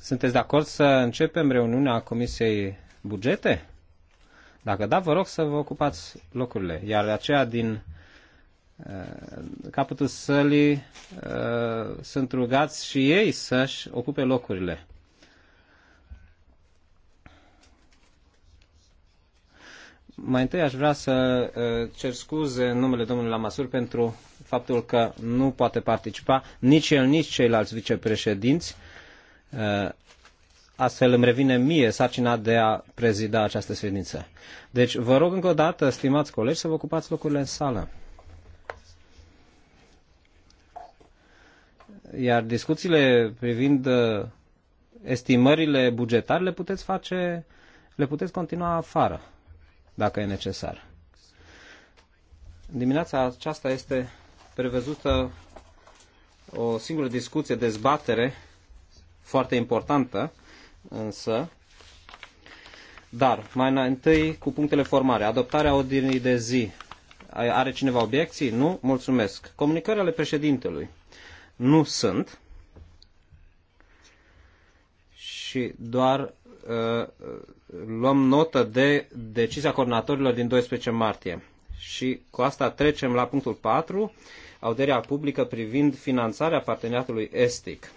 Sunteți de acord să începem reuniunea Comisiei Bugete? Dacă da, vă rog să vă ocupați locurile. Iar aceea din uh, capătul sălii uh, sunt rugați și ei să-și ocupe locurile. Mai întâi aș vrea să cer scuze în numele domnului Lamasur pentru faptul că nu poate participa nici el, nici ceilalți vicepreședinți. Astfel îmi revine mie sarcina de a prezida această ședință. Deci vă rog încă o dată, stimați colegi, să vă ocupați locurile în sală. Iar discuțiile privind estimările bugetare le puteți face, le puteți continua afară dacă e necesar. Dimineața aceasta este prevăzută o singură discuție, dezbatere foarte importantă, însă, dar mai întâi cu punctele formare. Adoptarea ordinii de zi. Are cineva obiecții? Nu? Mulțumesc. Comunicările ale președintelui. Nu sunt. Și doar uh, luăm notă de decizia coordonatorilor din 12 martie. Și cu asta trecem la punctul 4, auderea publică privind finanțarea parteneriatului estic.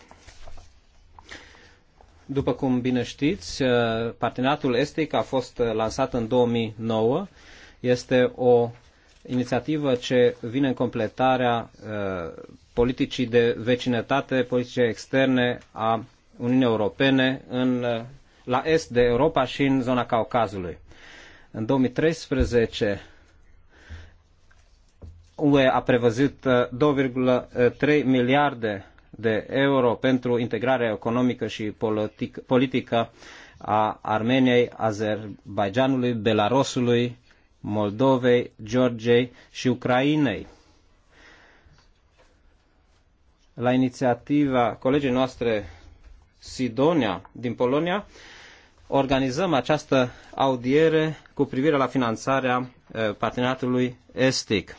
După cum bine știți, uh, parteneriatul estic a fost uh, lansat în 2009. Este o inițiativă ce vine în completarea uh, politicii de vecinătate, politice externe a Uniunii Europene în la est de Europa și în zona Caucazului. În 2013, UE a prevăzut 2,3 uh, miliarde de euro pentru integrarea economică și politică a Armeniei, Azerbaidjanului, Belarusului, Moldovei, Georgiei și Ucrainei. La inițiativa colegii noastre Sidonia din Polonia, organizăm această audiere cu privire la finanțarea uh, parteneriatului estic.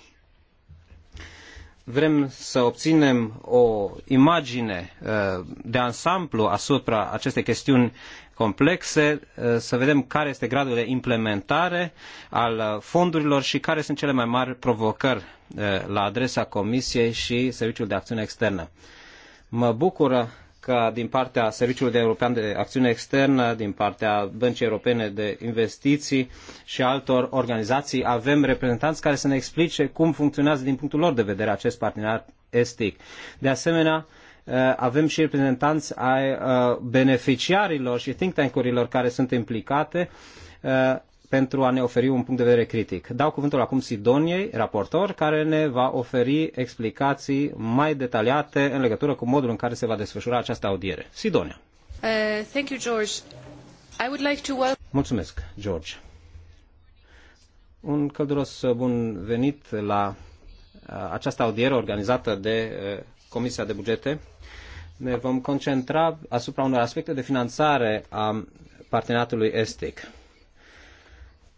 Vrem să obținem o imagine uh, de ansamblu asupra acestei chestiuni complexe, uh, să vedem care este gradul de implementare al fondurilor și care sunt cele mai mari provocări la adresa Comisiei și Serviciul de Acțiune Externă. Mă bucură ca din partea Serviciului de European de Acțiune Externă, din partea Băncii Europene de Investiții și altor organizații, avem reprezentanți care să ne explice cum funcționează din punctul lor de vedere acest parteneriat estic. De asemenea, eh, avem și reprezentanți ai eh, beneficiarilor și think tank-urilor care sunt implicate eh, pentru a ne oferi un punct de vedere critic. Dau cuvântul acum Sidoniei, raportor, care ne va oferi explicații mai detaliate în legătură cu modul în care se va desfășura această audiere. Sidonia. Uh, thank you, George. I would like to welcome... Mulțumesc, George. Un călduros bun venit la uh, această audiere organizată de uh, Comisia de Bugete. Ne vom concentra asupra unor aspecte de finanțare a parteneriatului estic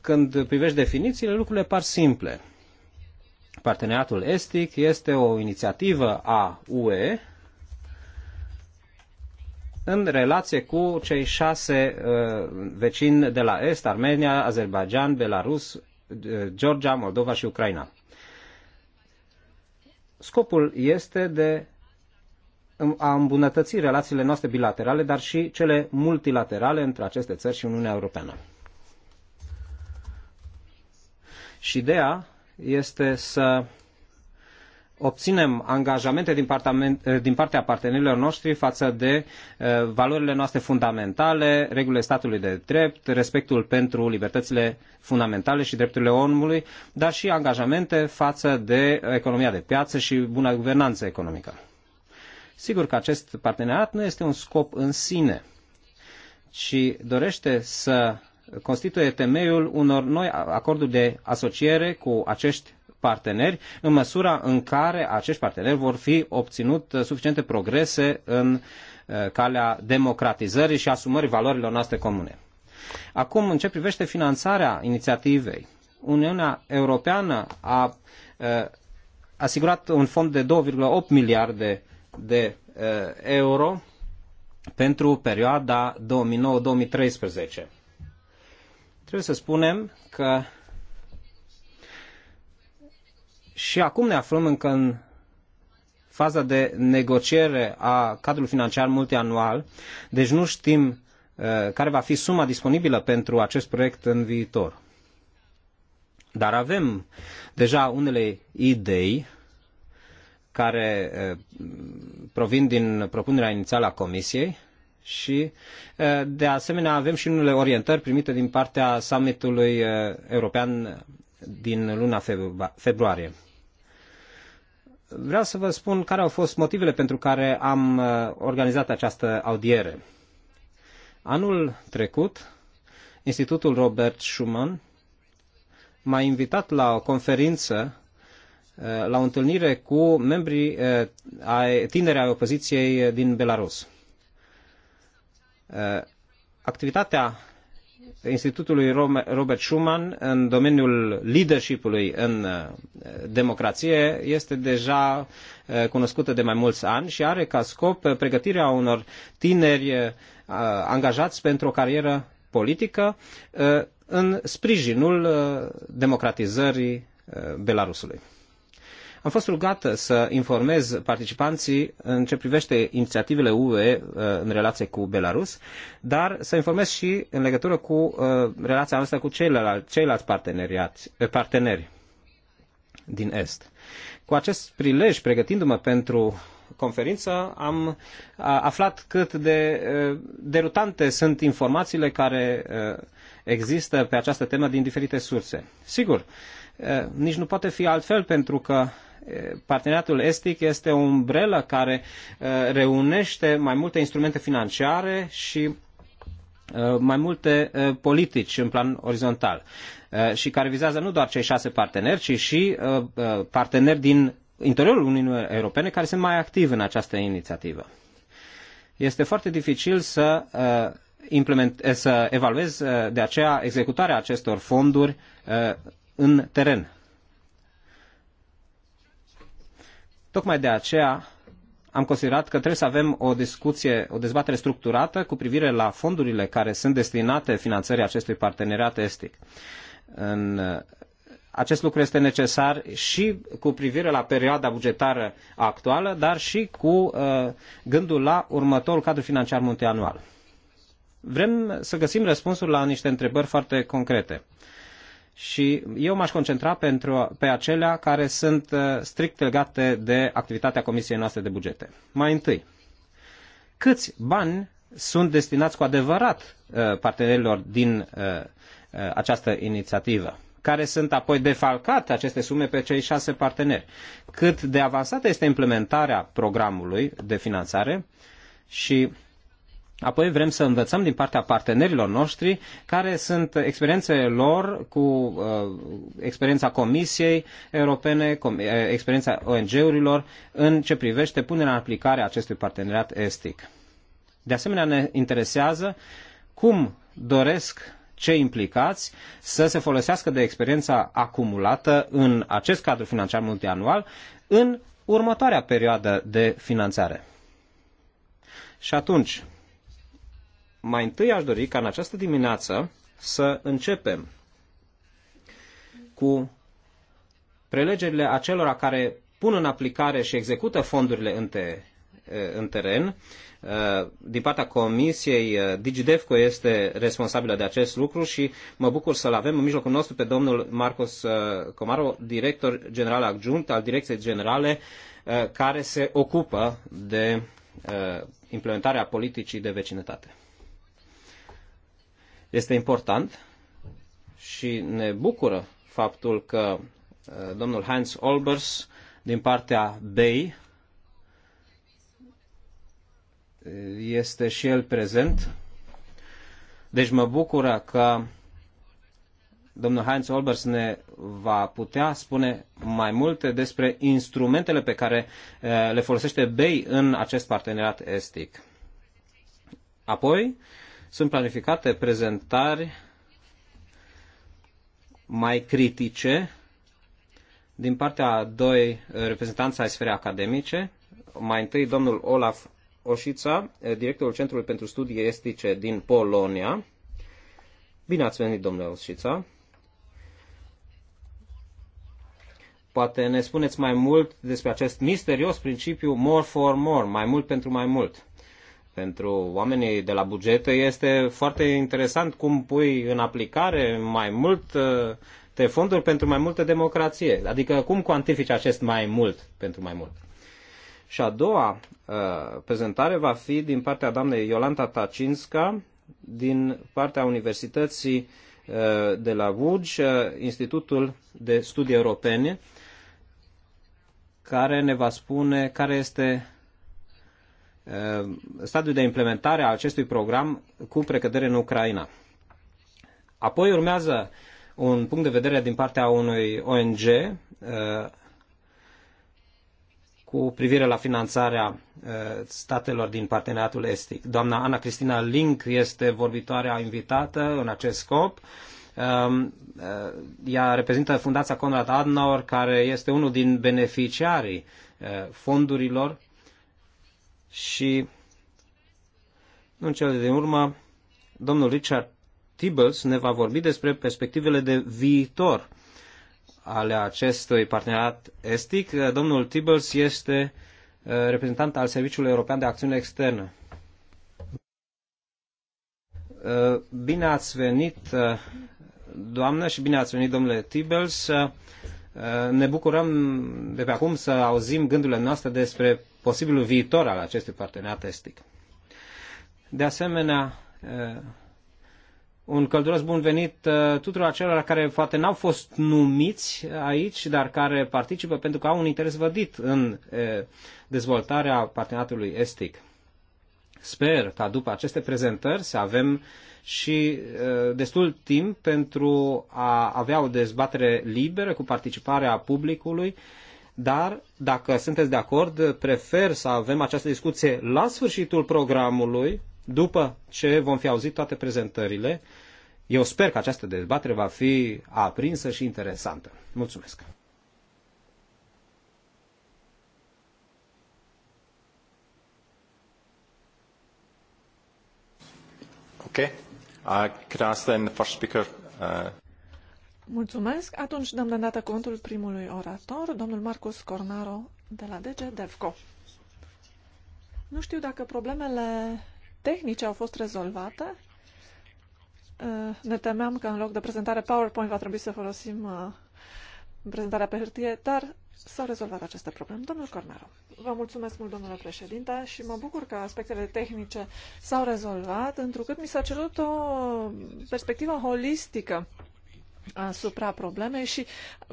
când privești definițiile, lucrurile par simple. Parteneriatul Estic este o inițiativă a UE în relație cu cei șase uh, vecini de la Est, Armenia, Azerbaijan, Belarus, uh, Georgia, Moldova și Ucraina. Scopul este de a îmbunătăți relațiile noastre bilaterale, dar și cele multilaterale între aceste țări și Uniunea Europeană. Și ideea este să obținem angajamente din, eh, din partea partenerilor noștri față de uh, valorile noastre fundamentale, regulile statului de drept, respectul pentru libertățile fundamentale și drepturile omului, dar și angajamente față de economia de piață și buna guvernanță economică. Sigur că acest parteneriat nu este un scop în sine, ci dorește să constituie temeiul unor noi acorduri de asociere cu acești parteneri, în măsura în care acești parteneri vor fi obținut uh, suficiente progrese în uh, calea democratizării și asumării valorilor noastre comune. Acum, în ce privește finanțarea inițiativei, Uniunea Europeană a uh, asigurat un fond de 2,8 miliarde de euro pentru perioada 2009-2013 Trebuie să spunem că și acum ne aflăm încă în faza de negociere a cadrului financiar multianual, deci nu știm uh, care va fi suma disponibilă pentru acest proiect în viitor. Dar avem deja unele idei care uh, provin din propunerea inițială a Comisiei și, eh, de asemenea, avem și unele orientări primite din partea summitului eh, european din luna februarie. Vreau să vă spun care au fost motivele pentru care am eh, organizat această audiere. Anul trecut, Institutul Robert Schuman m-a invitat la o conferință la o întâlnire cu membrii tineri ai opoziției din Belarus. Uh, activitatea Institutului Robert Schuman în domeniul leadershipului în uh, democrație este deja uh, cunoscută de mai mulți ani și are ca scop pregătirea unor tineri angajați pentru o carieră politică în sprijinul democratizării Belarusului. Am fost rugat să informez participanții în ce privește inițiativele UE uh, în relație cu Belarus, dar să informez și în legătură cu uh, relația noastră cu ceilalți, ceilalți uh, parteneri din Est. Cu acest prilej, pregătindu-mă pentru conferință, am aflat cât de derutante sunt informațiile care există pe această temă din diferite surse. Sigur, nici nu poate fi altfel pentru că parteneriatul estic este o umbrelă care uh, reunește mai multe instrumente financiare și uh, mai multe uh, politici în plan orizontal și care vizează nu doar cei șase parteneri, ci și parteneri din interiorul Uniunii Europene care sunt mai activi în această inițiativă. Este foarte dificil să, implement, să evaluez de aceea executarea acestor fonduri în teren. Tocmai de aceea am considerat că trebuie să avem o discuție, o dezbatere structurată cu privire la fondurile care sunt destinate finanțării acestui parteneriat estic. În, acest lucru este necesar și cu privire la perioada bugetară actuală, dar și cu uh, gândul la următorul cadru financiar multianual. Vrem să găsim răspunsuri la niște întrebări foarte concrete. Uh, și eu m-aș concentra pentru, pe acelea care sunt uh, strict legate de activitatea Comisiei noastre de bugete. Mai întâi, câți bani sunt destinați cu adevărat uh, partenerilor din uh, această inițiativă? care sunt apoi defalcate aceste sume pe cei șase parteneri. Cât de avansată este implementarea programului de finanțare și Apoi vrem să învățăm din partea partenerilor noștri care sunt experiențele lor cu uh, experiența Comisiei Europene, com- uh, experiența ONG-urilor în ce privește punerea în aplicare a acestui parteneriat estic. De asemenea, ne interesează cum doresc cei implicați să se folosească de experiența acumulată în acest cadru financiar multianual în următoarea perioadă de finanțare. Și atunci, mai întâi aș dori ca în această dimineață să începem cu prelegerile acelora care pun în aplicare și execută fondurile în, te, în teren. Din partea Comisiei, DigiDevco este responsabilă de acest lucru și mă bucur să-l avem în mijlocul nostru pe domnul Marcos Comaro, director general adjunct al Direcției Generale, care se ocupă de implementarea politicii de vecinătate. Este important și ne bucură faptul că uh, domnul Heinz Olbers din partea Bay este și el prezent. Deci mă bucură că domnul Heinz Olbers ne va putea spune mai multe despre instrumentele pe care uh, le folosește Bay în acest parteneriat estic. Apoi, sunt planificate prezentări mai critice din partea a doi reprezentanți ai sferei academice, mai întâi domnul Olaf Oșița, directorul Centrului pentru Studii Estice din Polonia. Bine ați venit, domnule Oșița! Poate ne spuneți mai mult despre acest misterios principiu more for more, mai mult pentru mai mult pentru oamenii de la bugete este foarte interesant cum pui în aplicare mai mult de fonduri pentru mai multă democrație. Adică cum cuantifici acest mai mult pentru mai mult. Și a doua uh, prezentare va fi din partea doamnei Iolanta Tacinska, din partea Universității uh, de la Bugi, uh, Institutul de Studii Europene, care ne va spune care este Uh, stadiul de implementare a acestui program cu precădere în Ucraina. Apoi urmează un punct de vedere din partea unui ONG uh, cu privire la finanțarea uh, statelor din parteneriatul estic. Doamna Ana Cristina Link este vorbitoarea invitată în acest scop. Um, ea reprezintă Fundația Conrad Adenauer, care este unul din beneficiarii fondurilor și în cele din urmă domnul Richard Tibbles ne va vorbi despre perspectivele de viitor ale acestui parteneriat estic. Domnul Tibbles este eh, reprezentant al Serviciului European de Acțiune Externă. Eh, bine ați venit, eh, doamnă, și bine ați venit, domnule Tibbles. Uh, ne bucurăm de pe acum să auzim gândurile noastre despre posibilul viitor al acestui parteneriat estic. De asemenea, uh, un călduros bun venit uh, tuturor acelor care poate n-au fost numiți aici, dar care participă pentru că au un interes vădit în dezvoltarea parteneriatului estic. Sper ca după aceste prezentări să avem și destul timp pentru a avea o dezbatere liberă cu participarea publicului, dar dacă sunteți de acord, prefer să avem această discuție la sfârșitul programului, după ce vom fi auzit toate prezentările. Eu sper că această dezbatere va fi aprinsă și interesantă. Mulțumesc! Okay. Uh, uh, Mulțumesc. Atunci dăm de dată contul primului orator, domnul Marcus Cornaro de la DG DEVCO. Nu știu dacă problemele tehnice au fost rezolvate. Uh, ne temeam că în loc de prezentare PowerPoint va trebui să folosim în prezentarea pe hârtie, dar s-au rezolvat aceste probleme. Domnul Cornaro, vă mulțumesc mult, domnule președinte, și mă bucur că aspectele tehnice s-au rezolvat, întrucât mi s-a cerut o perspectivă holistică asupra problemei și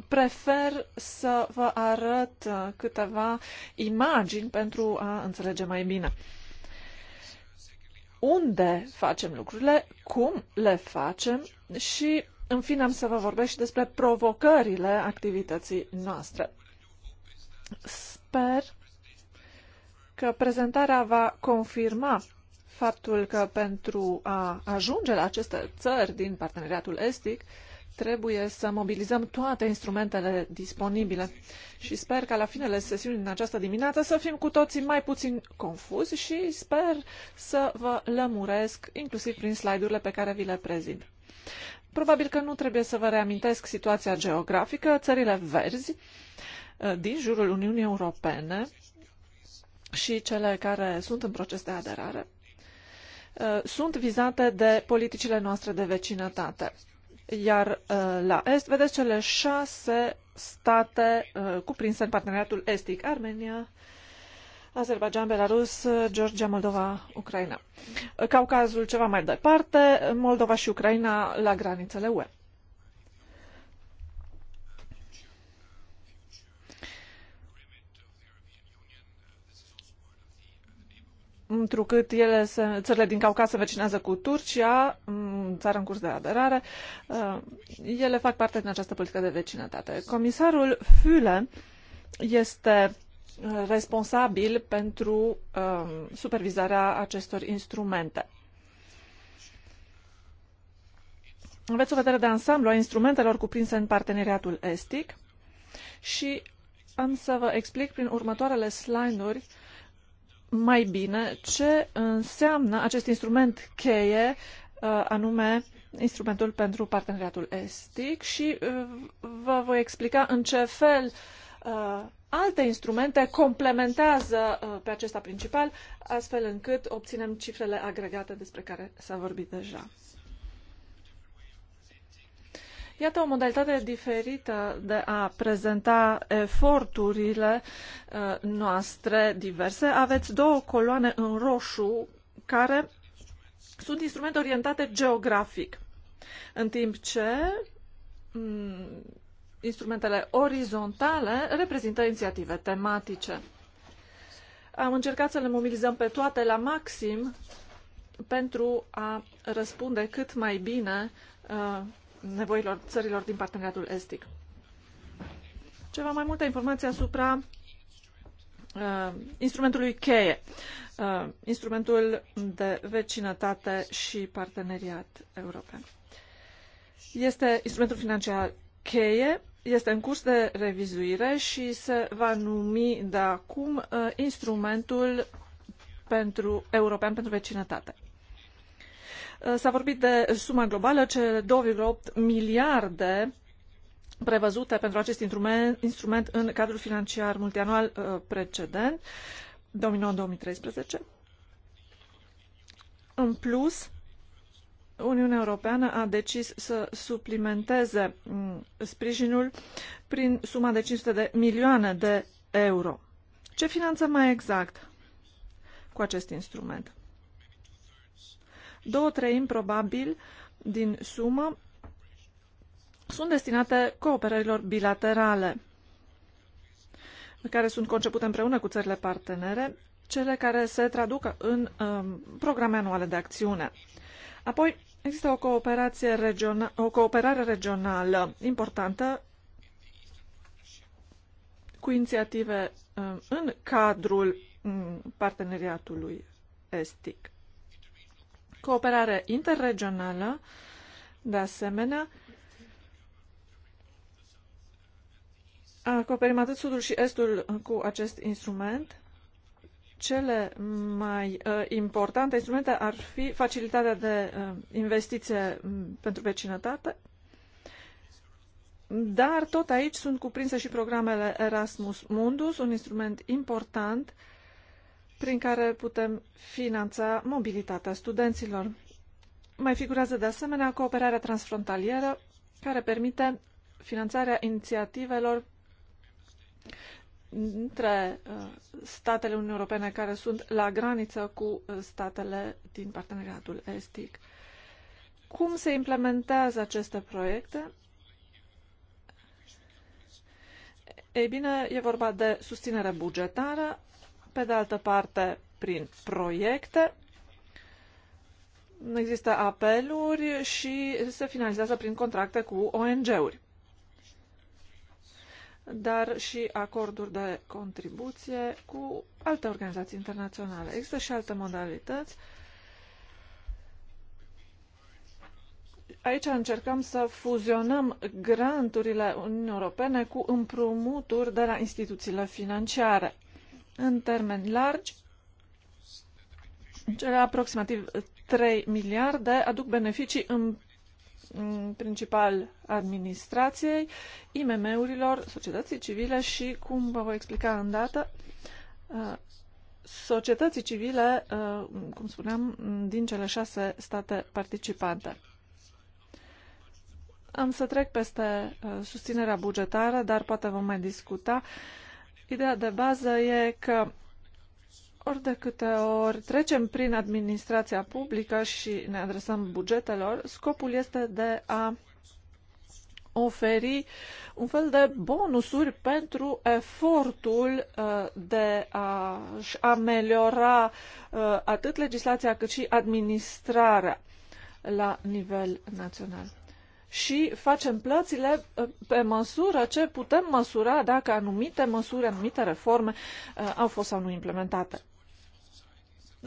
prefer să vă arăt câteva imagini pentru a înțelege mai bine. Unde facem lucrurile, cum le facem și în fine, am să vă vorbesc și despre provocările activității noastre. Sper că prezentarea va confirma faptul că pentru a ajunge la aceste țări din parteneriatul estic, trebuie să mobilizăm toate instrumentele disponibile și sper ca la finele sesiunii din această dimineață să fim cu toții mai puțin confuzi și sper să vă lămuresc inclusiv prin slide-urile pe care vi le prezint. Probabil că nu trebuie să vă reamintesc situația geografică. Țările verzi eh, din jurul Uniunii Europene și cele care sunt în proces de aderare eh, sunt vizate de politicile noastre de vecinătate. Iar eh, la est, vedeți cele șase state cuprinse în parteneriatul estic, Armenia, Azerbaijan, Belarus, Georgia, Moldova, Ucraina. Caucazul ceva mai departe, Moldova și Ucraina la granițele UE. întrucât ele se, țările din Caucaz se vecinează cu Turcia, țară în curs de aderare, uh, ele fac parte din această politică de vecinătate. Comisarul Füle este responsabil pentru uh, supervizarea acestor instrumente. Aveți o vedere de ansamblu a instrumentelor cuprinse în parteneriatul estic și am să vă explic prin următoarele slide-uri mai bine ce înseamnă acest instrument cheie, uh, anume instrumentul pentru parteneriatul estic și uh, vă voi explica în ce fel uh, Uh, alte instrumente complementează uh, pe acesta principal, astfel încât obținem cifrele agregate despre care s-a vorbit deja. Iată o modalitate diferită de a prezenta eforturile uh, noastre diverse. Aveți două coloane în roșu care sunt instrumente orientate geografic, în timp ce mm, instrumentele orizontale reprezintă inițiative tematice. Am încercat să le mobilizăm pe toate la maxim pentru a răspunde cât mai bine uh, nevoilor țărilor din parteneriatul estic. Ceva mai multe informații asupra uh, instrumentului cheie, uh, instrumentul de vecinătate și parteneriat european. Este instrumentul financiar cheie este în curs de revizuire și se va numi de acum uh, instrumentul pentru, european pentru vecinătate. Uh, s-a vorbit de suma globală, cele 2,8 miliarde prevăzute pentru acest instrument, instrument în cadrul financiar multianual uh, precedent, 2009-2013. În plus, Uniunea Europeană a decis să suplimenteze mm, sprijinul prin suma de 500 de milioane de euro. Ce finanțăm mai exact cu acest instrument? Două treimi, probabil, din sumă sunt destinate cooperărilor bilaterale, care sunt concepute împreună cu țările partenere, cele care se traducă în um, programe anuale de acțiune. Apoi, Există o, cooperație regiona- o cooperare regională importantă cu inițiative uh, în cadrul mm, parteneriatului estic. Cooperare interregională, de asemenea, acoperim atât sudul și estul cu acest instrument, cele mai uh, importante instrumente ar fi facilitatea de uh, investiție mm, pentru vecinătate, dar tot aici sunt cuprinse și programele Erasmus Mundus, un instrument important prin care putem finanța mobilitatea studenților. Mai figurează de asemenea cooperarea transfrontalieră care permite finanțarea inițiativelor între uh, statele Uniunii Europene care sunt la graniță cu uh, statele din parteneriatul estic. Cum se implementează aceste proiecte? Ei bine, e vorba de susținere bugetară, pe de altă parte prin proiecte. Există apeluri și se finalizează prin contracte cu ONG-uri dar și acorduri de contribuție cu alte organizații internaționale. Există și alte modalități. Aici încercăm să fuzionăm granturile Uniunii Europene cu împrumuturi de la instituțiile financiare. În termeni largi, cele aproximativ 3 miliarde aduc beneficii în Mm, principal administrației, IMM-urilor, societății civile și, cum vă voi explica îndată, uh, societății civile, uh, cum spuneam, mm, din cele șase state participante. Am să trec peste uh, susținerea bugetară, dar poate vom mai discuta. Ideea de bază e că ori de câte ori trecem prin administrația publică și ne adresăm bugetelor, scopul este de a oferi un fel de bonusuri pentru efortul uh, de a ameliora uh, atât legislația cât și administrarea la nivel național. Și facem plățile uh, pe măsură ce putem măsura dacă anumite măsuri, anumite reforme au fost sau nu implementate.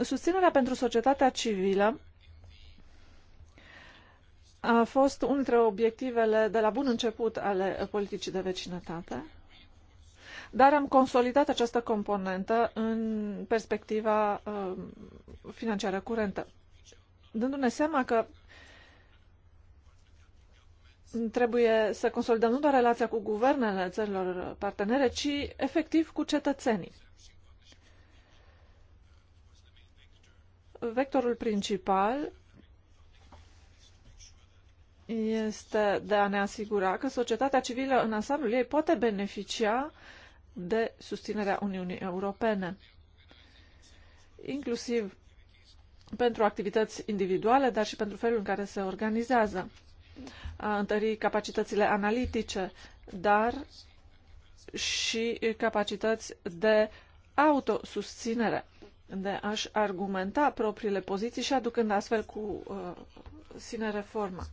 Susținerea pentru societatea civilă a fost unul dintre obiectivele de la bun început ale politicii de vecinătate, dar am consolidat această componentă în perspectiva um, financiară curentă, dându-ne seama că trebuie să consolidăm nu doar relația cu guvernele țărilor partenere, ci efectiv cu cetățenii. Vectorul principal este de a ne asigura că societatea civilă în ansamblul ei poate beneficia de susținerea Uniunii Europene, inclusiv pentru activități individuale, dar și pentru felul în care se organizează, a întări capacitățile analitice, dar și capacități de autosusținere de a-și argumenta propriile poziții și aducând astfel cu uh, sine reforma.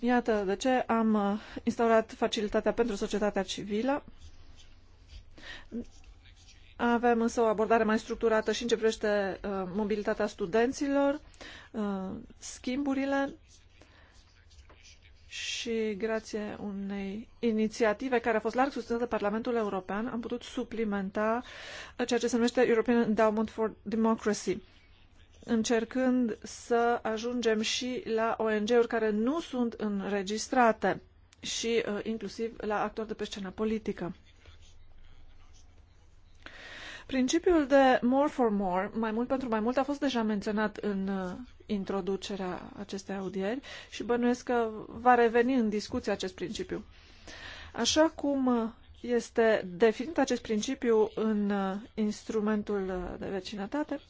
Iată de ce am uh, instaurat facilitatea pentru societatea civilă. Avem însă o abordare mai structurată și începește uh, mobilitatea studenților, uh, schimburile și grație unei inițiative care a fost larg susținută de Parlamentul European, am putut suplimenta ceea ce se numește European Endowment for Democracy, încercând să ajungem și la ONG-uri care nu sunt înregistrate și uh, inclusiv la actori de pe scena politică. Principiul de more for more, mai mult pentru mai mult, a fost deja menționat în uh, introducerea acestei audieri și bănuiesc că va reveni în discuție acest principiu. Așa cum uh, este definit acest principiu în uh, instrumentul de vecinătate,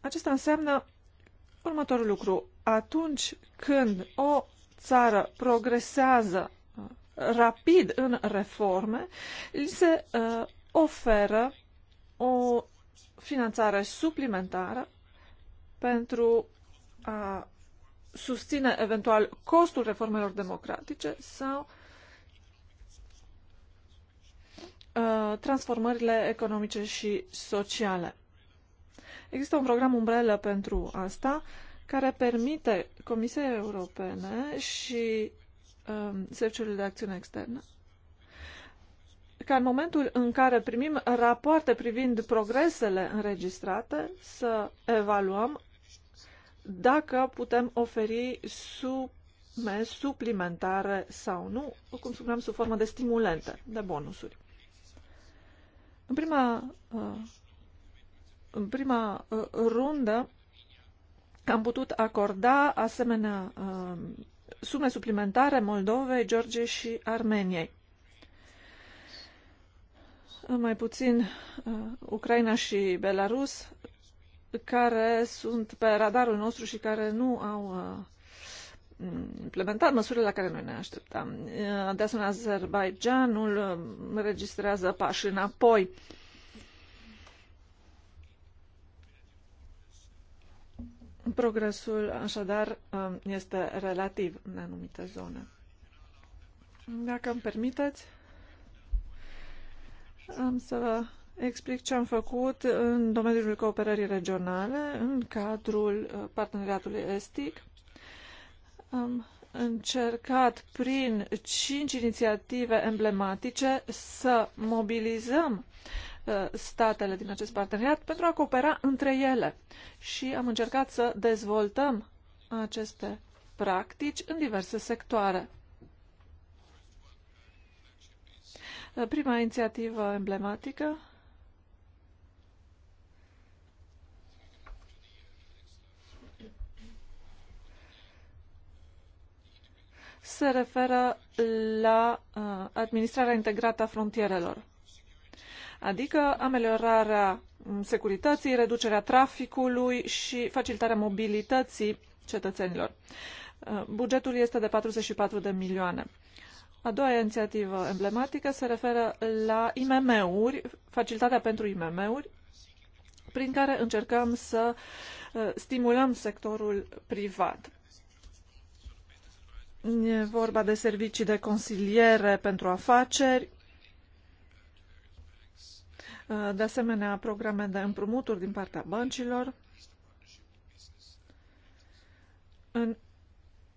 acesta înseamnă următorul lucru. Atunci când o țară progresează rapid în reforme, li se uh, oferă o finanțare suplimentară pentru a susține eventual costul reformelor democratice sau uh, transformările economice și sociale. Există un program umbrelă pentru asta care permite Comisiei Europene și Um, Serviciului de Acțiune Externă, ca în momentul în care primim rapoarte privind progresele înregistrate, să evaluăm dacă putem oferi sume suplimentare sau nu, cum spuneam, sub formă de stimulente, de bonusuri. În prima, uh, în prima uh, rundă am putut acorda asemenea uh, sume suplimentare Moldovei, Georgiei și Armeniei. Mai puțin uh, Ucraina și Belarus, care sunt pe radarul nostru și care nu au uh, implementat măsurile la care noi ne așteptam. Uh, de asemenea, Azerbaijanul registrează pași înapoi Progresul, așadar, um, este relativ în anumite zone. Dacă îmi permiteți, am să vă explic ce am făcut în domeniul cooperării regionale, în cadrul uh, parteneriatului estic. Am încercat prin cinci inițiative emblematice să mobilizăm uh, Uh, statele din acest parteneriat pentru a coopera între ele. Și am încercat să dezvoltăm aceste practici în diverse sectoare. Uh, prima inițiativă emblematică se referă la uh, administrarea integrată a frontierelor adică ameliorarea securității, reducerea traficului și facilitarea mobilității cetățenilor. Uh, bugetul este de 44 de milioane. A doua inițiativă emblematică se referă la IMM-uri, facilitatea pentru IMM-uri, prin care încercăm să uh, stimulăm sectorul privat. E vorba de servicii de consiliere pentru afaceri, de asemenea programe de împrumuturi din partea băncilor, în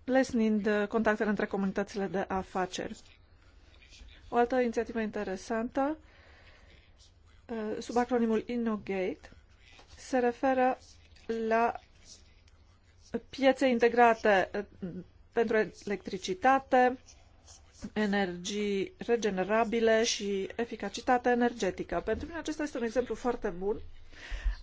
lesnind contactele între comunitățile de afaceri. O altă inițiativă interesantă, sub acronimul InnoGate, se referă la piețe integrate eh, pentru electricitate, energii regenerabile și eficacitatea energetică. Pentru mine acesta este un exemplu foarte bun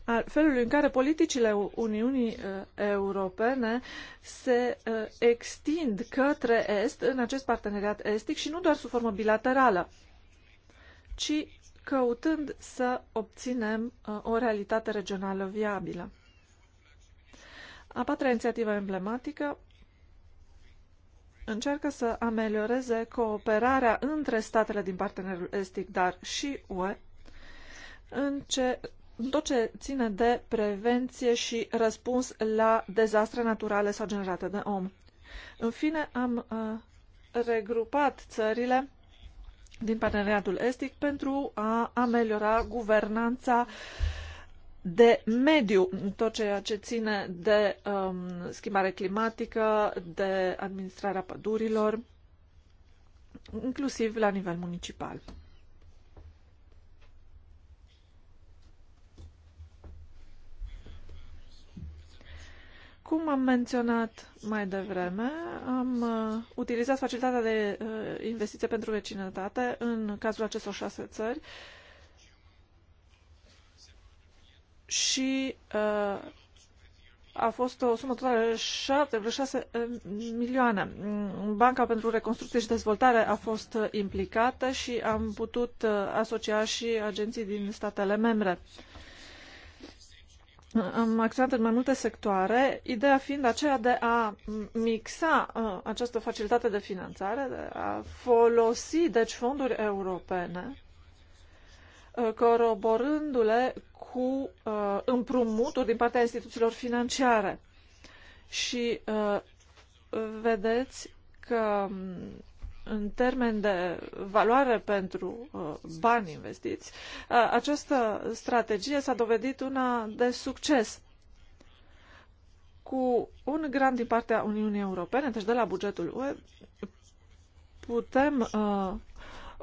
al felului în care politicile Uniunii uh, Europene se uh, extind către Est în acest parteneriat estic și nu doar sub formă bilaterală, ci căutând să obținem uh, o realitate regională viabilă. A patra inițiativă emblematică încearcă să amelioreze cooperarea între statele din partenerul estic, dar și UE, în, ce, în tot ce ține de prevenție și răspuns la dezastre naturale sau generate de om. În fine, am uh, regrupat țările din parteneriatul estic pentru a ameliora guvernanța uh, de mediu, tot ceea ce ține de um, schimbare climatică, de administrarea pădurilor, inclusiv la nivel municipal. Cum am menționat mai devreme, am uh, utilizat facilitatea de uh, investiție pentru vecinătate în cazul acestor șase țări uh, și uh, a fost o sumă totală de uh, milioane. Mm, Banca pentru Reconstrucție și Dezvoltare a fost uh, implicată și am putut uh, asocia și agenții din statele membre. Am acționat în mai multe sectoare, ideea fiind aceea de a mixa uh, această facilitate de finanțare, de a folosi deci fonduri europene Uh, coroborându-le cu uh, împrumuturi din partea instituțiilor financiare. Și uh, vedeți că um, în termen de valoare pentru uh, bani investiți, uh, această strategie s-a dovedit una de succes cu un grant din partea Uniunii Europene, deci de la bugetul UE, putem uh,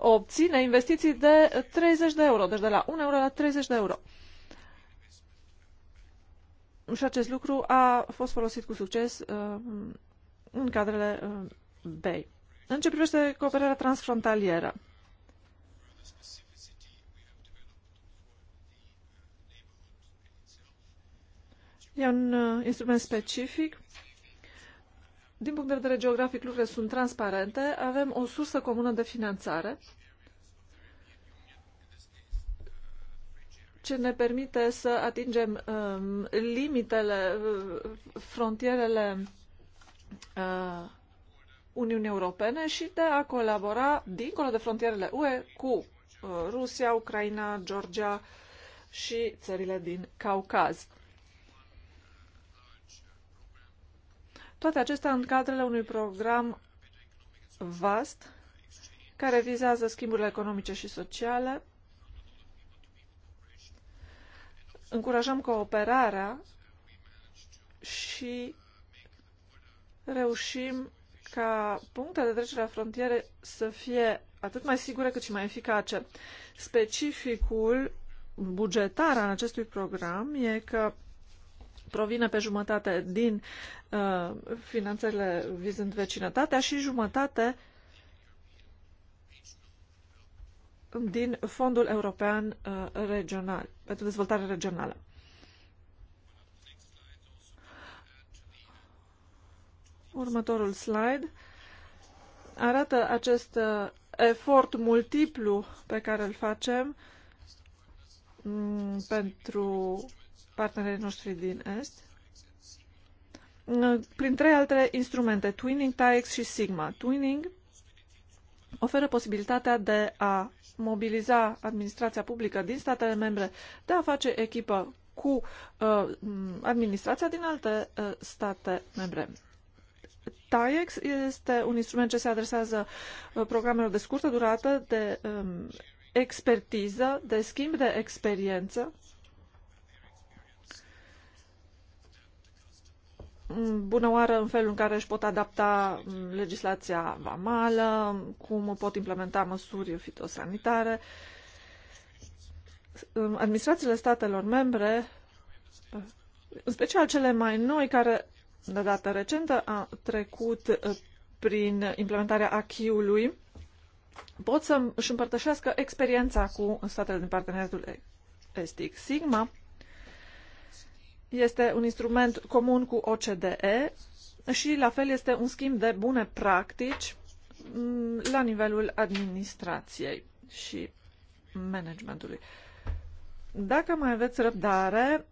obține investiții de 30 de euro, deci de la 1 euro la 30 de euro. Și acest lucru a fost folosit cu succes uh, în cadrele uh, BEI. În ce privește cooperarea transfrontalieră, e un uh, instrument specific din punct de vedere geografic, lucrurile sunt transparente. Avem o sursă comună de finanțare ce ne permite să atingem um, limitele, uh, frontierele uh, Uniunii Europene și de a colabora dincolo de frontierele UE cu uh, Rusia, Ucraina, Georgia și țările din Caucaz. Toate acestea în cadrele unui program vast care vizează schimburile economice și sociale. Încurajăm cooperarea și reușim ca punctele de trecere a frontierei să fie atât mai sigure cât și mai eficace. Specificul bugetar al acestui program e că provine pe jumătate din uh, finanțele vizând vecinătatea și jumătate din Fondul European uh, Regional, pentru dezvoltare regională. Următorul slide arată acest uh, efort multiplu pe care îl facem mm, pentru partenerii noștri din Est, prin trei alte instrumente, Twinning, TAEX și Sigma. Twinning oferă posibilitatea de a mobiliza administrația publică din statele membre, de a face echipă cu uh, administrația din alte uh, state membre. Taex este un instrument ce se adresează uh, programelor de scurtă durată, de um, expertiză, de schimb de experiență bună oară în felul în care își pot adapta mm, legislația vamală, cum pot implementa măsuri fitosanitare. Administrațiile statelor membre, în special cele mai noi, care de dată recentă a trecut eh, prin implementarea acquis pot să își împărtășească experiența cu statele din parteneriatul estic. Sigma este un instrument comun cu OCDE și la fel este un schimb de bune practici mm, la nivelul administrației și managementului. Dacă mai aveți răbdare,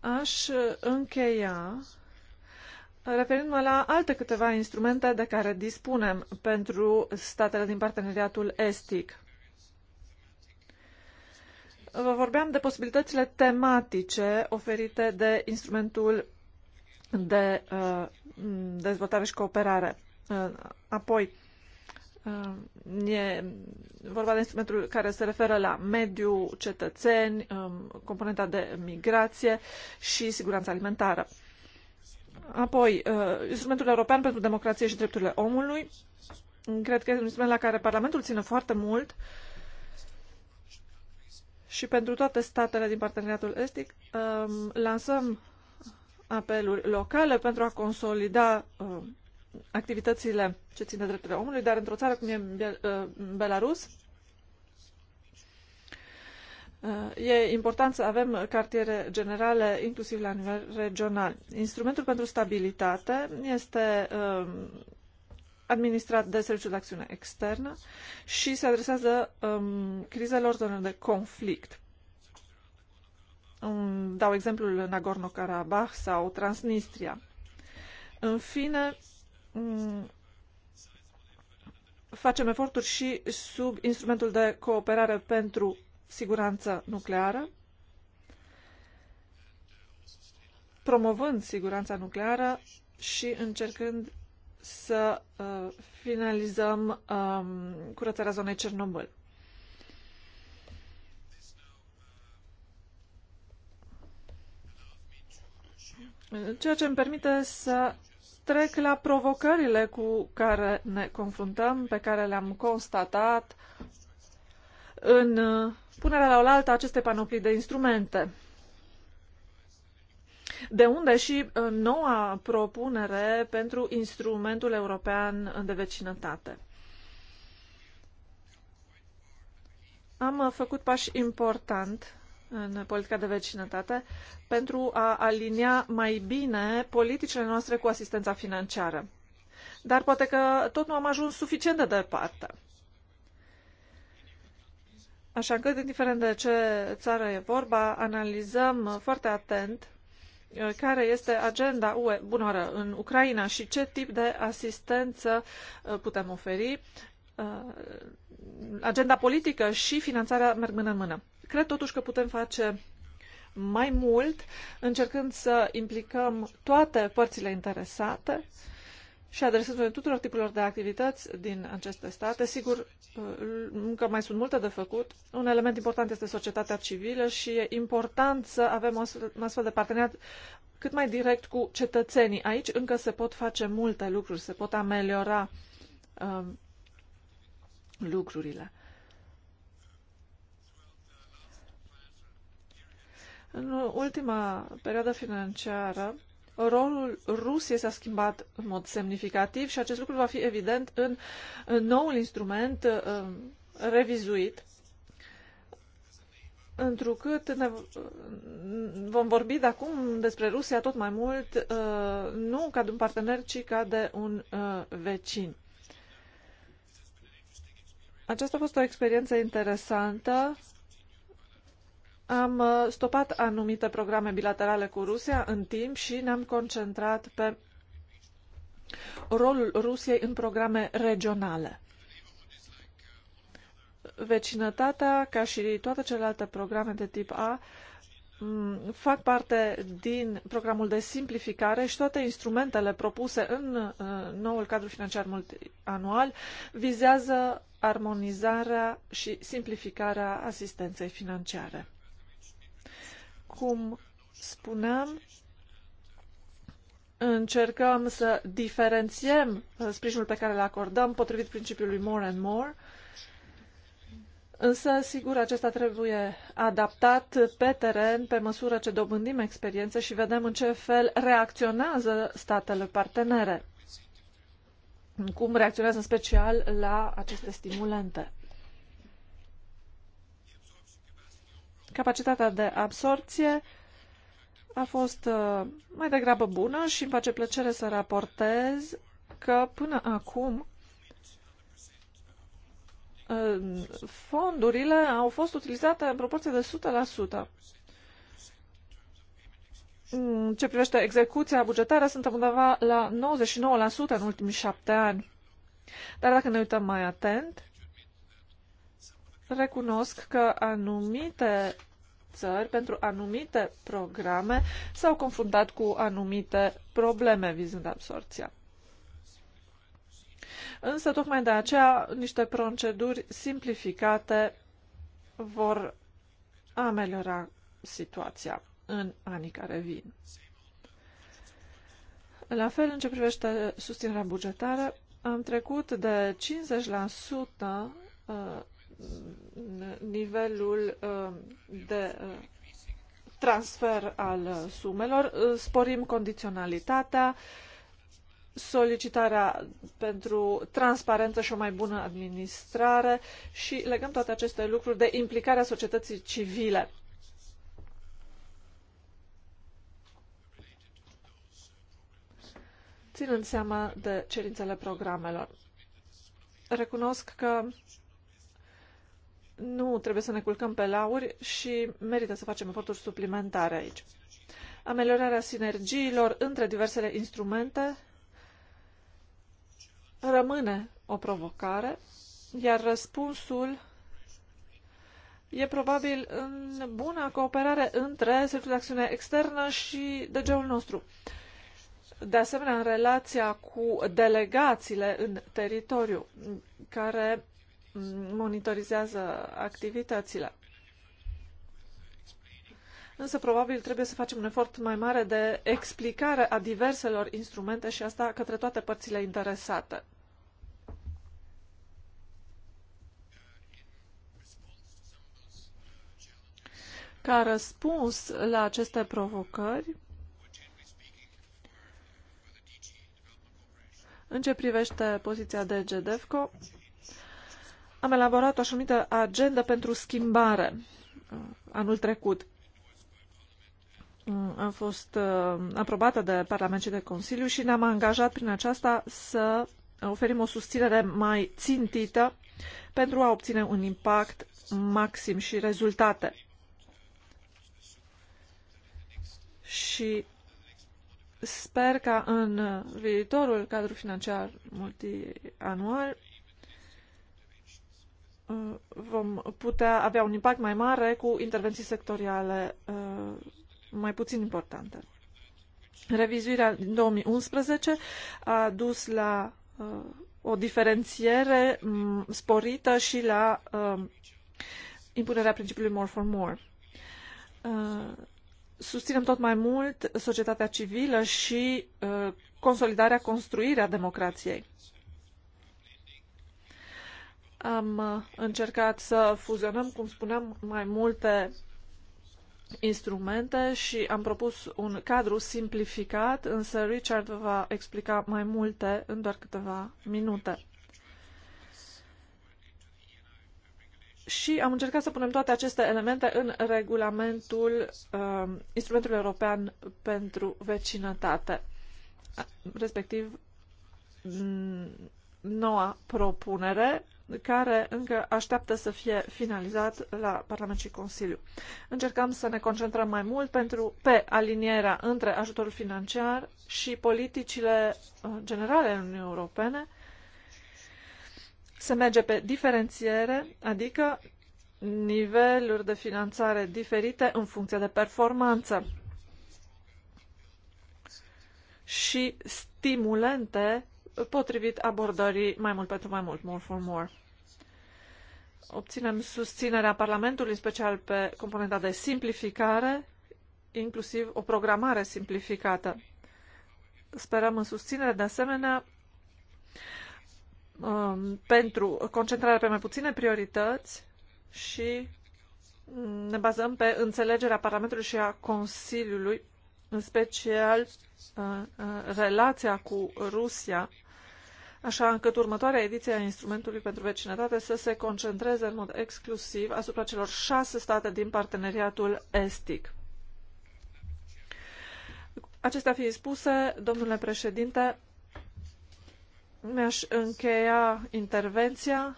aș încheia referindu-mă la alte câteva instrumente de care dispunem pentru statele din parteneriatul estic. Vă vorbeam de posibilitățile tematice oferite de instrumentul de uh, dezvoltare și cooperare. Uh, apoi, uh, e vorba de instrumentul care se referă la mediu, cetățeni, um, componenta de migrație și siguranța alimentară. Apoi, uh, instrumentul european pentru democrație și drepturile omului. Cred că este un instrument la care Parlamentul ține foarte mult uh, și pentru toate statele din parteneriatul estic um, lansăm apeluri locale pentru a consolida um, activitățile ce țin de drepturile omului, dar într-o țară cum e uh, Belarus, uh, E important să avem cartiere generale, inclusiv la nivel regional. Instrumentul pentru stabilitate este um, administrat de Serviciul de Acțiune Externă și se adresează um, crizelor zonelor de conflict. Um, dau exemplul Nagorno-Karabakh sau Transnistria. În fine, um, facem eforturi și sub instrumentul de cooperare pentru siguranță nucleară, promovând siguranța nucleară și încercând să uh, finalizăm um, curățarea zonei Cernobâl. Ceea ce îmi permite să trec la provocările cu care ne confruntăm, pe care le-am constatat în uh, punerea la oaltă acestei panoplii de instrumente. De unde și uh, noua propunere pentru instrumentul european de vecinătate. Am uh, făcut pași important în politica de vecinătate pentru a alinia mai bine politicile noastre cu asistența financiară. Dar poate că tot nu am ajuns suficient de departe. Așa încât, indiferent de ce țară e vorba, analizăm foarte atent Eh, care este agenda UE bunoară în Ucraina și ce tip de asistență eh, putem oferi. Eh, agenda politică și finanțarea merg mână în mână. Cred totuși că putem face mai mult, încercând să implicăm toate părțile interesate și adresându-ne tuturor tipurilor de activități din aceste state. Sigur, uh, încă mai sunt multe de făcut. Un element important este societatea civilă și e important să avem un astfel de parteneriat cât mai direct cu cetățenii. Aici încă se pot face multe lucruri, se pot ameliora um, lucrurile. În ultima perioadă financiară, rolul Rusiei s-a schimbat în mod semnificativ și acest lucru va fi evident în, în noul instrument uh, revizuit, întrucât ne, uh, vom vorbi de acum despre Rusia tot mai mult, uh, nu ca de un partener, ci ca de un uh, vecin. Aceasta a fost o experiență interesantă am uh, stopat anumite programe bilaterale cu Rusia în timp și ne-am concentrat pe rolul Rusiei în programe regionale. Vecinătatea, ca și toate celelalte programe de tip A, fac parte din programul de simplificare și toate instrumentele propuse în uh, noul cadru financiar multianual vizează armonizarea și simplificarea asistenței financiare. Cum spuneam, încercăm să diferențiem uh, sprijinul pe care îl acordăm potrivit principiului more and more, însă, sigur, acesta trebuie adaptat pe teren pe măsură ce dobândim experiență și vedem în ce fel reacționează statele partenere, cum reacționează în special la aceste stimulente. Capacitatea de absorție a fost uh, mai degrabă bună și îmi face plăcere să raportez că până acum uh, fondurile au fost utilizate în proporție de 100%. În ce privește execuția bugetară, suntem undeva la 99% în ultimii șapte ani. Dar dacă ne uităm mai atent, recunosc că anumite țări, pentru anumite programe, s-au confruntat cu anumite probleme vizând absorția. Însă, tocmai de aceea, niște proceduri simplificate vor ameliora situația în anii care vin. La fel, în ce privește susținerea bugetară, am trecut de 50% nivelul uh, de uh, transfer al uh, sumelor, sporim condiționalitatea, solicitarea pentru transparență și o mai bună administrare și legăm toate aceste lucruri de implicarea societății civile. Ținând seama de cerințele programelor. Recunosc că nu trebuie să ne culcăm pe lauri și merită să facem eforturi suplimentare aici. Ameliorarea sinergiilor între diversele instrumente rămâne o provocare, iar răspunsul e probabil în bună cooperare între Serviciul de Acțiune Externă și DG-ul nostru. De asemenea, în relația cu delegațiile în teritoriu, care monitorizează activitățile. Însă probabil trebuie să facem un efort mai mare de explicare a diverselor instrumente și asta către toate părțile interesate. Ca răspuns la aceste provocări, în ce privește poziția de GDEFCO, am elaborat o așa agendă pentru schimbare uh, anul trecut. Uh, a fost uh, aprobată de Parlament și de Consiliu și ne-am angajat prin aceasta să oferim o susținere mai țintită pentru a obține un impact maxim și rezultate. Și sper ca în viitorul cadru financiar multianual Uh, vom putea avea un impact mai mare cu intervenții sectoriale uh, mai puțin importante. Revizuirea din 2011 a dus la uh, o diferențiere mm, sporită și la impunerea principiului more for more. Susținem tot mai mult societatea civilă și consolidarea, construirea democrației. Am uh, încercat să fuzionăm, cum spuneam, mai multe instrumente și am propus un cadru simplificat, însă Richard vă va explica mai multe în doar câteva minute. Și am încercat să punem toate aceste elemente în regulamentul uh, instrumentului european pentru vecinătate, respectiv mm, noua propunere care încă așteaptă să fie finalizat la Parlament și Consiliu. Încercăm să ne concentrăm mai mult pentru, pe alinierea între ajutorul financiar și politicile uh, generale ale Uniunii Europene. Se merge pe diferențiere, adică niveluri de finanțare diferite în funcție de performanță și stimulente potrivit abordării mai mult pentru mai mult, more for more. Obținem susținerea Parlamentului, în special pe componenta de simplificare, inclusiv o programare simplificată. Sperăm în susținere, de asemenea, um, pentru concentrarea pe mai puține priorități și ne bazăm pe înțelegerea Parlamentului și a Consiliului, în special uh, uh, relația cu Rusia așa încât următoarea ediție a instrumentului pentru vecinătate să se concentreze în mod exclusiv asupra celor șase state din parteneriatul estic. Acestea fiind spuse, domnule președinte, mi-aș încheia intervenția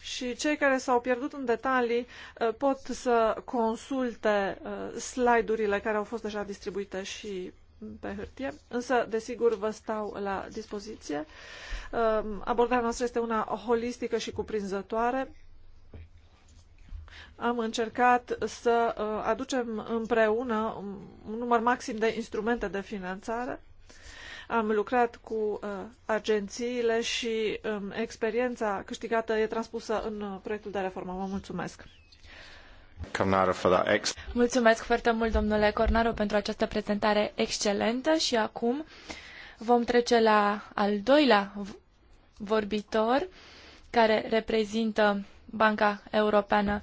și cei care s-au pierdut în detalii uh, pot să consulte uh, slide-urile care au fost deja distribuite și pe hârtie, însă, desigur, vă stau la dispoziție. Um, abordarea noastră este una holistică și cuprinzătoare. Am încercat să uh, aducem împreună un număr maxim de instrumente de finanțare. Am lucrat cu uh, agențiile și um, experiența câștigată e transpusă în proiectul de reformă. Vă mulțumesc! Mulțumesc foarte mult, domnule Cornaro, pentru această prezentare excelentă și acum vom trece la al doilea vorbitor care reprezintă Banca Europeană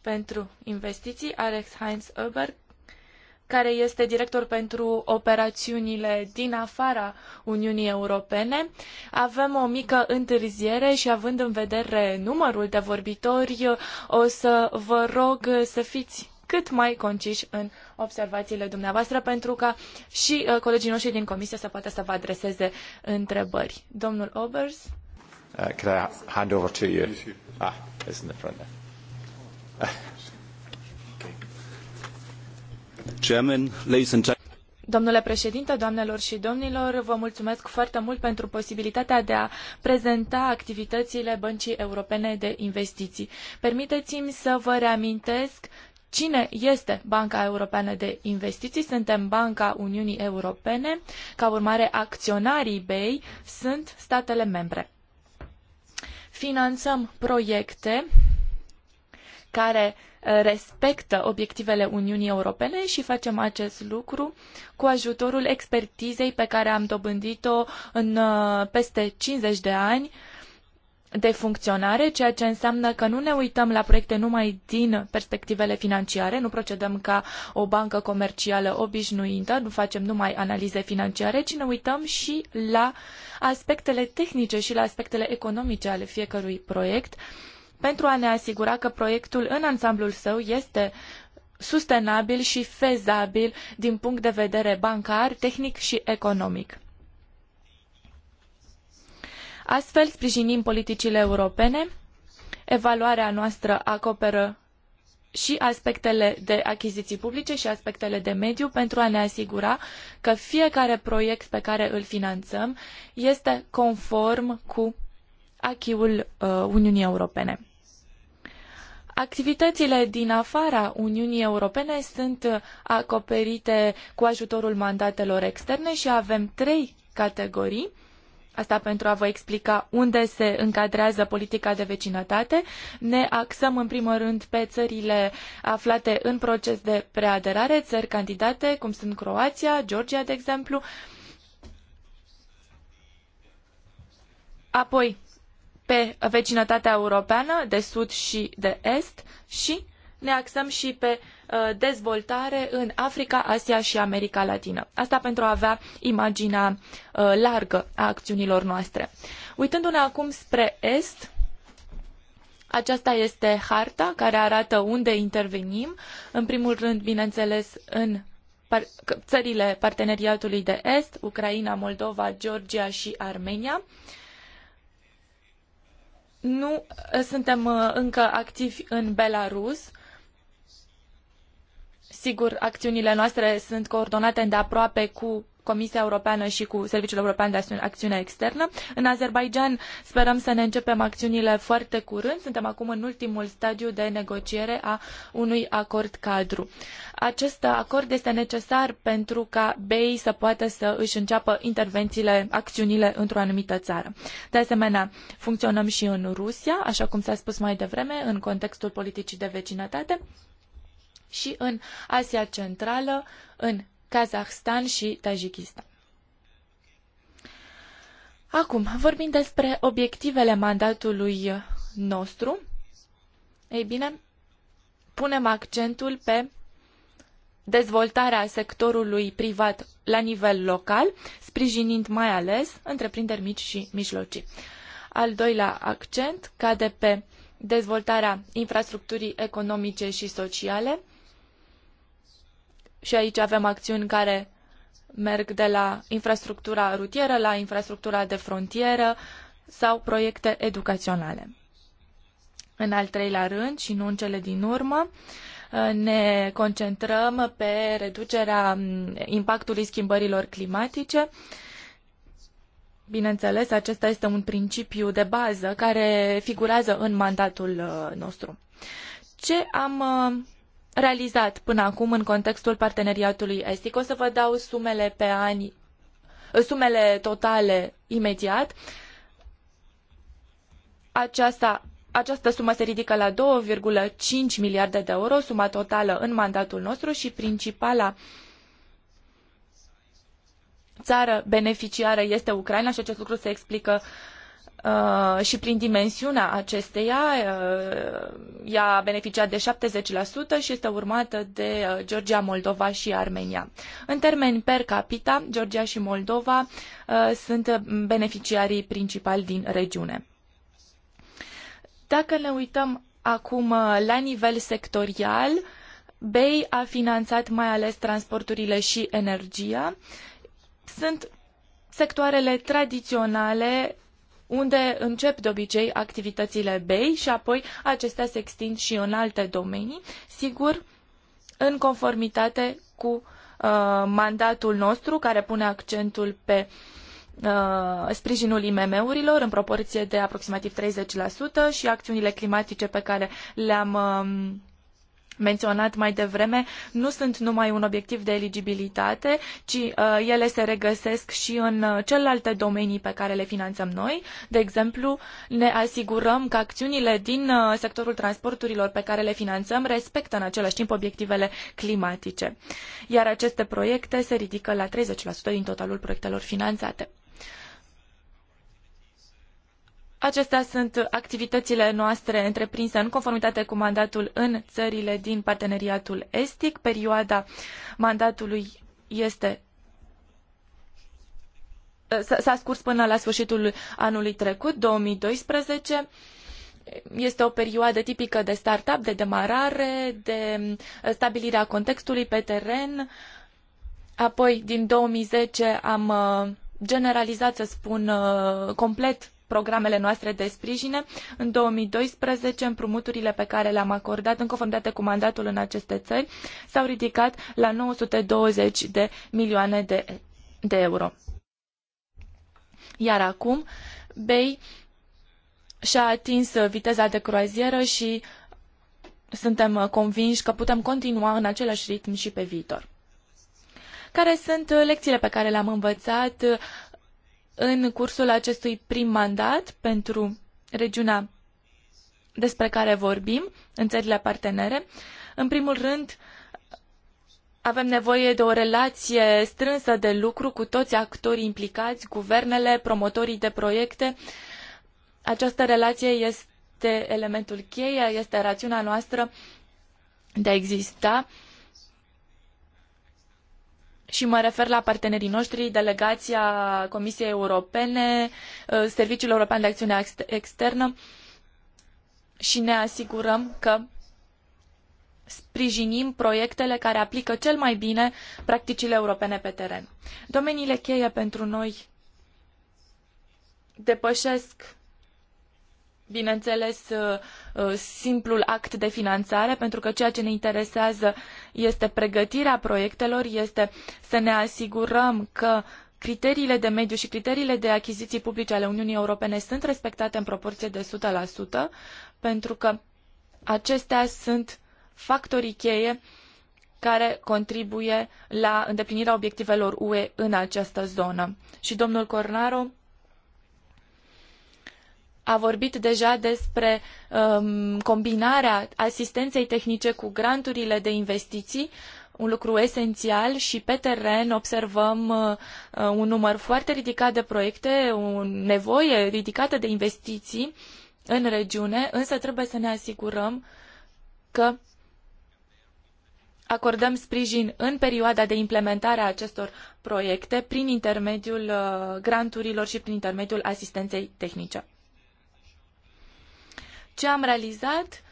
pentru Investiții, Alex Heinz Ober, care este director pentru operațiunile din afara Uniunii Europene. Avem o mică întârziere și având în vedere numărul de vorbitori, o să vă rog să fiți cât mai conciși în observațiile dumneavoastră pentru ca și uh, colegii noștri din comisie să poată să vă adreseze întrebări. Domnul Obers? Uh, can I hand over to you? Ah, it's in the front there. Domnule președinte, doamnelor și domnilor, vă mulțumesc foarte mult pentru posibilitatea de a prezenta activitățile Băncii Europene de Investiții. Permiteți-mi să vă reamintesc Cine este Banca Europeană de Investiții? Suntem Banca Uniunii Europene. Ca urmare, acționarii BEI sunt statele membre. Finanțăm proiecte care uh, respectă obiectivele Uniunii Europene și facem acest lucru cu ajutorul expertizei pe care am dobândit-o în uh, peste 50 de ani de funcționare, ceea ce înseamnă că nu ne uităm la proiecte numai din perspectivele financiare, nu procedăm ca o bancă comercială obișnuită, nu facem numai analize financiare, ci ne uităm și la aspectele tehnice și la aspectele economice ale fiecărui proiect. Uh, pentru a ne asigura că proiectul în ansamblul său este sustenabil și fezabil din punct de vedere bancar, tehnic și economic. Astfel, sprijinim politicile europene. Evaluarea noastră acoperă și aspectele de achiziții publice și aspectele de mediu pentru a ne asigura că fiecare proiect pe care îl finanțăm este conform cu achiul uh, Uniunii Europene. Activitățile din afara Uniunii Europene sunt acoperite cu ajutorul mandatelor externe și avem trei categorii. Asta pentru a vă explica unde se încadrează politica de vecinătate. Ne axăm în primul rând pe țările aflate în proces de preaderare, țări candidate, cum sunt Croația, Georgia, de exemplu. Apoi, pe vecinătatea europeană de sud și de est și ne axăm și pe uh, dezvoltare în Africa, Asia și America Latină. Asta pentru a avea imaginea uh, largă a acțiunilor noastre. Uitându-ne acum spre est, aceasta este harta care arată unde intervenim. În primul rând, bineînțeles, în par- țările parteneriatului de est, Ucraina, Moldova, Georgia și Armenia. Uh, nu suntem uh, încă activi în Belarus. Sigur, acțiunile noastre sunt coordonate îndeaproape cu Comisia Europeană și cu Serviciul European de Acțiune Externă. În Azerbaijan sperăm să ne începem acțiunile foarte curând. Suntem acum în ultimul stadiu de negociere a unui acord cadru. Acest acord este necesar pentru ca BEI să poată să își înceapă intervențiile, acțiunile într-o anumită țară. De asemenea, funcționăm și în Rusia, așa cum s-a spus mai devreme, în contextul politicii de vecinătate și în Asia Centrală, în Kazahstan și Tajikistan. Acum, vorbind despre obiectivele mandatului nostru, ei bine, punem accentul pe dezvoltarea sectorului privat la nivel local, sprijinind mai ales întreprinderi mici și mijlocii. Al doilea accent cade pe dezvoltarea infrastructurii economice și sociale, și aici avem acțiuni care merg de la infrastructura rutieră la infrastructura de frontieră sau proiecte educaționale. În al treilea rând și nu în cele din urmă, ne concentrăm pe reducerea mm, impactului schimbărilor climatice. Bineînțeles, acesta este un principiu de bază care figurează în mandatul uh, nostru. Ce am uh, realizat până acum în contextul parteneriatului estic. O să vă dau sumele pe ani, sumele totale imediat. Aceasta această sumă se ridică la 2,5 miliarde de euro, suma totală în mandatul nostru și principala țară beneficiară este Ucraina și acest lucru se explică Uh, și prin dimensiunea acesteia, uh, ea a beneficiat de 70% și este urmată de uh, Georgia, Moldova și Armenia. În termeni per capita, Georgia și Moldova uh, sunt beneficiarii principali din regiune. Dacă ne uităm acum la nivel sectorial, BEI a finanțat mai ales transporturile și energia. Sunt sectoarele tradiționale unde încep de obicei activitățile BEI și apoi acestea se extind și în alte domenii, sigur, în conformitate cu uh, mandatul nostru care pune accentul pe uh, sprijinul IMM-urilor în proporție de aproximativ 30% și acțiunile climatice pe care le-am uh, menționat mai devreme, nu sunt numai un obiectiv de eligibilitate, ci uh, ele se regăsesc și în uh, celelalte domenii pe care le finanțăm noi. De exemplu, ne asigurăm că acțiunile din uh, sectorul transporturilor pe care le finanțăm respectă în același timp obiectivele climatice. Iar aceste proiecte se ridică la 30% din totalul proiectelor finanțate. Acestea sunt activitățile noastre întreprinse în conformitate cu mandatul în țările din parteneriatul estic. Perioada mandatului este s-a scurs până la sfârșitul anului trecut, 2012. Este o perioadă tipică de start-up, de demarare, de stabilirea contextului pe teren. Apoi, din 2010, am uh, generalizat, să spun, uh, complet programele noastre de sprijine. În 2012, împrumuturile pe care le-am acordat în conformitate cu mandatul în aceste țări s-au ridicat la 920 de milioane de, de euro. Iar acum, BEI și-a atins viteza de croazieră și suntem convinși că putem continua în același ritm și pe viitor. Care sunt lecțiile pe care le-am învățat în cursul acestui prim mandat pentru regiunea despre care vorbim în țările partenere. În primul rând, avem nevoie de o relație strânsă de lucru cu toți actorii implicați, guvernele, promotorii de proiecte. Această relație este elementul cheie, este rațiunea noastră de a exista. Uh, și mă refer la partenerii noștri, delegația Comisiei Europene, uh, Serviciul European de Acțiune Externă și ne asigurăm că sprijinim proiectele care aplică cel mai bine practicile europene pe teren. Domeniile cheie pentru noi depășesc bineînțeles, uh, uh, simplul act de finanțare, pentru că ceea ce ne interesează este pregătirea proiectelor, este să ne asigurăm că criteriile de mediu și criteriile de achiziții publice ale Uniunii Europene sunt respectate în proporție de 100%, pentru că acestea sunt factorii cheie care contribuie la îndeplinirea obiectivelor UE în această zonă. Și domnul Cornaro a vorbit deja despre um, combinarea asistenței tehnice cu granturile de investiții, un lucru esențial și pe teren observăm uh, uh, un număr foarte ridicat de proiecte, o nevoie ridicată de investiții în regiune, însă trebuie să ne asigurăm că acordăm sprijin în perioada de implementare a acestor proiecte prin intermediul uh, granturilor și prin intermediul asistenței tehnice. Ce am realizat?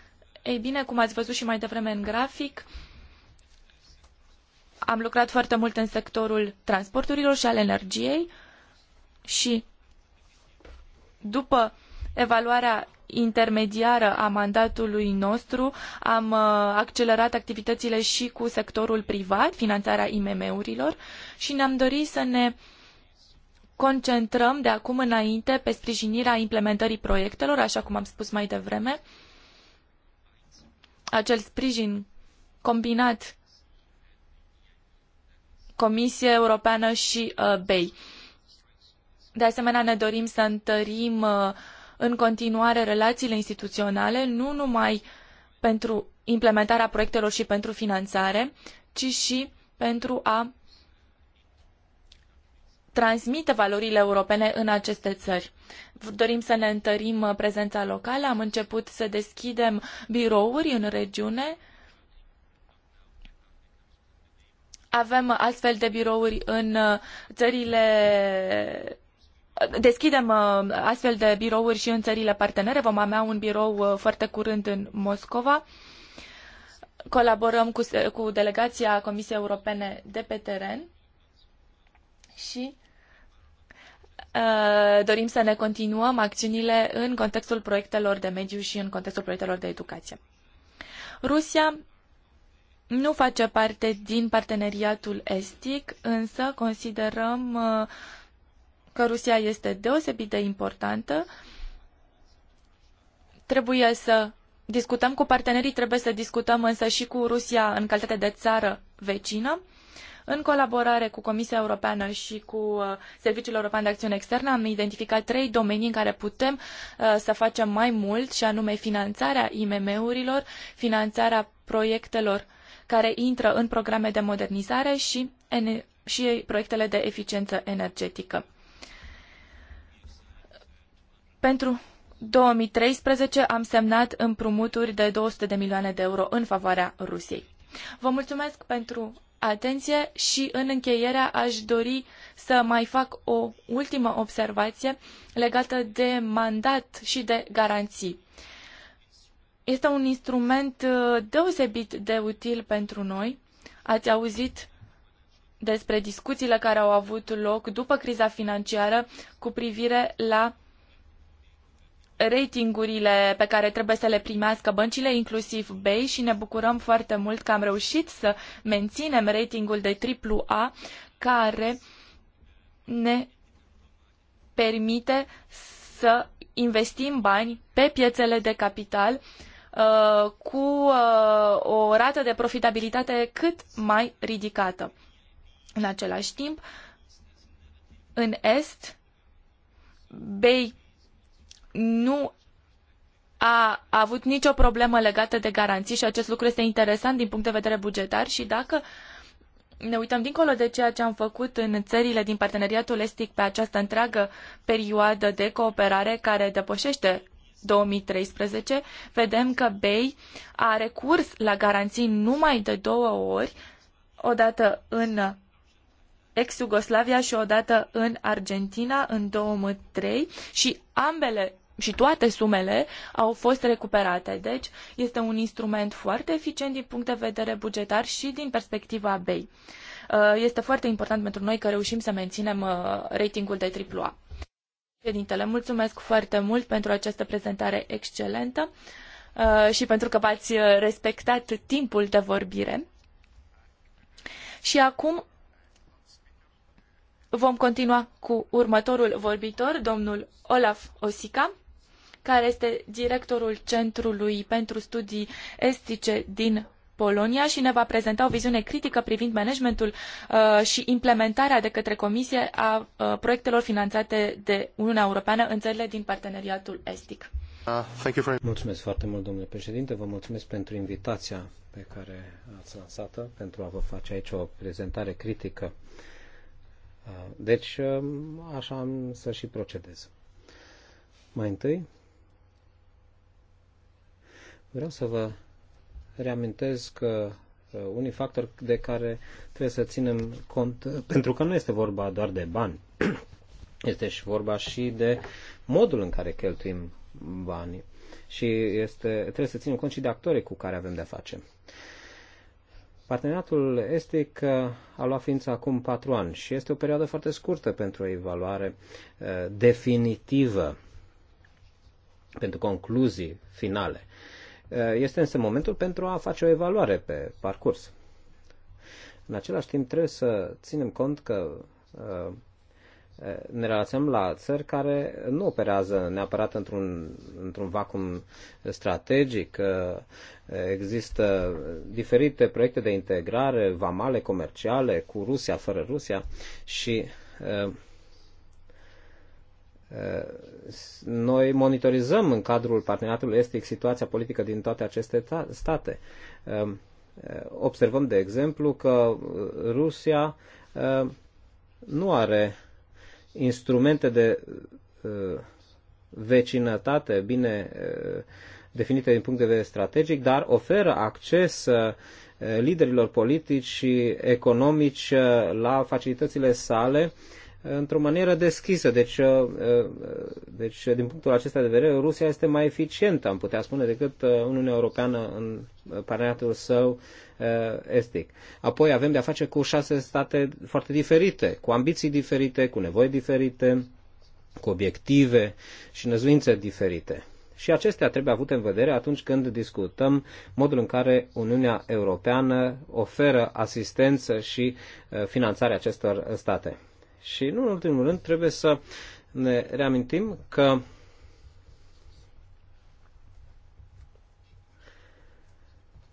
Ei bine, cum ați văzut și mai devreme în grafic, am lucrat foarte mult în sectorul transporturilor și al energiei și după evaluarea intermediară a mandatului nostru, am uh, accelerat activitățile și cu sectorul privat, finanțarea IMM-urilor și ne-am dorit să ne concentrăm de acum înainte pe sprijinirea implementării proiectelor, așa cum am spus mai devreme. Acel sprijin combinat Comisie Europeană și uh, BEI. De asemenea, ne dorim să întărim uh, în continuare relațiile instituționale, nu numai pentru implementarea proiectelor și pentru finanțare, ci și pentru a transmite valorile europene în aceste țări. Dorim să ne întărim uh, prezența locală, am început să deschidem birouri în regiune. Avem astfel de birouri în uh, țările deschidem uh, astfel de birouri și în țările partenere. Vom avea un birou foarte curând în Moscova. Colaborăm cu, cu delegația Comisiei Europene de pe teren și Uh, dorim să ne continuăm acțiunile în contextul proiectelor de mediu și în contextul proiectelor de educație. Rusia nu face parte din parteneriatul estic, însă considerăm uh, că Rusia este deosebit de importantă. Trebuie să discutăm cu partenerii, trebuie să discutăm însă și cu Rusia în calitate de țară vecină. În colaborare cu Comisia Europeană și cu uh, Serviciul European de Acțiune Externă am identificat trei domenii în care putem uh, să facem mai mult și anume finanțarea IMM-urilor, finanțarea proiectelor care intră în programe de modernizare și, și proiectele de eficiență energetică. Pentru 2013 am semnat împrumuturi de 200 de milioane de euro în favoarea Rusiei. Vă mulțumesc pentru atenție și în încheierea aș dori să mai fac o ultimă observație legată de mandat și de garanții. Este un instrument uh, deosebit de util pentru noi. Ați auzit despre discuțiile care au avut loc după criza financiară cu privire la ratingurile pe care trebuie să le primească băncile, inclusiv BEI, și ne bucurăm foarte mult că am reușit să menținem ratingul de AAA care ne permite să investim bani pe piețele de capital uh, cu uh, o rată de profitabilitate cât mai ridicată. În același timp, în Est, BEI nu a avut nicio problemă legată de garanții și acest lucru este interesant din punct de vedere bugetar și dacă ne uităm dincolo de ceea ce am făcut în țările din parteneriatul estic pe această întreagă perioadă de cooperare care depășește 2013, vedem că BEI a recurs la garanții numai de două ori, odată în ex-Iugoslavia și odată în Argentina în 2003 și ambele și toate sumele au fost recuperate. Deci este un instrument foarte eficient din punct de vedere bugetar și din perspectiva BEI. Uh, este foarte important pentru noi că reușim să menținem uh, ratingul de AAA. Președintele, mulțumesc foarte mult pentru această prezentare excelentă uh, și pentru că v-ați respectat timpul de vorbire. Și acum vom continua cu următorul vorbitor, domnul Olaf Osica, care este directorul Centrului pentru Studii Estice din Polonia și ne va prezenta o viziune critică privind managementul uh, și implementarea de către Comisie a uh, proiectelor finanțate de Uniunea Europeană în țările din parteneriatul estic. Uh, for... Mulțumesc foarte mult, domnule președinte. Vă mulțumesc pentru invitația pe care ați lansat-o pentru a vă face aici o prezentare critică. Uh, deci, uh, așa am să și procedez. Mai întâi, Vreau să vă reamintesc că uh, unii factori de care trebuie să ținem cont, uh, pentru că nu este vorba doar de bani, este și vorba și de modul în care cheltuim banii și este, trebuie să ținem cont și de actorii cu care avem de-a face. Parteneriatul estic uh, a luat ființă acum patru ani și este o perioadă foarte scurtă pentru o evaluare definitivă, pentru concluzii finale. Eh, este însă momentul pentru a face o evaluare pe parcurs. În același timp trebuie să ținem cont că eh, eh, ne relaționăm la țări care nu operează neapărat într-un, într-un vacum strategic. Există diferite proiecte de integrare, vamale comerciale cu Rusia, fără Rusia și noi monitorizăm în cadrul parteneriatului estic situația politică din toate aceste state. Ehm, eh, observăm, de exemplu, că eh, Rusia eh, nu are instrumente de vecinătate bine definite din punct de vedere strategic, dar oferă acces liderilor politici și economici la facilitățile sale uh, într-o manieră deschisă. Deci, uh, uh, deci, din punctul acesta de vedere, Rusia este mai eficientă, am putea spune, decât uh, Uniunea Europeană în parteneriatul său estic. Apoi avem de-a face cu șase state foarte diferite, cu ambiții diferite, cu nevoi diferite, cu obiective și năzuințe diferite. Și acestea trebuie avute în vedere atunci când discutăm modul în care Uniunea Europeană oferă asistență și finanțare acestor state. Și, nu în ultimul rând, trebuie să ne reamintim că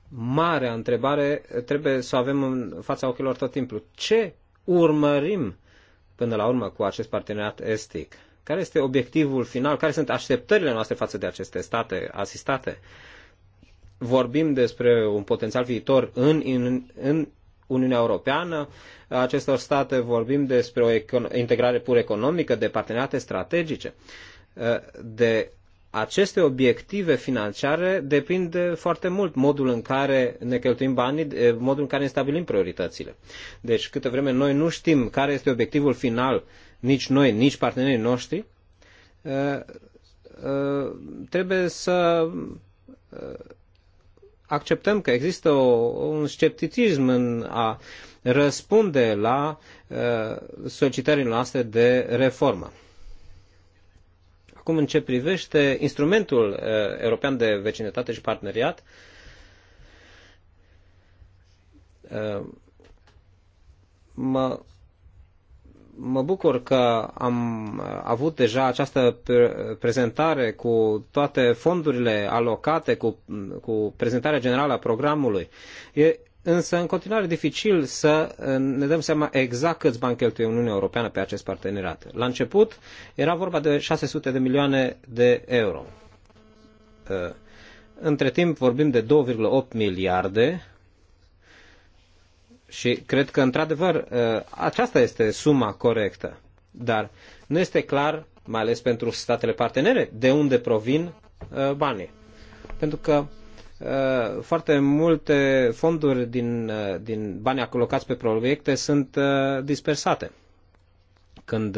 marea întrebare trebuie să o avem în fața ochilor tot timpul. Ce urmărim până la urmă cu acest parteneriat estic? Care este obiectivul final? Care sunt așteptările noastre față de aceste state asistate? Vorbim despre un potențial viitor în, în, în Uniunea Europeană, acestor state vorbim despre o integrare pur economică, de parteneriate strategice. De aceste obiective financiare depinde foarte mult modul în care ne cheltuim banii, modul în care ne stabilim prioritățile. Deci câtă vreme noi nu știm care este obiectivul final, nici noi, nici partenerii noștri, trebuie să acceptăm că există o, un scepticism în a răspunde la uh, solicitările noastre de reformă. Acum, în ce privește instrumentul uh, european de vecinătate și parteneriat, uh, mă mă bucur că am uh, avut deja această prezentare cu toate fondurile alocate, cu, cu prezentarea generală a programului. E însă în continuare dificil să uh, ne dăm seama exact câți bani cheltuie Uniunea Europeană pe acest parteneriat. La început era vorba de 600 de milioane de euro. Uh, între timp vorbim de 2,8 miliarde și cred că, într-adevăr, uh, aceasta este suma corectă. Dar nu este clar, mai ales pentru statele partenere, de unde provin uh, banii. Pentru că uh, foarte multe fonduri din, din banii acolocați pe proiecte sunt dispersate. Când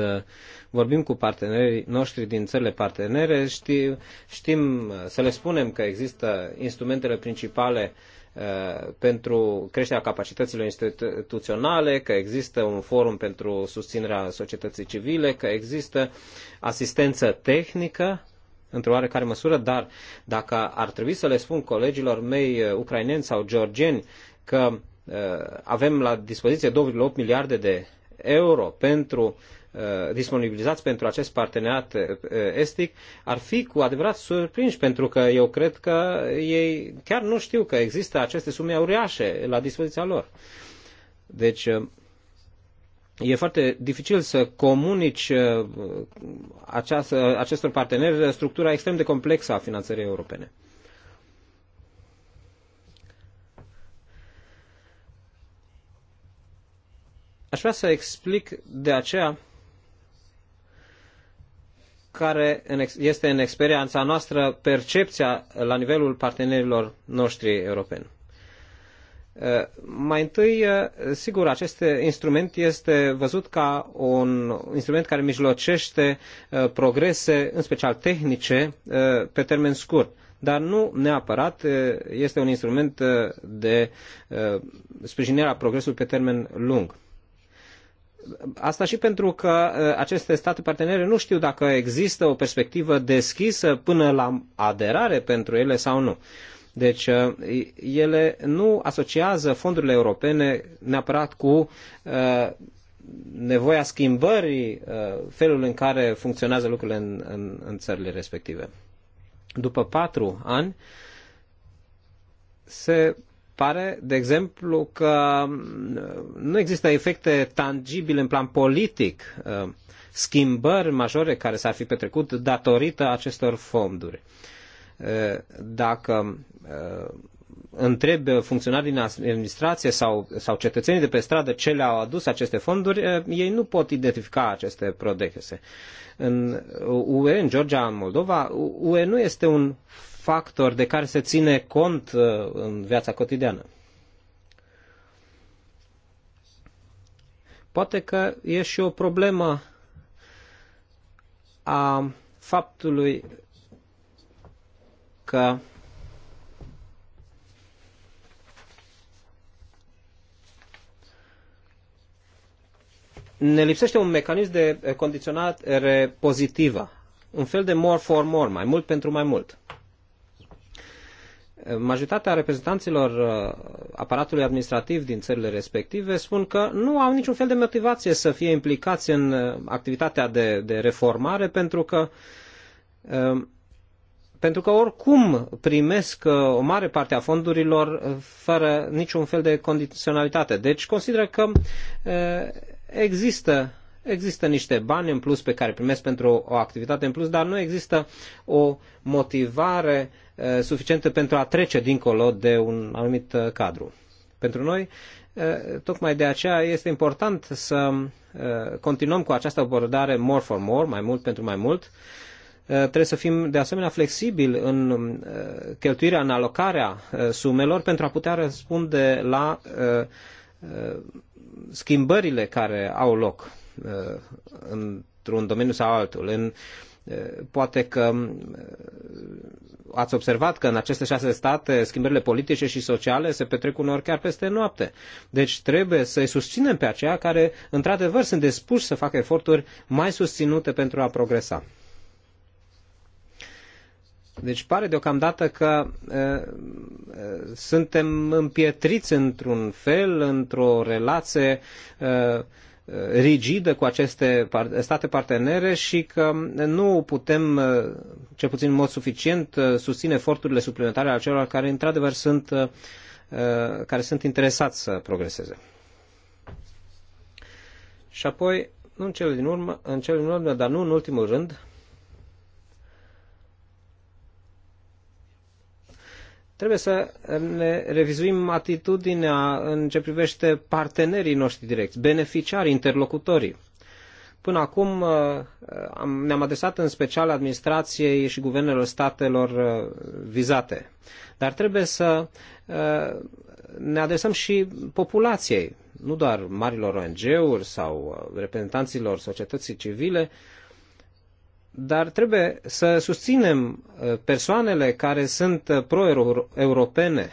vorbim cu partenerii noștri din țările partenere, știm, știm să le spunem că există instrumentele principale uh, Uh, pentru creșterea capacităților instituționale, că există un forum pentru susținerea societății civile, că există asistență tehnică, într-o oarecare măsură, dar dacă ar trebui să le spun colegilor mei uh, ucraineni sau georgieni că uh, avem la dispoziție 2,8 miliarde de euro pentru Uh, disponibilizați pentru acest parteneriat uh, estic ar fi cu adevărat surprinși, pentru că eu cred că ei chiar nu știu că există aceste sume uriașe la dispoziția lor. Deci, uh, e foarte dificil să comunici această, acestor parteneri structura extrem de complexă a finanțării europene. Aș vrea să explic de aceea care este în experiența noastră percepția la nivelul partenerilor noștri europeni. Eh, mai întâi, eh, sigur, acest instrument este văzut ca un instrument care mijlocește eh, progrese, în special tehnice, pe termen scurt, dar nu neapărat este un instrument de sprijinire a progresului pe termen lung. Asta și pentru că ă, aceste state partenere nu știu dacă există o perspectivă deschisă până la aderare pentru ele sau nu. Deci ă, ele nu asociază fondurile europene neapărat cu ă, nevoia schimbării felul în care funcționează lucrurile în, în, în țările respective. După patru ani se pare, de exemplu, că nu există efecte tangibile în plan politic, uh, schimbări majore care s-ar fi petrecut datorită acestor fonduri. Uh, dacă uh, întreb funcționari din administrație sau, sau cetățenii de pe stradă ce le-au adus aceste fonduri, ei nu pot identifica aceste prodecese. În UE, în Georgia, în Moldova, UE nu este un Factor de care se ține cont uh, în viața cotidiană. Poate că e și o problemă a faptului că ne lipsește un mecanism de condiționare pozitivă, un fel de more for more, mai mult pentru mai mult majoritatea reprezentanților uh, aparatului administrativ din țările respective spun că nu au niciun fel de motivație să fie implicați în uh, activitatea de, de reformare pentru că uh, pentru că oricum primesc o mare parte a fondurilor fără niciun fel de condiționalitate. Deci consider că există există niște bani în plus pe care primesc pentru o activitate în plus, dar nu există o motivare eh, suficientă pentru a trece dincolo de un anumit eh, cadru. Pentru noi, eh, tocmai de aceea este important să continuăm cu această abordare more for more, mai mult pentru mai mult. Trebuie să fim de asemenea flexibili în cheltuirea, în alocarea sumelor pentru a putea răspunde la schimbările care au loc. Uh, într-un domeniu sau altul. În, uh, poate că uh, ați observat că în aceste șase state schimbările politice și sociale se petrec uneori chiar peste noapte. Deci trebuie să-i susținem pe aceia care, într-adevăr, sunt dispuși să facă eforturi mai susținute pentru a progresa. Deci pare deocamdată că e, suntem împietriți într-un fel, într-o relație E, rigidă cu aceste state partenere și că nu putem, uh, cel puțin în mod suficient, uh, susține eforturile suplimentare ale celor care într-adevăr sunt, uh, care sunt interesați să progreseze. Și apoi, nu în cele din urmă, în cele din urmă, dar nu în ultimul rând, Trebuie să ne revizuim atitudinea în ce privește partenerii noștri direcți, beneficiarii, interlocutorii. Până acum uh, ne-am adresat în special administrației și guvernelor statelor uh, vizate. Dar trebuie să uh, ne adresăm și populației, nu doar marilor ONG-uri sau reprezentanților societății civile, dar trebuie să susținem uh, persoanele care sunt uh, pro-europene.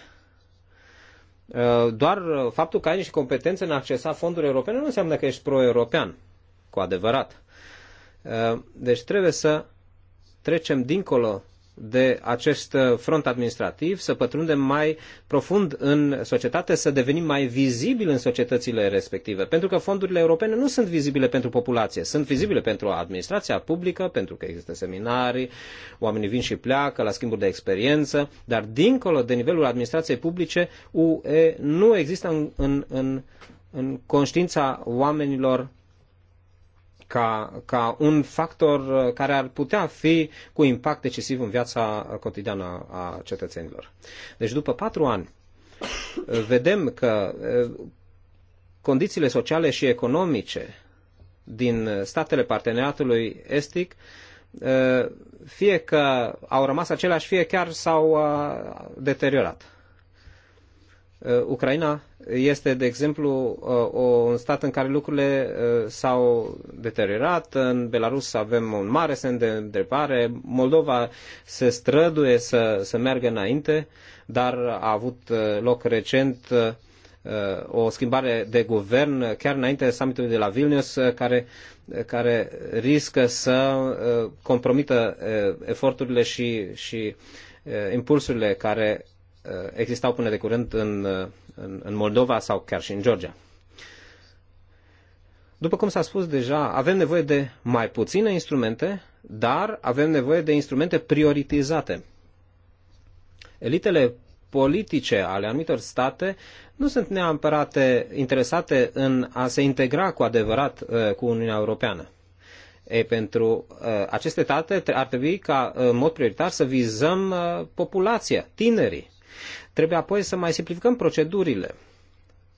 Uh, doar faptul că ai niște competențe în a accesa fonduri europene nu înseamnă că ești pro-european, cu adevărat. Deci trebuie să trecem dincolo de acest uh, front administrativ, să pătrundem mai profund în societate, să devenim mai vizibili în societățile respective. Pentru că fondurile europene nu sunt vizibile pentru populație, sunt vizibile pentru administrația publică, pentru că există seminarii, oamenii vin și pleacă la schimburi de experiență, dar dincolo de nivelul administrației publice, UE nu există în, în, în, în conștiința oamenilor ca, ca un factor uh, care ar putea fi cu impact decisiv în viața cotidiană a cetățenilor. Deci după patru ani uh, vedem că uh, condițiile sociale și economice din statele parteneriatului estic fie că au rămas aceleași, fie chiar s-au deteriorat. Uh, Ucraina este, de exemplu, uh, un stat în care lucrurile uh, s-au deteriorat. În Belarus avem un mare semn de întrebare. Moldova se străduie să, să meargă înainte, dar a avut loc recent o schimbare de guvern chiar înainte summitului de la Vilnius care, care riscă să compromită eforturile și, și impulsurile care Uh, existau până de curând în, uh, în, în Moldova sau chiar și în Georgia. După cum s-a spus deja, avem nevoie de mai puține instrumente, dar avem nevoie de instrumente prioritizate. Elitele politice ale anumitor state nu sunt neapărat interesate în a se integra cu adevărat uh, cu Uniunea Europeană. E, pentru aceste state ar trebui ca în mod prioritar să vizăm populația, tinerii, Trebuie apoi să mai simplificăm procedurile.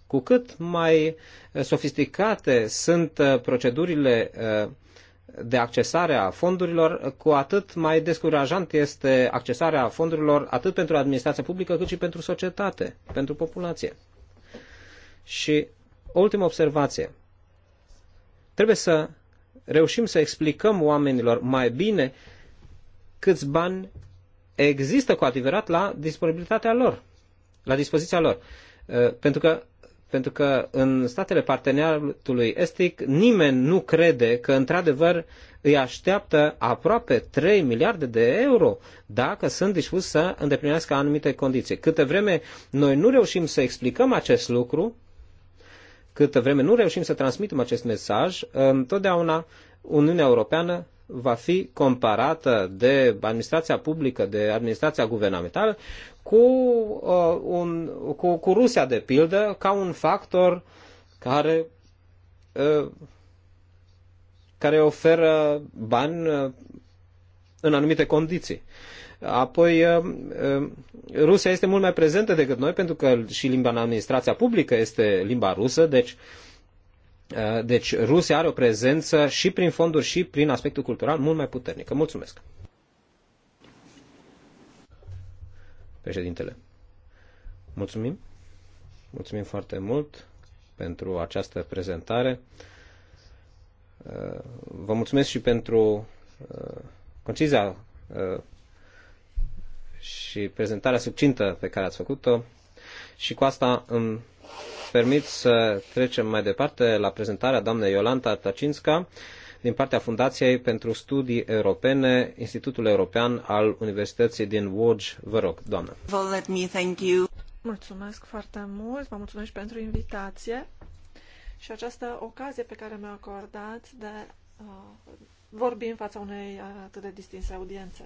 Cu cât mai eh, sofisticate sunt eh, procedurile eh, de accesare a fondurilor, cu atât mai descurajant este accesarea fondurilor atât pentru administrația publică cât și pentru societate, pentru populație. Și o ultimă observație. Trebuie să reușim să explicăm oamenilor mai bine câți bani există cu adevărat la disponibilitatea lor, la dispoziția lor. Uh, pentru că, pentru că în statele parteneriatului estic nimeni nu crede că într-adevăr îi așteaptă aproape 3 miliarde de euro dacă sunt dispuși să îndeplinească anumite condiții. Câte vreme noi nu reușim să explicăm acest lucru, câtă vreme nu reușim să transmitem acest mesaj, uh, întotdeauna Uniunea Europeană va fi comparată de administrația publică, de administrația guvernamentală, cu, uh, un, cu, cu Rusia, de pildă, ca un factor care, uh, care oferă bani uh, în anumite condiții. Apoi, uh, uh, Rusia este mult mai prezentă decât noi, pentru că și limba în administrația publică este limba rusă, deci uh, Uh, deci Rusia are o prezență și prin fonduri și prin aspectul cultural mult mai puternică. Mulțumesc. Președintele, mulțumim. Mulțumim foarte mult pentru această prezentare. Uh, vă mulțumesc și pentru uh, concizia și prezentarea subcintă pe care ați făcut-o și cu asta îmi permit să trecem mai departe la prezentarea doamnei Iolanta Tacinska din partea Fundației pentru Studii Europene, Institutul European al Universității din Łódź. Vă rog, doamnă. Mulțumesc foarte mult, vă mulțumesc pentru invitație și această ocazie pe care mi a acordat de uh, vorbi în fața unei uh, atât de distinse audiențe.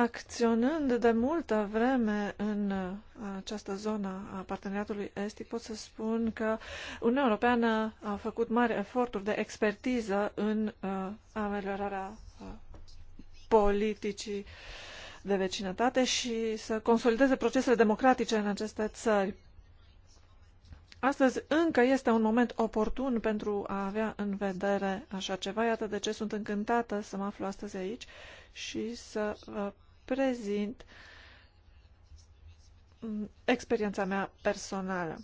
Acționând de multă vreme în uh, această zonă a parteneriatului estic, pot să spun că Uniunea Europeană a făcut mari eforturi de expertiză în uh, ameliorarea uh, politicii de vecinătate și să consolideze procesele democratice în aceste țări. Astăzi încă este un moment oportun pentru a avea în vedere așa ceva. Iată de ce sunt încântată să mă aflu astăzi aici și să vă prezint experiența mea personală.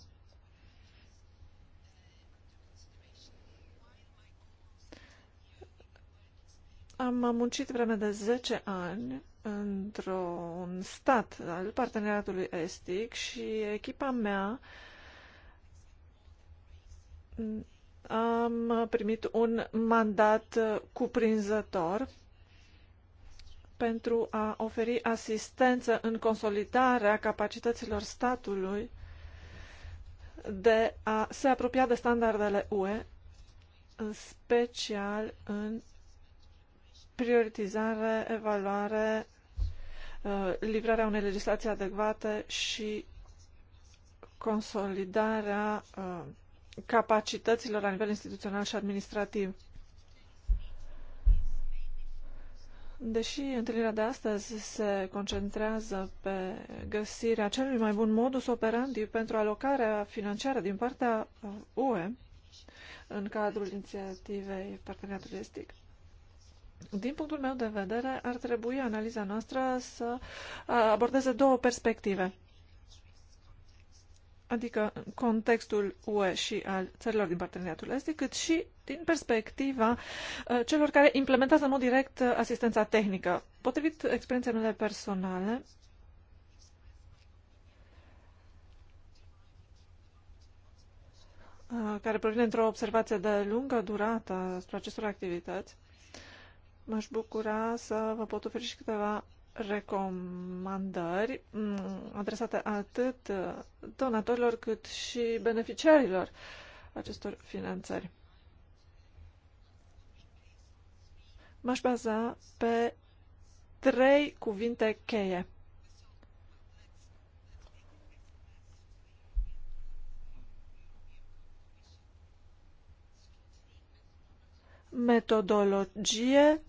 Am muncit vreme de 10 ani într-un stat al parteneriatului estic și echipa mea am primit un mandat cuprinzător pentru a oferi asistență în consolidarea capacităților statului de a se apropia de standardele UE, în special în prioritizare, evaluare, uh, livrarea unei legislații adecvate și consolidarea uh, capacităților la nivel instituțional și administrativ. Deși întâlnirea de astăzi se concentrează pe găsirea celui mai bun modus operandi pentru alocarea financiară din partea uh, UE în cadrul inițiativei Parteneriatului Estic, din punctul meu de vedere, ar trebui analiza noastră să uh, abordeze două perspective, adică contextul UE și al țărilor din parteneriatul estic, cât și din perspectiva uh, celor care implementează în mod direct uh, asistența tehnică. Potrivit experienței mele personale, uh, care provine într-o observație de lungă durată asupra acestor activități, m-aș bucura să vă pot oferi și câteva recomandări mm, adresate atât donatorilor cât și beneficiarilor acestor finanțări. m-aș baza pe trei cuvinte cheie. Metodologie,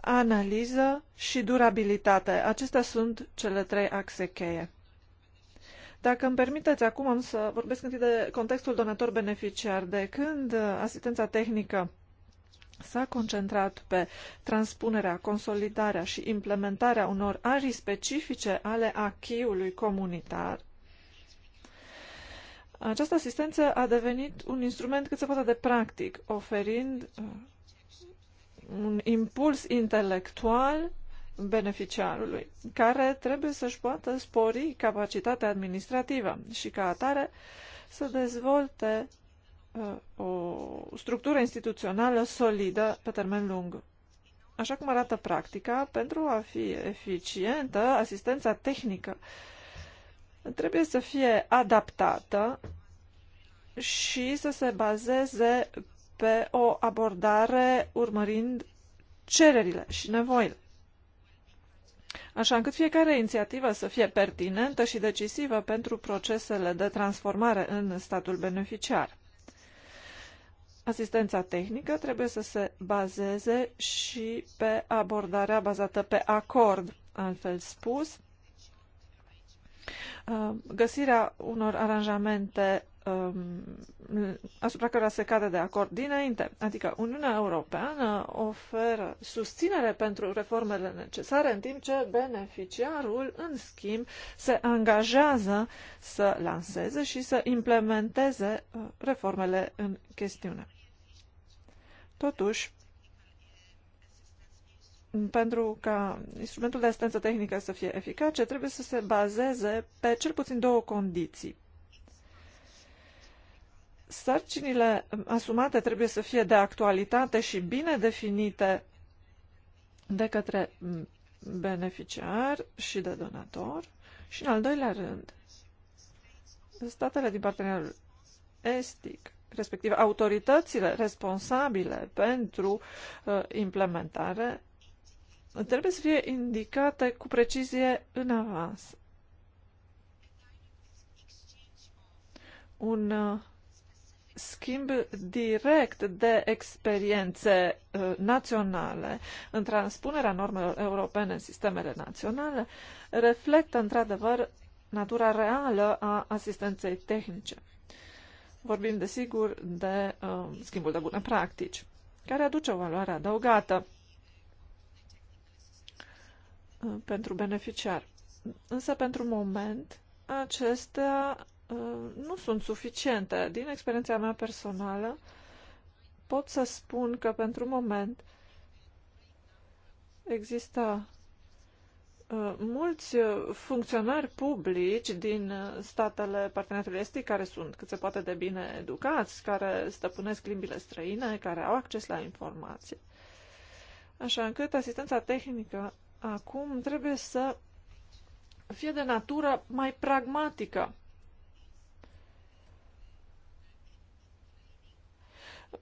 analiză și durabilitate. Acestea sunt cele trei axe cheie. Dacă îmi permiteți, acum am să vorbesc întâi de contextul donator-beneficiar. De când asistența tehnică s-a concentrat pe transpunerea, consolidarea și implementarea unor arii specifice ale achiului comunitar. Această asistență a devenit un instrument cât se poate de practic, oferind uh, un impuls intelectual beneficiarului, care trebuie să-și poată spori capacitatea administrativă și, ca atare, să dezvolte o structură instituțională solidă pe termen lung. Așa cum arată practica, pentru a fi eficientă, asistența tehnică trebuie să fie adaptată și să se bazeze pe o abordare urmărind cererile și nevoile. Așa încât fiecare inițiativă să fie pertinentă și decisivă pentru procesele de transformare în statul beneficiar. Asistența tehnică trebuie să se bazeze și pe abordarea bazată pe acord. Altfel spus, uh, găsirea unor aranjamente Um, asupra cărora se cade de acord dinainte. Adică Uniunea Europeană oferă susținere pentru reformele necesare, în timp ce beneficiarul, în schimb, se angajează să lanseze și să implementeze uh, reformele în chestiune. Totuși, pentru ca instrumentul de asistență tehnică să fie eficace, trebuie să se bazeze pe cel puțin două condiții Sarcinile asumate trebuie să fie de actualitate și bine definite de către beneficiar și de donator. Și în al doilea rând, statele din parteneriatul estic, respectiv autoritățile responsabile pentru uh, implementare, trebuie să fie indicate cu precizie în avans. Un uh, schimb direct de experiențe uh, naționale în transpunerea normelor europene în sistemele naționale reflectă într-adevăr natura reală a asistenței tehnice. Vorbim, desigur, de uh, schimbul de bune practici, care aduce o valoare adăugată uh, pentru beneficiar. Însă, pentru moment, acestea Uh, nu sunt suficiente. Din experiența mea personală, pot să spun că pentru moment există uh, mulți uh, funcționari publici din statele parteneriatului estic care sunt cât se poate de bine educați, care stăpânesc limbile străine, care au acces la informații. Așa încât asistența tehnică acum trebuie să fie de natură mai pragmatică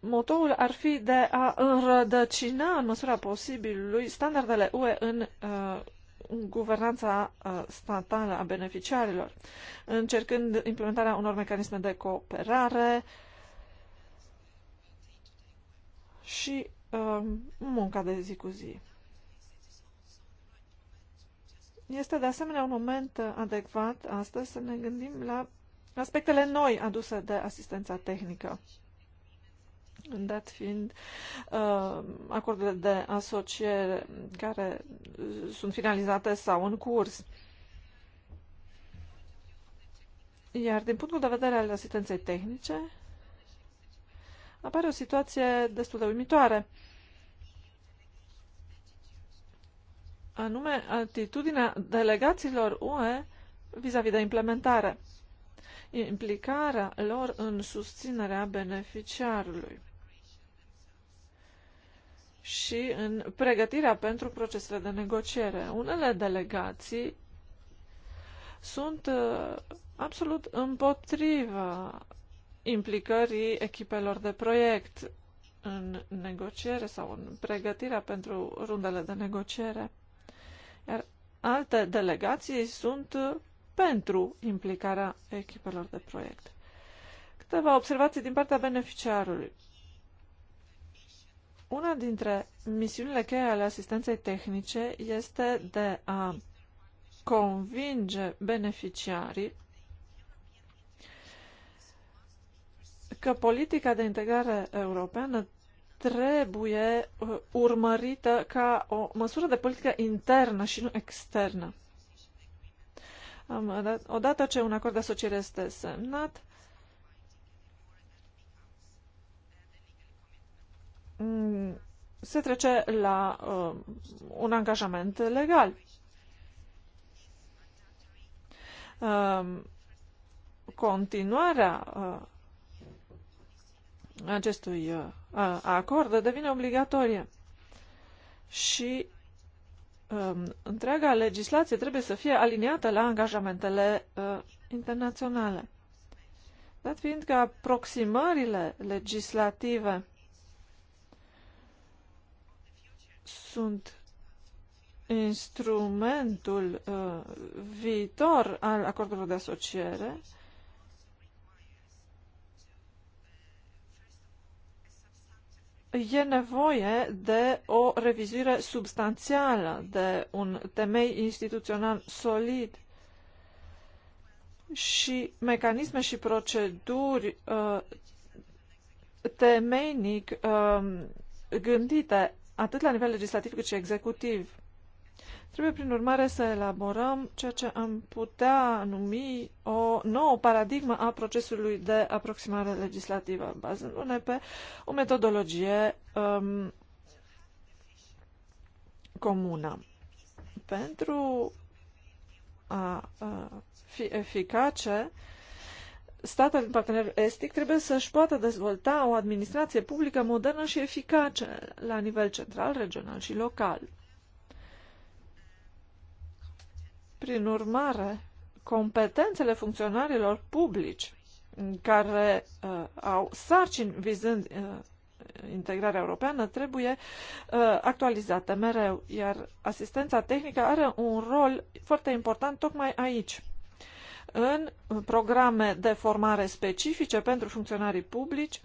motoul ar fi de a înrădăcina în măsura posibilului standardele UE în uh, guvernanța uh, statală a beneficiarilor, încercând implementarea unor mecanisme de cooperare și uh, munca de zi cu zi. Este de asemenea un moment uh, adecvat astăzi să ne gândim la aspectele noi aduse de asistența tehnică dat fiind uh, acordurile de asociere care uh, sunt finalizate sau în curs. Iar din punctul de vedere al asistenței tehnice, apare o situație destul de uimitoare. Anume, atitudinea delegaților UE vis-a-vis -vis de implementare, implicarea lor în susținerea beneficiarului și în pregătirea pentru procesele de negociere. Unele delegații sunt uh, absolut împotriva implicării echipelor de proiect în negociere sau în pregătirea pentru rundele de negociere. Iar alte delegații sunt uh, pentru implicarea echipelor de proiect. Câteva observații din partea beneficiarului. Una dintre misiunile cheie ale asistenței tehnice este de a convinge beneficiarii că politica de integrare europeană trebuie uh, urmărită ca o măsură de politică internă și nu externă. Odată ce un acord de asociere este semnat, Mm, se trece la uh, un angajament legal. Uh, continuarea uh, acestui uh, acord devine obligatorie și uh, întreaga legislație trebuie să fie aliniată la angajamentele uh, internaționale. Dat fiind că aproximările legislative sunt instrumentul uh, viitor al acordurilor de asociere, e nevoie de o revizuire substanțială, de un temei instituțional solid și mecanisme și proceduri uh, temeinic uh, gândite atât la nivel legislativ cât și executiv. Trebuie, prin urmare, să elaborăm ceea ce am putea numi o nouă paradigmă a procesului de aproximare legislativă, bazându-ne pe o metodologie um, comună. Pentru a, a fi eficace, uh, statele din partener estic trebuie să-și poată dezvolta o administrație publică modernă și eficace la nivel central, regional și local. Prin urmare, competențele funcționarilor publici care uh, au sarcini vizând uh, integrarea europeană trebuie uh, actualizate mereu, iar asistența tehnică are un rol foarte important tocmai aici în programe de formare specifice pentru funcționarii publici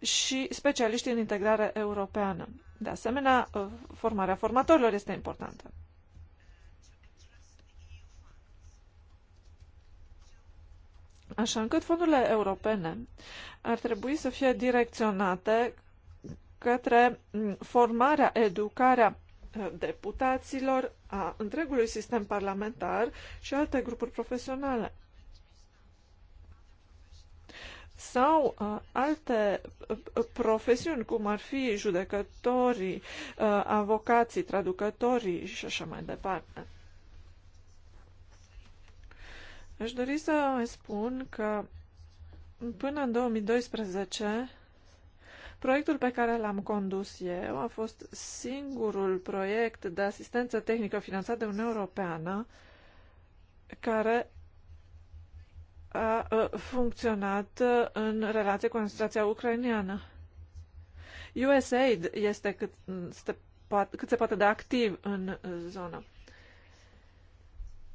și specialiști în integrare europeană. De asemenea, uh, formarea formatorilor este importantă. Așa încât fondurile europene ar trebui să fie direcționate către mm, formarea, educarea Eh, deputaților, a întregului sistem parlamentar și alte grupuri profesionale sau uh, alte eh, profesiuni, cum ar fi judecătorii, uh, avocații, traducătorii și așa mai departe. Aș dori să spun că până în 2012 Proiectul pe care l-am condus eu a fost singurul proiect de asistență tehnică finanțat de Uniunea Europeană care a funcționat în relație cu administrația ucraineană. USAID este cât, poate, cât se poate de activ în zonă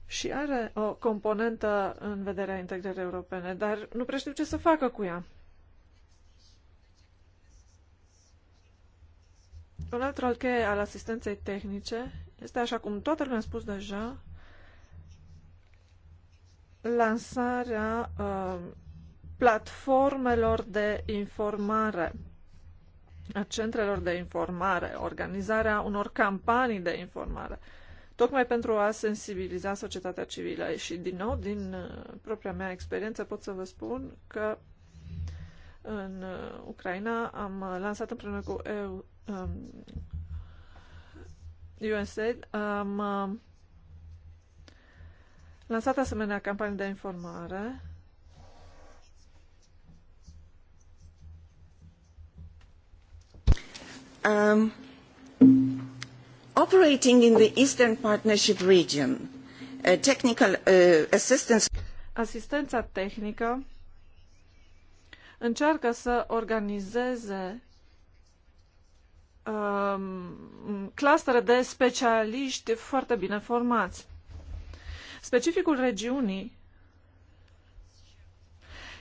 și are o componentă în vederea integrării europene, dar nu prea știu ce să facă cu ea. Un alt rol cheie al asistenței tehnice este, așa cum toată lumea a spus deja, lansarea uh, platformelor de informare, a centrelor de informare, organizarea unor campanii de informare, tocmai pentru a sensibiliza societatea civilă. Și, din nou, din uh, propria mea experiență pot să vă spun că în uh, Ucraina am uh, lansat împreună cu EU um, USAID am um, lansat asemenea campanii de informare Um, operating in the Eastern Partnership region, uh, technical uh, assistance. Asistența tehnică încearcă să organizeze Um, clustere de specialiști foarte bine formați. Specificul regiunii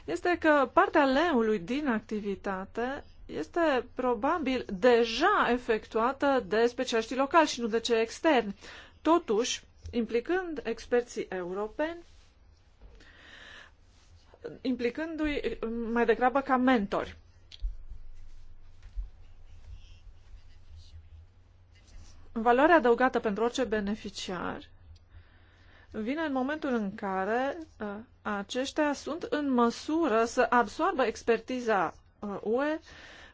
este că partea leului din activitate este probabil deja efectuată de specialiștii locali și nu de cei externi. Totuși, implicând experții europeni, implicându-i mai degrabă ca mentori. Valoarea adăugată pentru orice beneficiar vine în momentul în care uh, aceștia sunt în măsură să absorbă expertiza uh, UE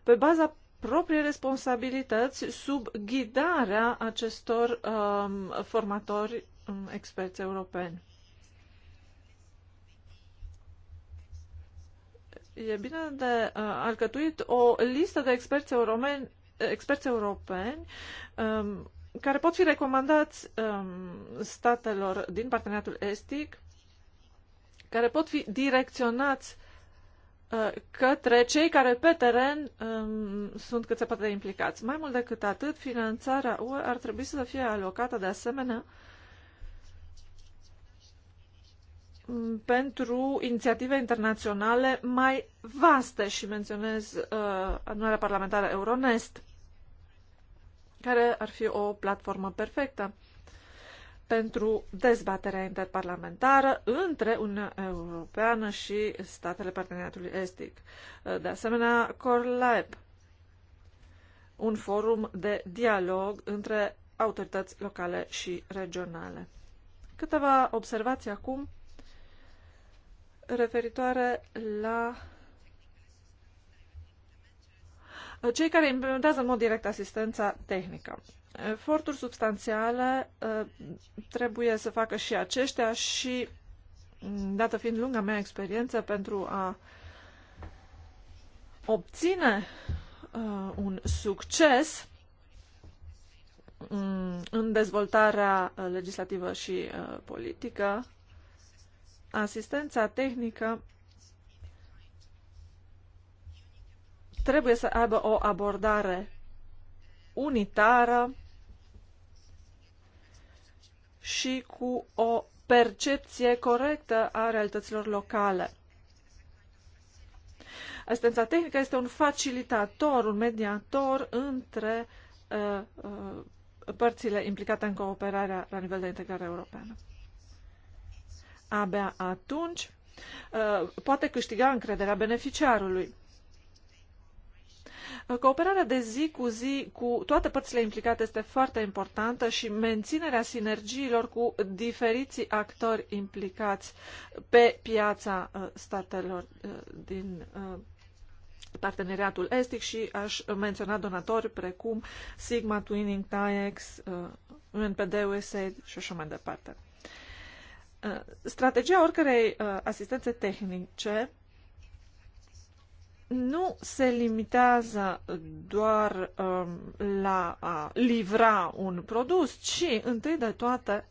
pe baza proprii responsabilități sub ghidarea acestor um, formatori um, experți europeni. E bine de uh, alcătuit o listă de experți europeni, experți europeni um, care pot fi recomandați um, statelor din parteneriatul estic, care pot fi direcționați uh, către cei care pe teren um, sunt cât se poate de implicați. Mai mult decât atât, finanțarea UE ar trebui să fie alocată de asemenea um, pentru inițiative internaționale mai vaste și menționez uh, adunarea parlamentară Euronest care ar fi o platformă perfectă pentru dezbaterea interparlamentară între Uniunea Europeană și statele parteneriatului estic. De asemenea, CorLab, un forum de dialog între autorități locale și regionale. Câteva observații acum referitoare la cei care implementează în mod direct asistența tehnică. Eforturi substanțiale uh, trebuie să facă și aceștia și, mm, dată fiind lunga mea experiență, pentru a obține uh, un succes mm, în dezvoltarea uh, legislativă și politică, asistența tehnică trebuie să aibă o abordare unitară și cu o percepție corectă a realităților locale. Asistența tehnică este un facilitator, un mediator între uh, uh, părțile implicate în cooperarea la nivel de integrare europeană. Abia atunci uh, poate câștiga încrederea beneficiarului. Cooperarea de zi cu zi cu toate părțile implicate este foarte importantă și menținerea sinergiilor cu diferiții actori implicați pe piața uh, statelor uh, din uh, parteneriatul estic și aș menționa donatori precum Sigma, Twinning, TAEX, UNPD, USAID și așa mai departe. Strategia oricărei asistențe tehnice nu se limitează doar um, la a livra un produs, ci întâi de toate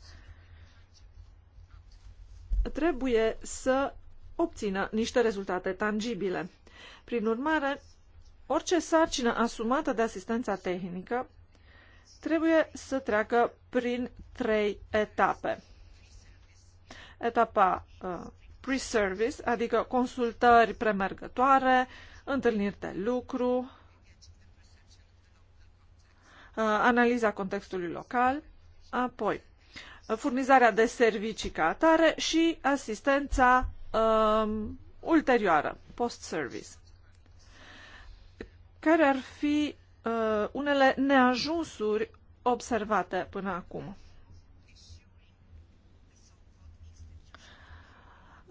trebuie să obțină niște rezultate tangibile. Prin urmare, orice sarcină asumată de asistența tehnică trebuie să treacă prin trei etape. Etapa uh, pre-service, adică consultări premergătoare, uh, întâlniri de lucru, uh, analiza contextului local, apoi uh, furnizarea de servicii ca atare și asistența um, ulterioară, post-service. Care ar fi uh, unele neajunsuri observate până acum?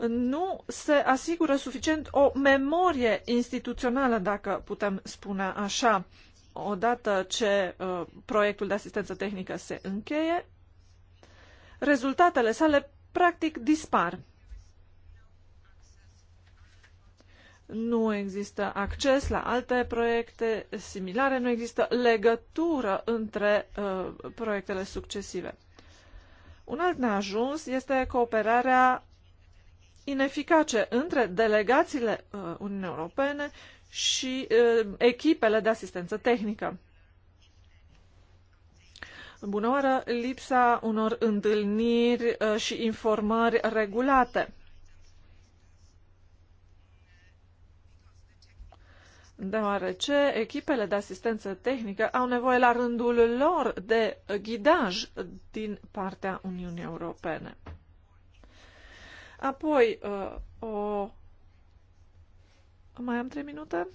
nu se asigură suficient o memorie instituțională, dacă putem spune așa. Odată ce uh, proiectul de asistență tehnică se încheie, rezultatele sale practic dispar. Nu există acces la alte proiecte similare, nu există legătură între uh, proiectele succesive. Un alt neajuns este cooperarea ineficace între delegațiile uh, Uniunii Europene și uh, echipele de asistență tehnică. Bună oară, lipsa unor întâlniri uh, și informări regulate. deoarece echipele de asistență tehnică au nevoie la rândul lor de ghidaj din partea Uniunii Europene. Apoi, uh, o... Mai am trei minute?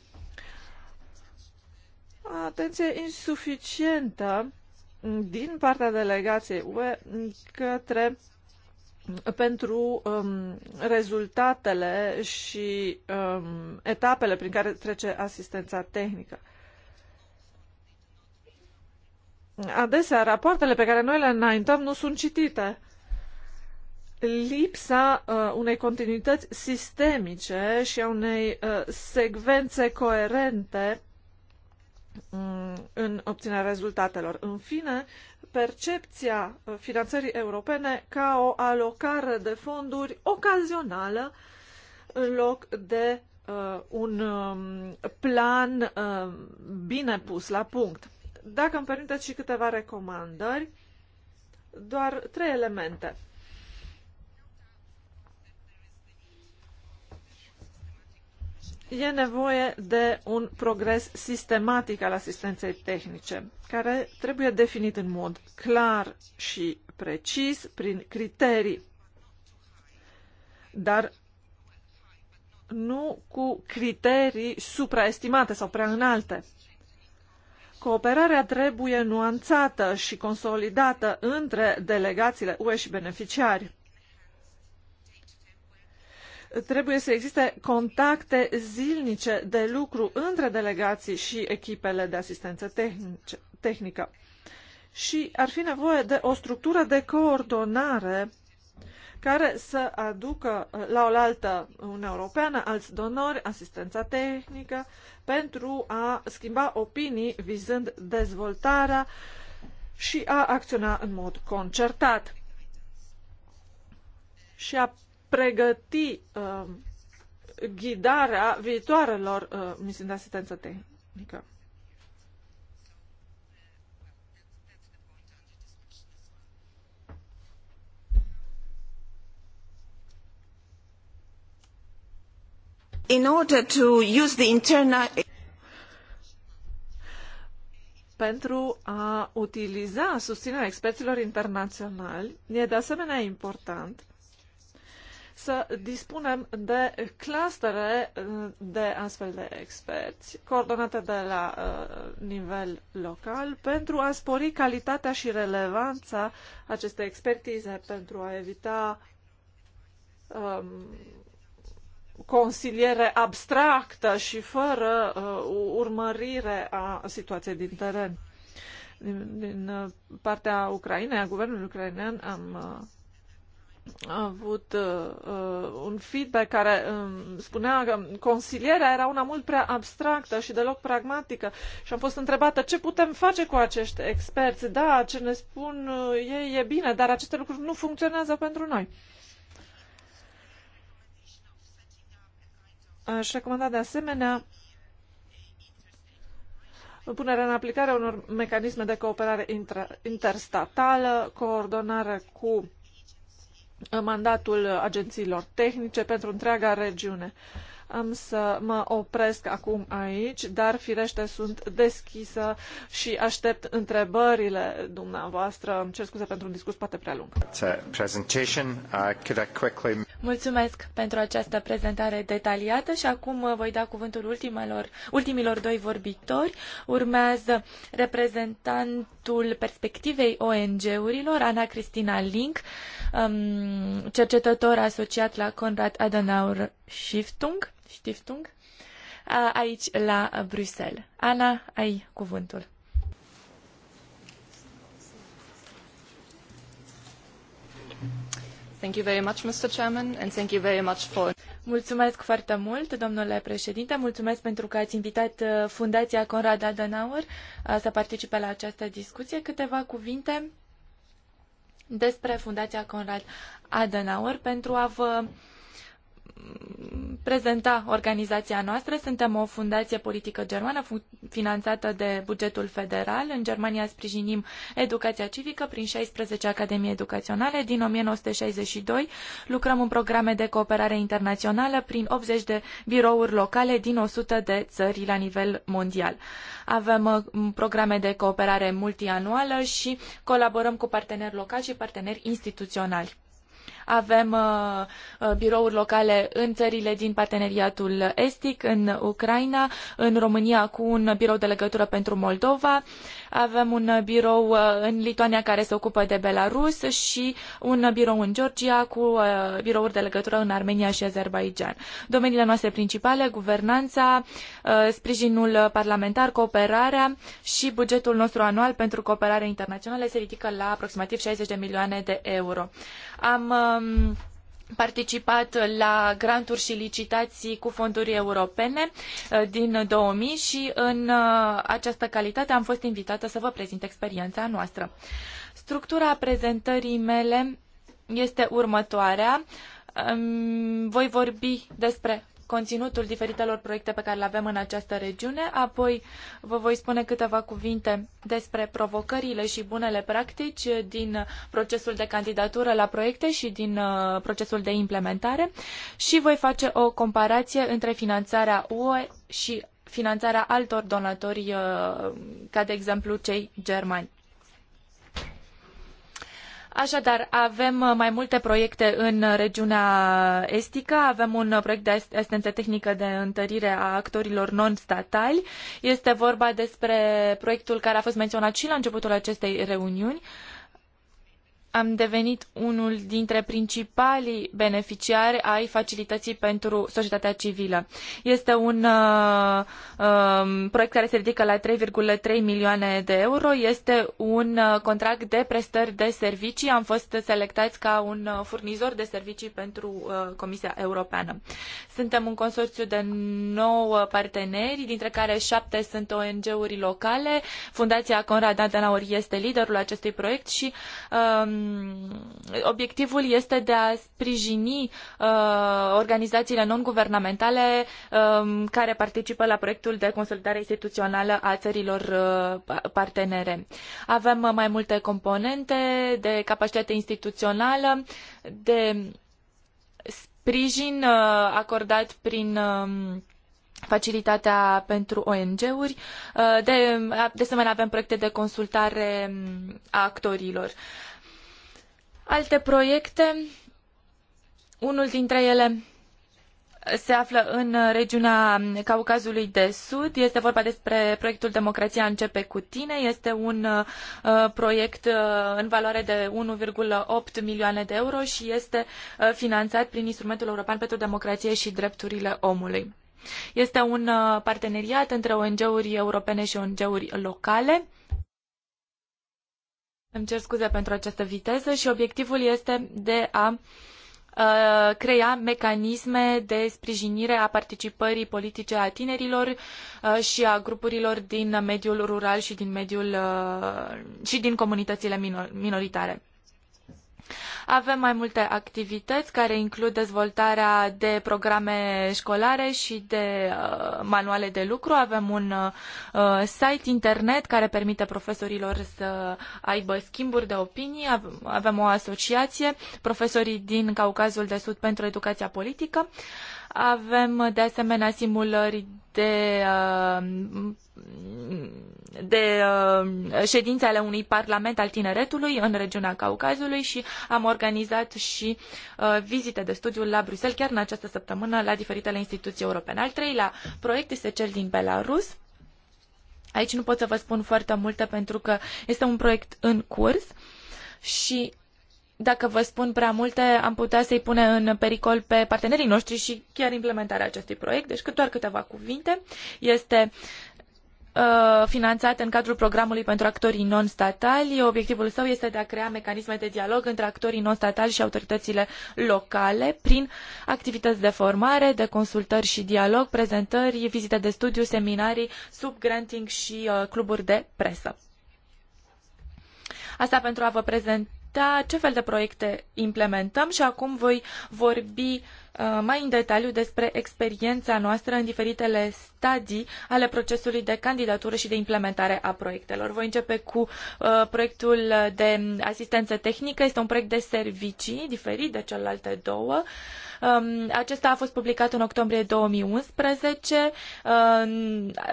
Atenție insuficientă din partea delegației UE către pentru um, rezultatele și um, etapele prin care trece asistența tehnică. Adesea, rapoartele pe care noi le înaintăm nu sunt citite lipsa uh, unei continuități sistemice și a unei uh, secvențe coerente um, în obținerea rezultatelor. În fine, percepția uh, finanțării europene ca o alocare de fonduri ocazională în loc de uh, un um, plan uh, bine pus la punct. Dacă îmi permiteți și câteva recomandări, doar trei elemente e nevoie de un progres sistematic al asistenței tehnice, care trebuie definit în mod clar și precis prin criterii, dar nu cu criterii supraestimate sau prea înalte. Cooperarea trebuie nuanțată și consolidată între delegațiile UE și beneficiari trebuie să existe contacte zilnice de lucru între delegații și echipele de asistență tehnică. Și ar fi nevoie de o structură de coordonare care să aducă uh, la oaltă Uniunea Europeană, alți donori, asistența tehnică, pentru a schimba opinii vizând dezvoltarea și a acționa în mod concertat. Și a pregăti uh, ghidarea viitoarelor uh, misiuni de asistență tehnică. In order to use the internal pentru a utiliza susținerea experților internaționali, e de asemenea important să dispunem de clustere uh, de astfel de experți, coordonate de la uh, nivel local, pentru a spori calitatea și relevanța acestei expertize, pentru a evita um, consiliere abstractă și fără uh, urmărire a situației din teren. Din, din uh, partea Ucrainei, a guvernului ucrainean, am uh, a avut uh, uh, un feedback care um, spunea că consilierea era una mult prea abstractă și deloc pragmatică și am fost întrebată ce putem face cu acești experți. Da, ce ne spun uh, ei e bine, dar aceste lucruri nu funcționează pentru noi. Aș recomanda de asemenea punerea în aplicare unor mecanisme de cooperare interstatală, coordonare cu mandatul agențiilor tehnice pentru întreaga regiune. Am să mă opresc acum aici, dar firește sunt deschisă și aștept întrebările dumneavoastră. Îmi cer scuze pentru un discurs poate prea lung. Mulțumesc pentru această prezentare detaliată și acum uh, voi da cuvântul ultimelor, ultimilor doi vorbitori. Urmează reprezentantul perspectivei ONG-urilor, Ana Cristina Link, um, cercetător asociat la Conrad Adenauer Stiftung, Stiftung aici la Bruxelles. Ana, ai cuvântul. Thank you very much, Mr. Chairman, and thank you very much for... Mulțumesc foarte mult, domnule președinte. Mulțumesc pentru că ați invitat uh, Fundația Conrad Adenauer uh, să participe la această discuție. Câteva cuvinte despre Fundația Conrad Adenauer pentru a vă uh, prezenta organizația noastră. Suntem o fundație politică germană finanțată de bugetul federal. În Germania sprijinim educația civică prin 16 academii educaționale. Din 1962 lucrăm în programe de cooperare internațională prin 80 de birouri locale din 100 de țări la nivel mondial. Avem uh, programe de cooperare multianuală și colaborăm cu parteneri locali și parteneri instituționali. Avem uh, uh, birouri locale în țările din parteneriatul estic, în Ucraina, în România cu un birou de legătură pentru Moldova avem un birou uh, în Lituania care se ocupă de Belarus și un birou în Georgia cu uh, birouri de legătură în Armenia și Azerbaijan. Domeniile noastre principale, guvernanța, uh, sprijinul parlamentar, cooperarea și bugetul nostru anual pentru cooperare internațională se ridică la aproximativ 60 de milioane de euro. Am um, participat la granturi și licitații cu fonduri europene uh, din 2000 și în uh, această calitate am fost invitată să vă prezint experiența noastră. Structura prezentării mele este următoarea. Um, voi vorbi despre conținutul diferitelor proiecte pe care le avem în această regiune, apoi vă voi spune câteva cuvinte despre provocările și bunele practici din procesul de candidatură la proiecte și din uh, procesul de implementare și voi face o comparație între finanțarea UE și finanțarea altor donatori, uh, ca de exemplu cei germani. Așadar, avem uh, mai multe proiecte în uh, regiunea uh, estică, avem un proiect de asistență tehnică de întărire a actorilor non-statali. Este vorba despre proiectul care a fost menționat și la începutul acestei reuniuni. Uh, am devenit unul dintre principalii beneficiari ai facilității pentru societatea civilă. Este un uh, uh, proiect care se ridică la 3,3 milioane de euro, este un uh, contract de prestări de servicii, am fost selectați ca un uh, furnizor de servicii pentru uh, Comisia Europeană. Suntem un consorțiu de 9 parteneri, dintre care 7 sunt ONG-uri locale, Fundația Conrad Adenauer este liderul acestui proiect și um, Um, obiectivul este de a sprijini uh, organizațiile non-guvernamentale um, care participă la proiectul de consolidare instituțională a țărilor uh, partenere. Avem mai multe componente de capacitate instituțională, de sprijin uh, acordat prin um, facilitatea pentru ONG-uri. Uh, de, de asemenea, avem proiecte de consultare a actorilor alte proiecte. Unul dintre ele se află în regiunea Caucazului de Sud. Este vorba despre proiectul Democrația începe cu tine. Este un uh, proiect uh, în valoare de 1,8 milioane de euro și este uh, finanțat prin Instrumentul European pentru Democrație și Drepturile Omului. Este un uh, parteneriat între ONG-uri europene și ONG-uri locale. Îmi cer scuze pentru această viteză și obiectivul este de a crea mecanisme de sprijinire a participării politice a tinerilor și a grupurilor din mediul rural și din mediul și din comunitățile minoritare. Avem mai multe activități care includ dezvoltarea de programe școlare și de uh, manuale de lucru. Avem un uh, site internet care permite profesorilor să aibă schimburi de opinii. Avem o asociație, profesorii din Caucazul de Sud pentru educația politică. Uh, avem de asemenea simulări de, uh, de uh, ședințe ale unui parlament al tineretului în regiunea Caucazului și am organizat și uh, vizite de studiu la Bruxelles chiar în această săptămână la diferitele instituții europene. Al treilea proiect este cel din Belarus. Aici nu pot să vă spun foarte multe pentru că este un proiect în curs și dacă vă spun prea multe, am putea să-i pune în pericol pe partenerii noștri și chiar implementarea acestui proiect. Deci doar câteva cuvinte. Este uh, finanțat în cadrul programului pentru actorii non-statali. Obiectivul său este de a crea mecanisme de dialog între actorii non-statali și autoritățile locale prin activități de formare, de consultări și dialog, prezentări, vizite de studiu, seminarii, subgranting și uh, cluburi de presă. Asta pentru a vă prezenta vedea ce fel de proiecte implementăm și acum voi vorbi Uh, mai în detaliu despre experiența noastră în diferitele stadii ale procesului de candidatură și de implementare a proiectelor. Voi începe cu uh, proiectul de asistență tehnică. Este un proiect de servicii diferit de celelalte două. Um, acesta a fost publicat în octombrie 2011. Uh,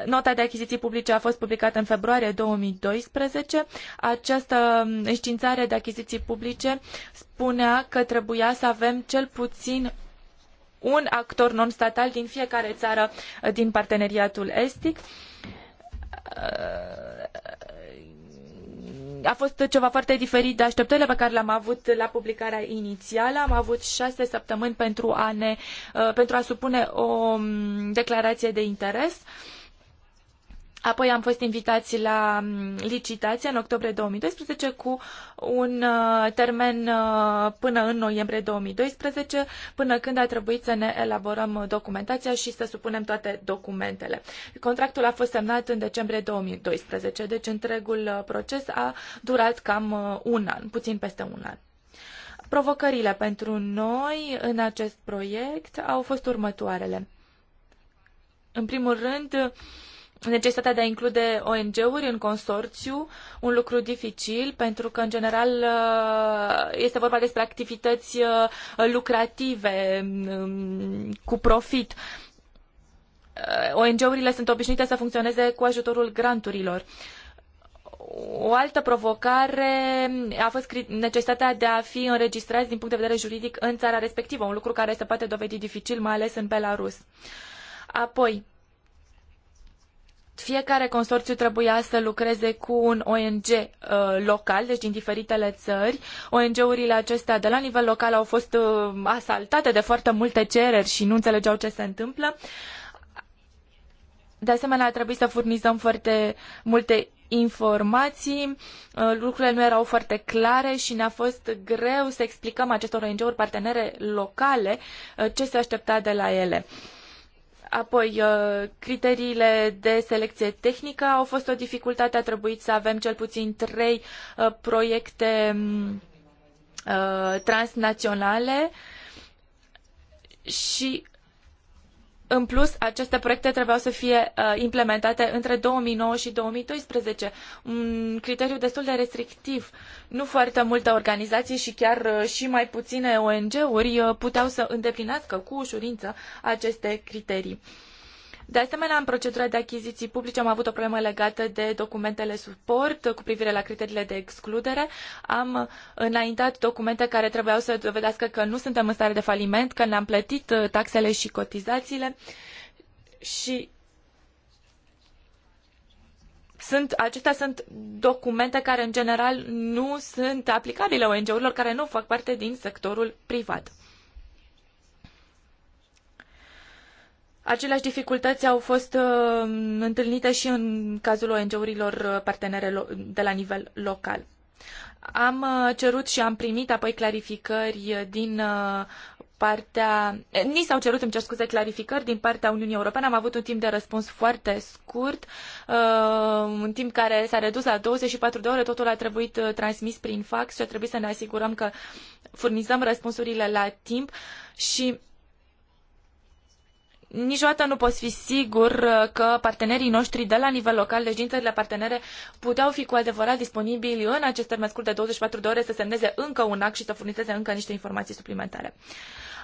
nota de achiziții publice a fost publicată în februarie 2012. Această înștiințare de achiziții publice spunea că trebuia să avem cel puțin un actor non-statal din fiecare țară uh, din parteneriatul estic. Uh, a fost ceva foarte diferit de așteptările pe care le-am avut la publicarea inițială. Am avut șase săptămâni pentru a, ne, uh, pentru a supune o um, declarație de interes. Uh, Apoi am fost invitați la mm, licitație în octombrie 2012 cu un uh, termen uh, până în noiembrie 2012, până când a trebuit să ne elaborăm documentația și să supunem toate documentele. Contractul a fost semnat în decembrie 2012, deci întregul uh, proces a durat cam un an, puțin peste un an. Provocările pentru noi în acest proiect au fost următoarele. În primul rând, necesitatea de a include ONG-uri în consorțiu, un lucru dificil, pentru că, în general, uh, este vorba despre activități uh, lucrative, um, cu profit. Uh, ONG-urile sunt obișnuite să funcționeze cu ajutorul granturilor. O altă provocare a fost necesitatea de a fi înregistrați din punct de vedere juridic în țara respectivă, un lucru care se poate dovedi dificil, mai ales în Belarus. Apoi, fiecare consorțiu trebuia să lucreze cu un ONG uh, local, deci din diferitele țări. ONG-urile acestea de la nivel local au fost uh, asaltate de foarte multe cereri și nu înțelegeau ce se întâmplă. De asemenea, a trebuit să furnizăm foarte multe informații, uh, lucrurile nu erau foarte clare și ne-a fost greu să explicăm acestor ONG-uri partenere locale uh, ce se aștepta de la ele. Uh, Apoi, uh, criteriile de selecție tehnică au fost o dificultate. A trebuit să avem cel puțin trei uh, proiecte mm, uh, transnaționale și în plus, aceste proiecte trebuiau să fie uh, implementate între 2009 și 2012, un criteriu destul de restrictiv. Nu foarte multe organizații și chiar uh, și mai puține ONG-uri uh, puteau să îndeplinească cu ușurință aceste criterii. De asemenea, în procedura de achiziții publice am avut o problemă legată de documentele suport cu privire la criteriile de excludere. Am înaintat documente care trebuiau să dovedească că nu suntem în stare de faliment, că ne-am plătit uh, taxele și cotizațiile și sunt, acestea sunt documente care în general nu sunt aplicabile ONG-urilor care nu fac parte din sectorul privat. Aceleași dificultăți au fost uh, întâlnite și în cazul ONG-urilor uh, partenere de la nivel local. Am uh, cerut și am primit apoi clarificări din partea... Eh, ni s-au cerut, îmi cer scuze, clarificări din partea Uniunii Europene. Am avut un timp de răspuns foarte scurt, un timp care s-a redus la 24 de ore. Totul a trebuit transmis prin fax și a trebuit să ne asigurăm că furnizăm răspunsurile la timp și niciodată nu poți fi sigur uh, că partenerii noștri de la nivel local, deci din țările partenere, puteau fi cu adevărat disponibili în acest termen scurt de 24 de ore să semneze încă un act și să furnizeze încă niște informații suplimentare.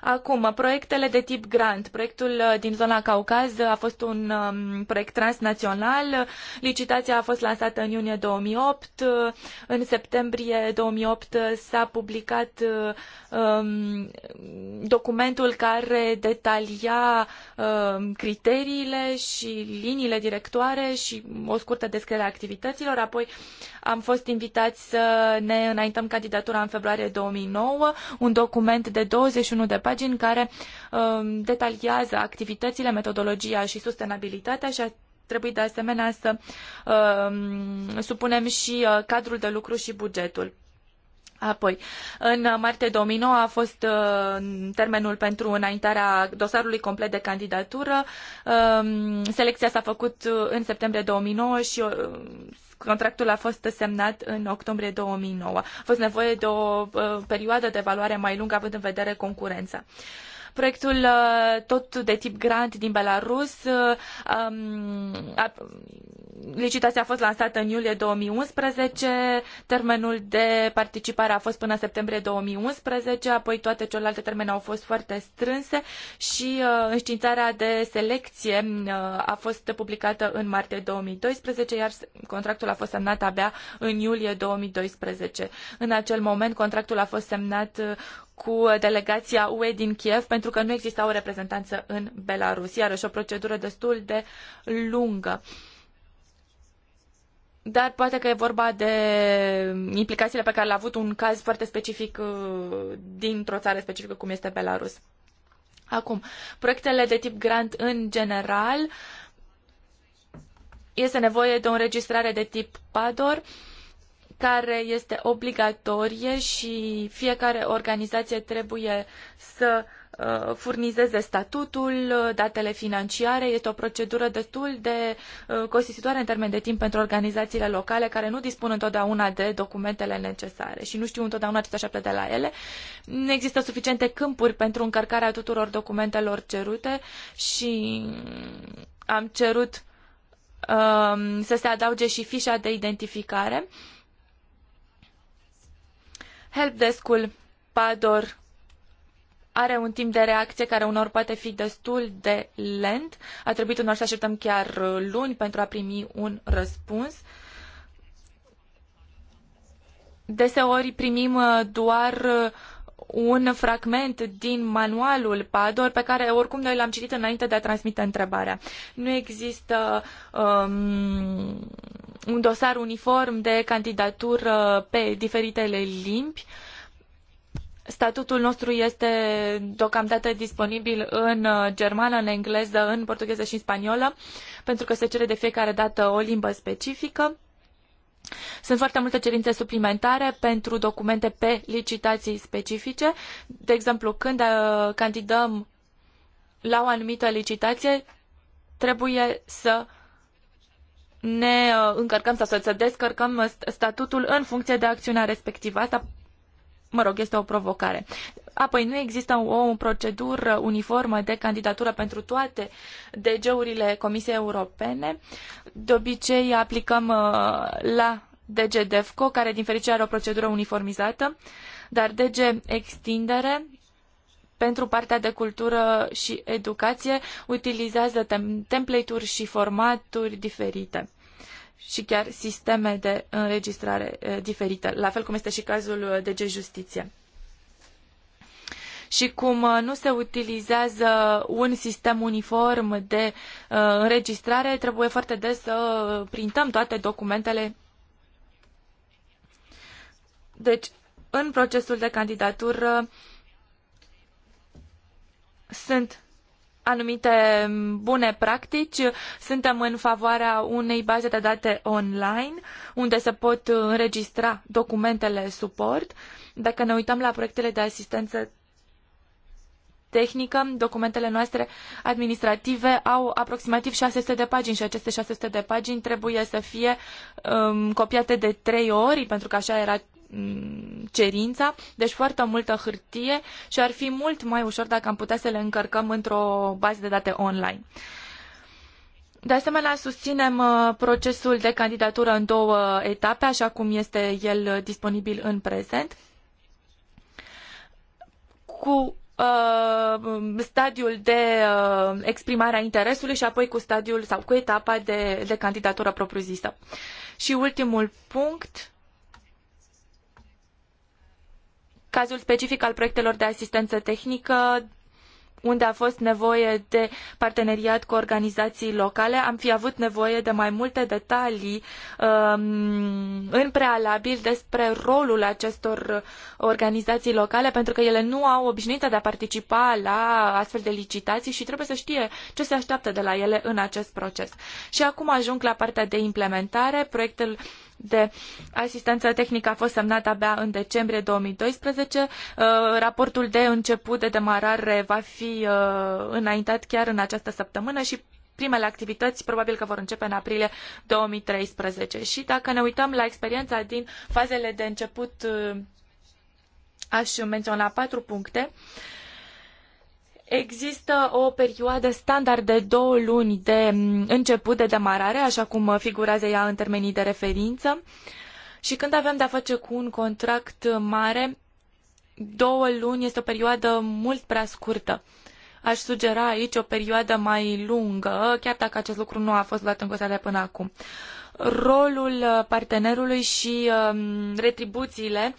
Acum, proiectele de tip grant. Proiectul uh, din zona Caucaz a fost un um, proiect transnațional. Licitația a fost lansată în iunie 2008. Uh, în septembrie 2008 s-a publicat uh, um, documentul care detalia um, criteriile și liniile directoare și o scurtă descriere a activităților. Apoi am fost invitați să ne înaintăm candidatura în februarie 2009, un document de 21 de pagini care um, detaliază activitățile, metodologia și sustenabilitatea și a trebuit de asemenea să um, supunem și uh, cadrul de lucru și bugetul. Apoi, în martie 2009 a fost uh, termenul pentru înaintarea dosarului complet de candidatură. Um, selecția s-a făcut uh, în septembrie 2009 și uh, contractul a fost semnat în octombrie 2009. A fost nevoie de o perioadă de evaluare mai lungă având în vedere concurența. Uh, Proiectul uh, tot de tip grant din Belarus, uh, um, licitația a fost lansată în iulie 2011, termenul de participare a fost până septembrie 2011, apoi toate celelalte termene au fost foarte strânse și uh, înștiințarea de selecție a fost publicată în martie 2012, iar contractul a fost semnat abia în iulie 2012. În acel moment, contractul a fost semnat cu delegația UE din Kiev pentru pentru că nu exista o reprezentanță în Belarus, iarăși o procedură destul de lungă. Dar poate că e vorba de implicațiile pe care le-a avut un caz foarte specific uh, dintr-o țară specifică cum este Belarus. Acum, proiectele de tip grant în general este nevoie de o înregistrare de tip PADOR care este obligatorie și fiecare organizație trebuie să Uh, furnizeze statutul, uh, datele financiare. Este o procedură destul de uh, costisitoare în termen de timp pentru organizațiile locale care nu dispun întotdeauna de documentele necesare și nu știu întotdeauna ce se așteaptă de la ele. Nu există suficiente câmpuri pentru încărcarea tuturor documentelor cerute și am cerut um, să se adauge și fișa de identificare. Helpdesk-ul Pador are un timp de reacție care unor poate fi destul de lent. A trebuit unor să așteptăm chiar uh, luni pentru a primi un răspuns. Deseori primim uh, doar uh, un fragment din manualul PADOR pe care oricum noi l-am citit înainte de a transmite întrebarea. Nu există um, un dosar uniform de candidatură pe diferitele limbi. Uh, Statutul nostru este deocamdată disponibil în uh, germană, în engleză, în portugheză și în spaniolă, pentru că se cere de fiecare dată o limbă specifică. Sunt foarte multe cerințe suplimentare pentru documente pe licitații specifice. De exemplu, când uh, candidăm la o anumită licitație, trebuie să ne uh, încărcăm sau să descărcăm statutul în funcție de acțiunea respectivă. Asta mă rog, este o provocare. Apoi, nu există o procedură uniformă de candidatură pentru toate DG-urile Comisiei Europene. De obicei, aplicăm uh, la DG DEFCO, care din fericire are o procedură uniformizată, dar DG Extindere pentru partea de cultură și educație utilizează template-uri și formaturi diferite și chiar sisteme de înregistrare eh, diferite, la fel cum este și cazul eh, DG Justiție. Și cum eh, nu se utilizează un sistem uniform de înregistrare, trebuie foarte des să printăm toate documentele. Deci, în procesul de candidatură sunt anumite mm, bune practici. Suntem în favoarea unei baze de date online unde se pot înregistra documentele suport. Dacă ne uităm la proiectele de asistență tehnică, documentele noastre administrative au aproximativ 600 de pagini și aceste 600 de pagini trebuie să fie um, copiate de trei ori, pentru că așa era Mm, cerința, deci foarte multă hârtie și ar fi mult mai ușor dacă am putea să le încărcăm într-o bază de date online. De asemenea, susținem uh, procesul de candidatură în două etape, așa cum este el disponibil în prezent. Cu uh, stadiul de uh, exprimare a interesului și apoi cu stadiul sau cu etapa de, de candidatură propriu-zisă. Și ultimul punct, cazul specific al proiectelor de asistență tehnică, unde a fost nevoie de parteneriat cu organizații locale, am fi avut nevoie de mai multe detalii um, în prealabil despre rolul acestor organizații locale, pentru că ele nu au obișnuită de a participa la astfel de licitații și trebuie să știe ce se așteaptă de la ele în acest proces. Și acum ajung la partea de implementare. Proiectul uh, de asistență tehnică a fost semnat abia în decembrie 2012. Uh, raportul de început de demarare va fi uh, înaintat chiar în această săptămână și primele activități probabil că vor începe în aprilie 2013. Și dacă ne uităm la experiența din fazele de început, uh, aș menționa patru puncte. Uh, Există o perioadă standard de două luni de mm, început de demarare, așa cum figurează ea în termenii de referință. Și când avem de-a face cu un contract mare, două luni este o perioadă mult prea scurtă. Aș sugera aici o perioadă mai lungă, chiar dacă acest lucru nu a fost luat în considerare până acum. Rolul partenerului și mm, retribuțiile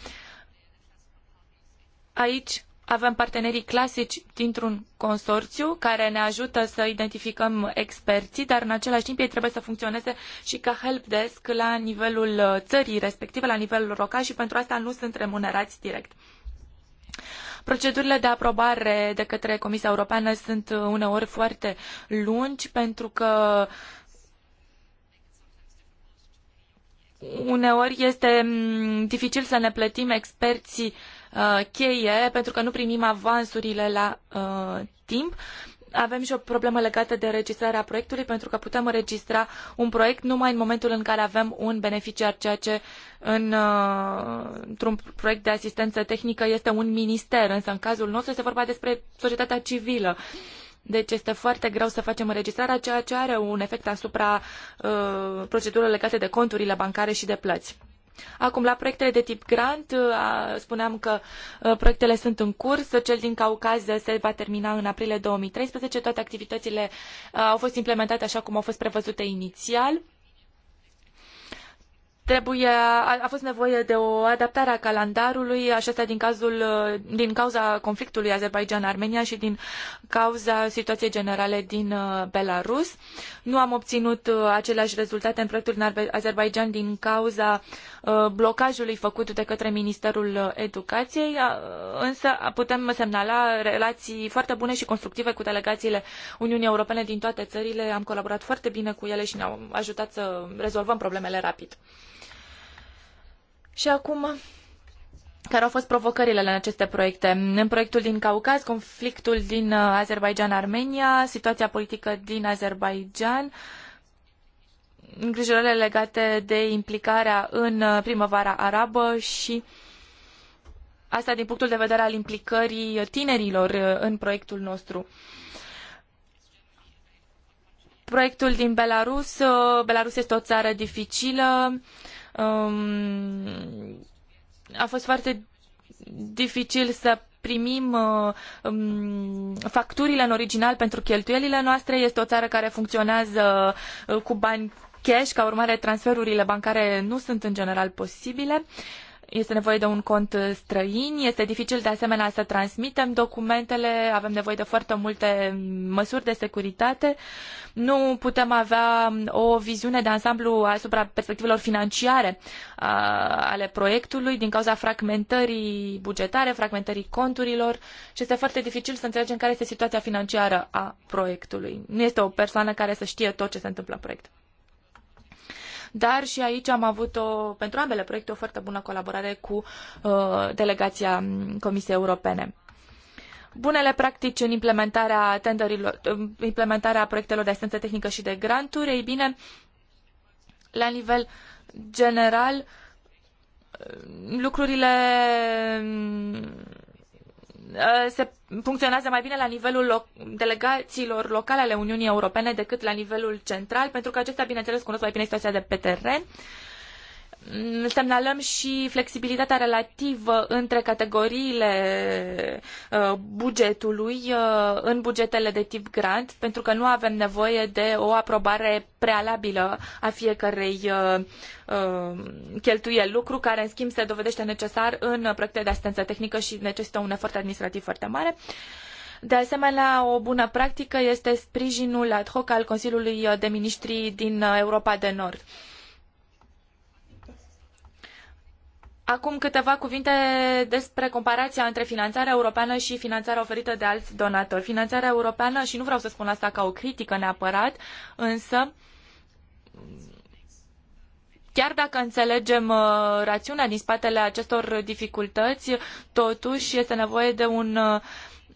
aici avem partenerii clasici dintr-un consorțiu care ne ajută să identificăm experții, dar în același timp ei trebuie să funcționeze și ca helpdesk la nivelul uh, țării respective, la nivelul local și pentru asta nu sunt remunerați direct. Procedurile de aprobare de către Comisia Europeană sunt uh, uneori foarte lungi pentru că uneori este mm, dificil să ne plătim experții uh, Uh, cheie pentru că nu primim avansurile la uh, timp. Avem și o problemă legată de registrarea proiectului pentru că putem înregistra un proiect numai în momentul în care avem un beneficiar, ceea ce în, uh, într-un proiect de asistență tehnică este un minister, însă în cazul nostru este vorba despre societatea civilă. Deci este foarte greu să facem înregistrarea, ceea ce are un efect asupra uh, procedurilor legate de conturile bancare și de plăți. Acum, la proiectele de tip grant, uh, spuneam că uh, proiectele sunt în curs, cel din Caucaz se va termina în aprilie 2013, toate activitățile uh, au fost implementate așa cum au fost prevăzute inițial. Trebuie, a, a fost nevoie de o adaptare a calendarului, acesta din, cazul, din cauza conflictului Azerbaijan-Armenia și din cauza situației generale din uh, Belarus. Nu am obținut uh, aceleași rezultate în proiectul în Azerbaijan din cauza uh, blocajului făcut de către Ministerul Educației, însă putem semnala relații foarte bune și constructive cu delegațiile Uniunii Europene din toate țările. Am colaborat foarte bine cu ele și ne-au ajutat să rezolvăm problemele rapid. Și acum, care au fost provocările în aceste proiecte? În proiectul din Caucaz, conflictul din uh, Azerbaijan-Armenia, situația politică din Azerbaijan, îngrijorările legate de implicarea în uh, primăvara arabă și asta din punctul de vedere al implicării tinerilor uh, în proiectul nostru. Proiectul din Belarus. Belarus este o țară dificilă um, a fost foarte dificil să primim uh, um, facturile în original pentru cheltuielile noastre. Este o țară care funcționează uh, cu bani cash, ca urmare transferurile bancare nu sunt în general posibile. Uh, este nevoie de un cont străin, este dificil de asemenea să transmitem documentele, avem nevoie de foarte multe măsuri de securitate. Nu putem avea o viziune de ansamblu asupra perspectivelor financiare ale proiectului din cauza fragmentării bugetare, fragmentării conturilor și este foarte dificil să înțelegem care este situația financiară a proiectului. Nu este o persoană care să știe tot ce se întâmplă în proiect dar și aici am avut o, pentru ambele proiecte o foarte bună colaborare cu uh, delegația mm, Comisiei Europene bunele practici în implementarea tenderilor, implementarea proiectelor de asistență tehnică și de granturi, ei bine, la nivel general, mm, lucrurile mm, Uh, se funcționează mai bine la nivelul lo- delegațiilor locale ale Uniunii Europene decât la nivelul central, pentru că acestea, bineînțeles, cunosc mai bine situația de pe teren. Uh, semnalăm și flexibilitatea relativă între categoriile uh, bugetului uh, în bugetele de tip grant, pentru că nu avem nevoie de o aprobare prealabilă a fiecărei uh, cheltuieli, lucru care în schimb se dovedește necesar în proiecte de asistență tehnică și necesită un efort administrativ foarte mare. De asemenea, o bună practică este sprijinul ad hoc al Consiliului de Ministri din Europa de Nord Acum câteva cuvinte despre comparația între finanțarea europeană și finanțarea oferită de alți donatori. Finanțarea europeană, și nu vreau să spun asta ca o critică neapărat, însă chiar dacă înțelegem uh, rațiunea din spatele acestor dificultăți, totuși este nevoie de un uh,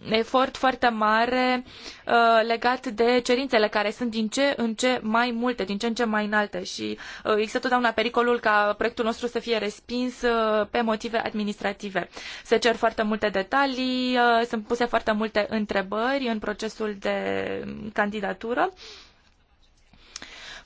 efort foarte mare uh, legat de cerințele care sunt din ce în ce mai multe, din ce în ce mai înalte și uh, există totdeauna pericolul ca proiectul nostru să fie respins uh, pe motive administrative. Se cer foarte multe detalii, uh, sunt puse foarte multe întrebări în procesul de candidatură. Uh,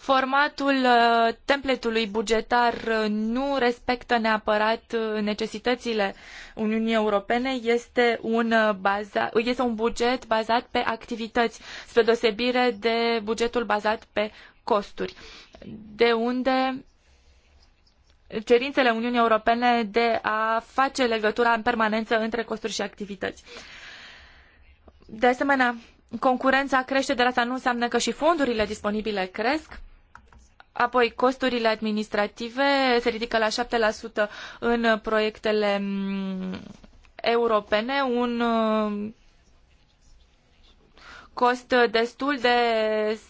Formatul uh, templetului bugetar uh, nu respectă neapărat uh, necesitățile Uniunii Europene, este un, baza, este un buget bazat pe activități, spre deosebire de bugetul bazat pe costuri, de unde cerințele Uniunii Europene de a face legătura în permanență între costuri și activități. De asemenea, concurența crește, dar asta nu înseamnă că și fondurile disponibile cresc Apoi, costurile administrative se ridică la 7% în proiectele mm, europene, un mm, cost destul de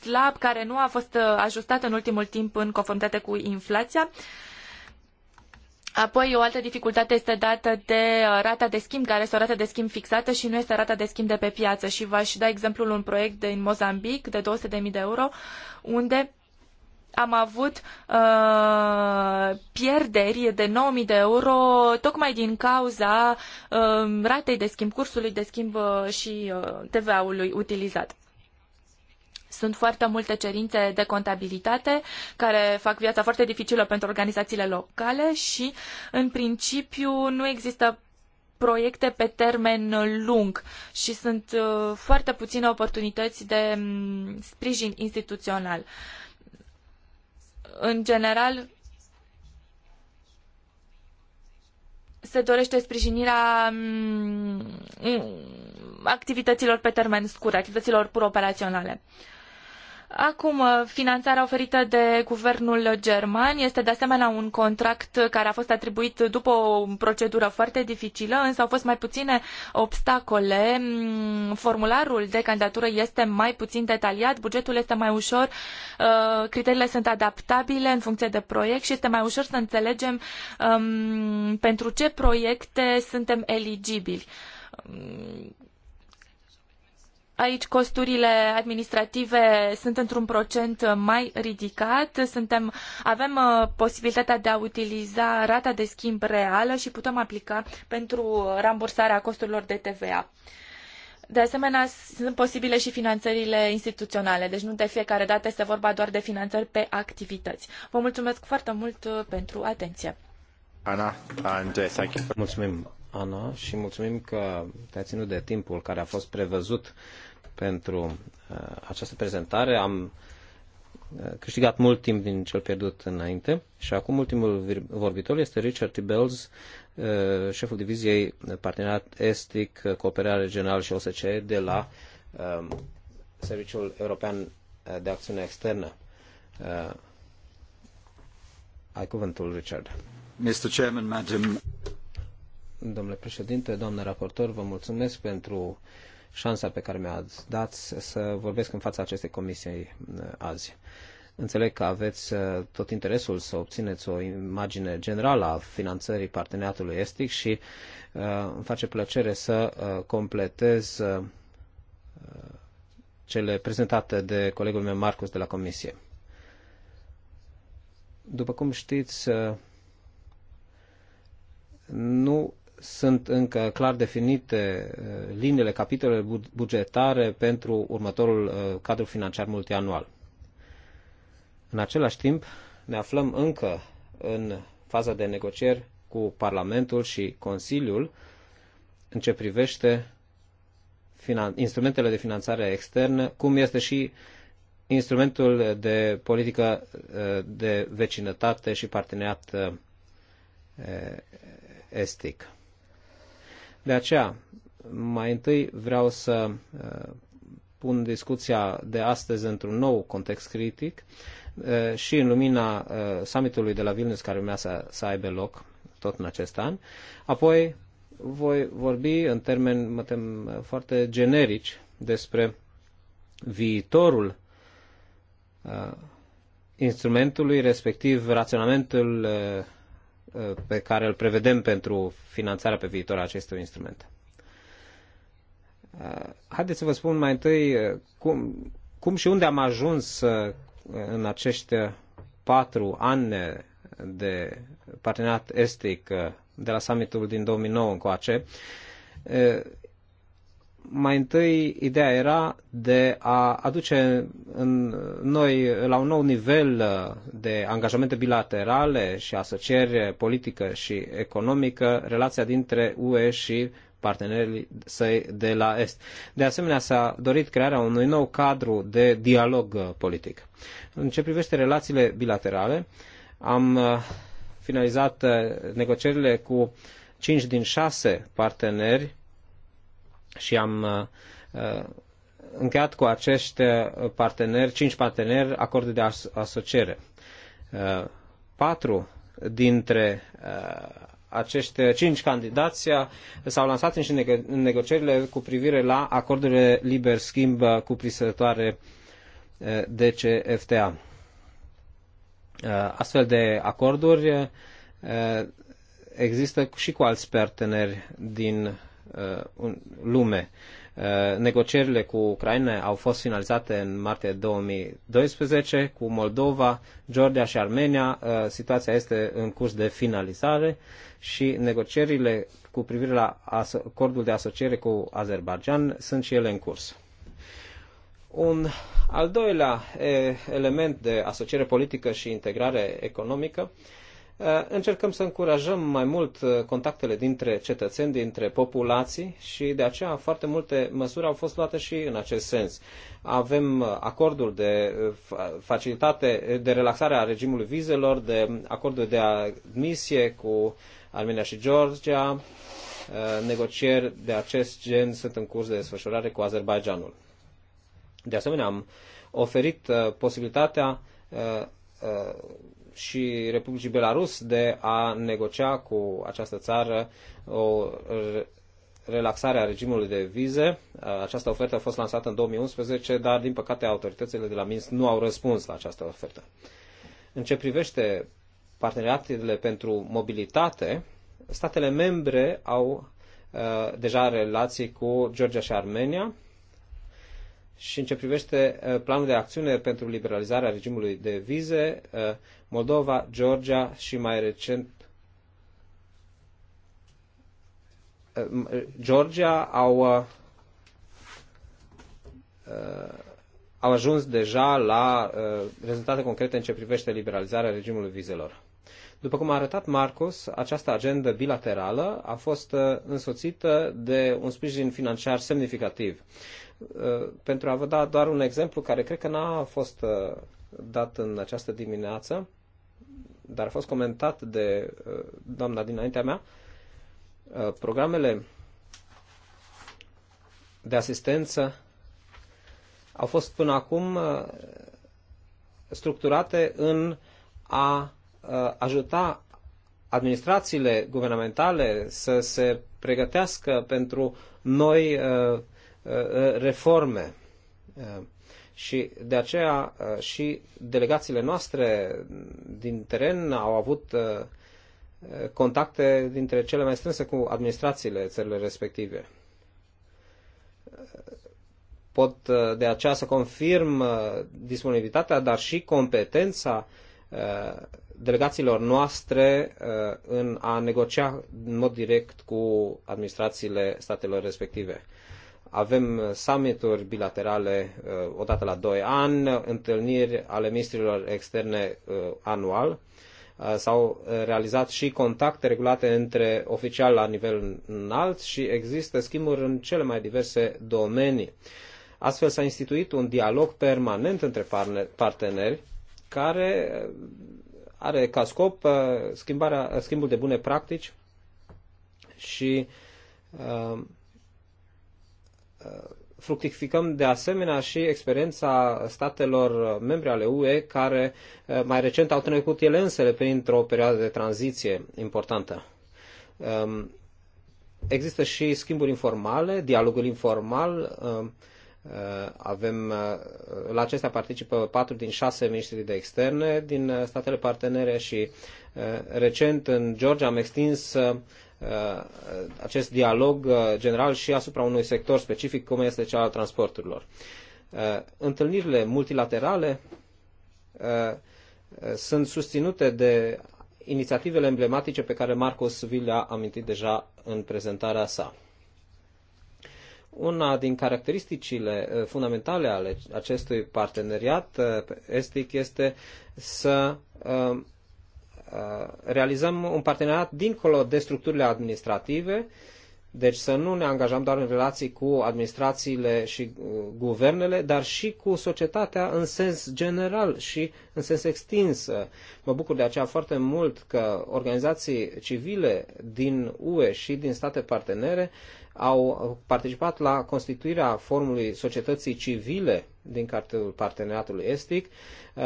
slab care nu a fost ajustat în ultimul timp în conformitate cu inflația. Apoi, o altă dificultate este dată de rata de schimb, care este o rată de schimb fixată și nu este rata de schimb de pe piață. Și v-aș da exemplul un proiect din Mozambic de 200.000 de euro, unde am avut uh, pierderi de 9.000 de euro tocmai din cauza uh, ratei de schimb, cursului de schimb uh, și uh, TVA-ului utilizat. Sunt foarte multe cerințe de contabilitate care fac viața foarte dificilă pentru organizațiile locale și, în principiu, nu există proiecte pe termen lung și sunt uh, foarte puține oportunități de mm, sprijin instituțional. Uh, în general, se dorește sprijinirea mm, activităților pe termen scurt, activităților pur operaționale. Uh, Acum, uh, finanțarea oferită de guvernul german este de asemenea un contract care a fost atribuit după o procedură foarte dificilă, însă au fost mai puține obstacole. Mm, formularul de candidatură este mai puțin detaliat, bugetul este mai ușor, uh, criteriile sunt adaptabile în funcție de proiect și este mai ușor să înțelegem um, pentru ce proiecte suntem eligibili um, Aici costurile administrative sunt într-un procent mai ridicat. Suntem, avem uh, posibilitatea de a utiliza rata de schimb reală și putem aplica pentru rambursarea costurilor de TVA. De asemenea, sunt posibile și finanțările instituționale, deci nu de fiecare dată este vorba doar de finanțări pe activități. Vă mulțumesc foarte mult uh, pentru atenție. Ana, and, uh, thank you. Mulțumim Ana, și mulțumim că te-ai ținut de timpul care a fost prevăzut pentru uh, această prezentare. Am uh, câștigat mult timp din cel pierdut înainte și acum ultimul vorbitor este Richard T. Bells, uh, șeful diviziei Partenerat Estic, Cooperare general și OSCE de la uh, Serviciul European de Acțiune Externă. ai cuvântul, Richard. Mr. Chairman, Madam domnule președinte, doamnă raportor, vă mulțumesc pentru șansa pe care mi-ați dat să vorbesc în fața acestei comisii uh, azi. Înțeleg că aveți uh, tot interesul să obțineți o imagine generală a finanțării parteneriatului estic și uh, îmi face plăcere să uh, completez uh, cele prezentate de colegul meu Marcus de la Comisie. După cum știți, uh, nu sunt încă clar definite uh, liniile, capitolele bugetare pentru următorul uh, cadru financiar multianual. În același timp, ne aflăm încă în faza de negocieri cu Parlamentul și Consiliul în ce privește instrumentele de finanțare externă, cum este și instrumentul de politică uh, de vecinătate și parteneriat estic. De aceea, mai întâi vreau să uh, pun discuția de astăzi într-un nou context critic uh, și în lumina uh, summitului de la Vilnius care urmează să aibă loc tot în acest an. Apoi voi vorbi în termeni mă tem, foarte generici despre viitorul instrumentului, respectiv raționamentul Uh, pe care îl prevedem pentru finanțarea pe viitor a acestui instrument. Uh, haideți să vă spun mai întâi uh, cum, cum și unde am ajuns în acești patru ani de parteneriat estic de la summitul din 2009 încoace mai întâi ideea era de a aduce în noi la un nou nivel uh, de angajamente bilaterale și asocieri politică și economică relația dintre UE și partenerii săi de la Est. De asemenea, s-a dorit crearea unui nou cadru de dialog uh, politic. În ce privește relațiile bilaterale, am uh, finalizat negocierile cu cinci din 6 parteneri și am uh, uh, încheiat cu acești uh, parteneri, cinci parteneri, acorde de as- asociere. Patru dintre acești cinci candidați s-au lansat în, nego în negocierile cu privire la acordurile liber schimb cuprinzătoare DCFTA. Astfel de acorduri există și cu alți parteneri din Uh, lume. Uh, negocierile cu Ucraina au fost finalizate în martie 2012, cu Moldova, Georgia și Armenia uh, situația este în curs de finalizare și negocierile cu privire la acordul de asociere cu Azerbaijan sunt și ele în curs. Un al doilea element de asociere politică și integrare economică uh, Uh, încercăm să încurajăm mai mult uh, contactele dintre cetățeni, dintre populații și de aceea foarte multe măsuri au fost luate și în acest sens. Avem uh, acordul de facilitate de relaxare a regimului vizelor, de acordul de admisie cu Armenia și Georgia, negocieri de acest gen sunt în curs de desfășurare cu Azerbaijanul. De asemenea, am oferit posibilitatea și Republicii Belarus de a negocia cu această țară o relaxare a regimului de vize. Această ofertă a fost lansată în 2011, dar din păcate autoritățile de la Minsk nu au răspuns la această ofertă. În ce privește parteneriatele pentru mobilitate, statele membre au uh, deja relații cu Georgia și Armenia, și în ce privește uh, planul de acțiune pentru liberalizarea regimului de vize, uh, Moldova, Georgia și mai recent uh, Georgia au, au ajuns deja la rezultate concrete în ce privește liberalizarea regimului vizelor. După cum a arătat Marcus, această agendă bilaterală a fost uh, însoțită de un sprijin financiar semnificativ. Uh, pentru a vă da doar un exemplu care cred că n-a fost uh, dat în această dimineață, dar a fost comentat de doamna dinaintea mea, programele de asistență au fost până acum structurate în a Uh, ajuta administrațiile guvernamentale să se pregătească pentru noi uh, uh, reforme. Și de aceea și delegațiile noastre din teren au avut contacte dintre cele mai strânse cu administrațiile țărilor respective. Pot de aceea să confirm disponibilitatea, dar și competența delegațiilor noastre uh, în a negocia în mod direct cu administrațiile statelor respective. Avem summituri bilaterale uh, odată la 2 ani, întâlniri ale ministrilor externe uh, anual. S-au realizat și contacte regulate între oficial la nivel înalt și există schimburi în cele mai diverse domenii. Astfel s-a instituit un dialog permanent între parteneri care are ca scop uh, schimbarea, uh, schimbul de bune practici și uh, fructificăm de asemenea și experiența statelor membre ale UE care mai recent au trecut ele însele printr-o perioadă de tranziție importantă. Um, există și schimburi informale, dialogul informal, um, Uh, avem, uh, la acestea participă patru din șase miniștri de externe din uh, statele partenere și recent în Georgia am extins acest dialog general și asupra unui sector specific, cum este cel al transporturilor. Întâlnirile multilaterale sunt susținute de inițiativele emblematice pe care Marcos vi a amintit deja în prezentarea sa. Una din caracteristicile uh, fundamentale ale acestui parteneriat uh, estic este să uh, realizăm un parteneriat dincolo de structurile administrative, deci să nu ne angajăm doar în relații cu administrațiile și uh, guvernele, dar și cu societatea în sens general și în sens extins. Mă bucur de aceea foarte mult că organizații civile din UE și din state partenere au participat la constituirea formului societății civile din cartul parteneriatului estic.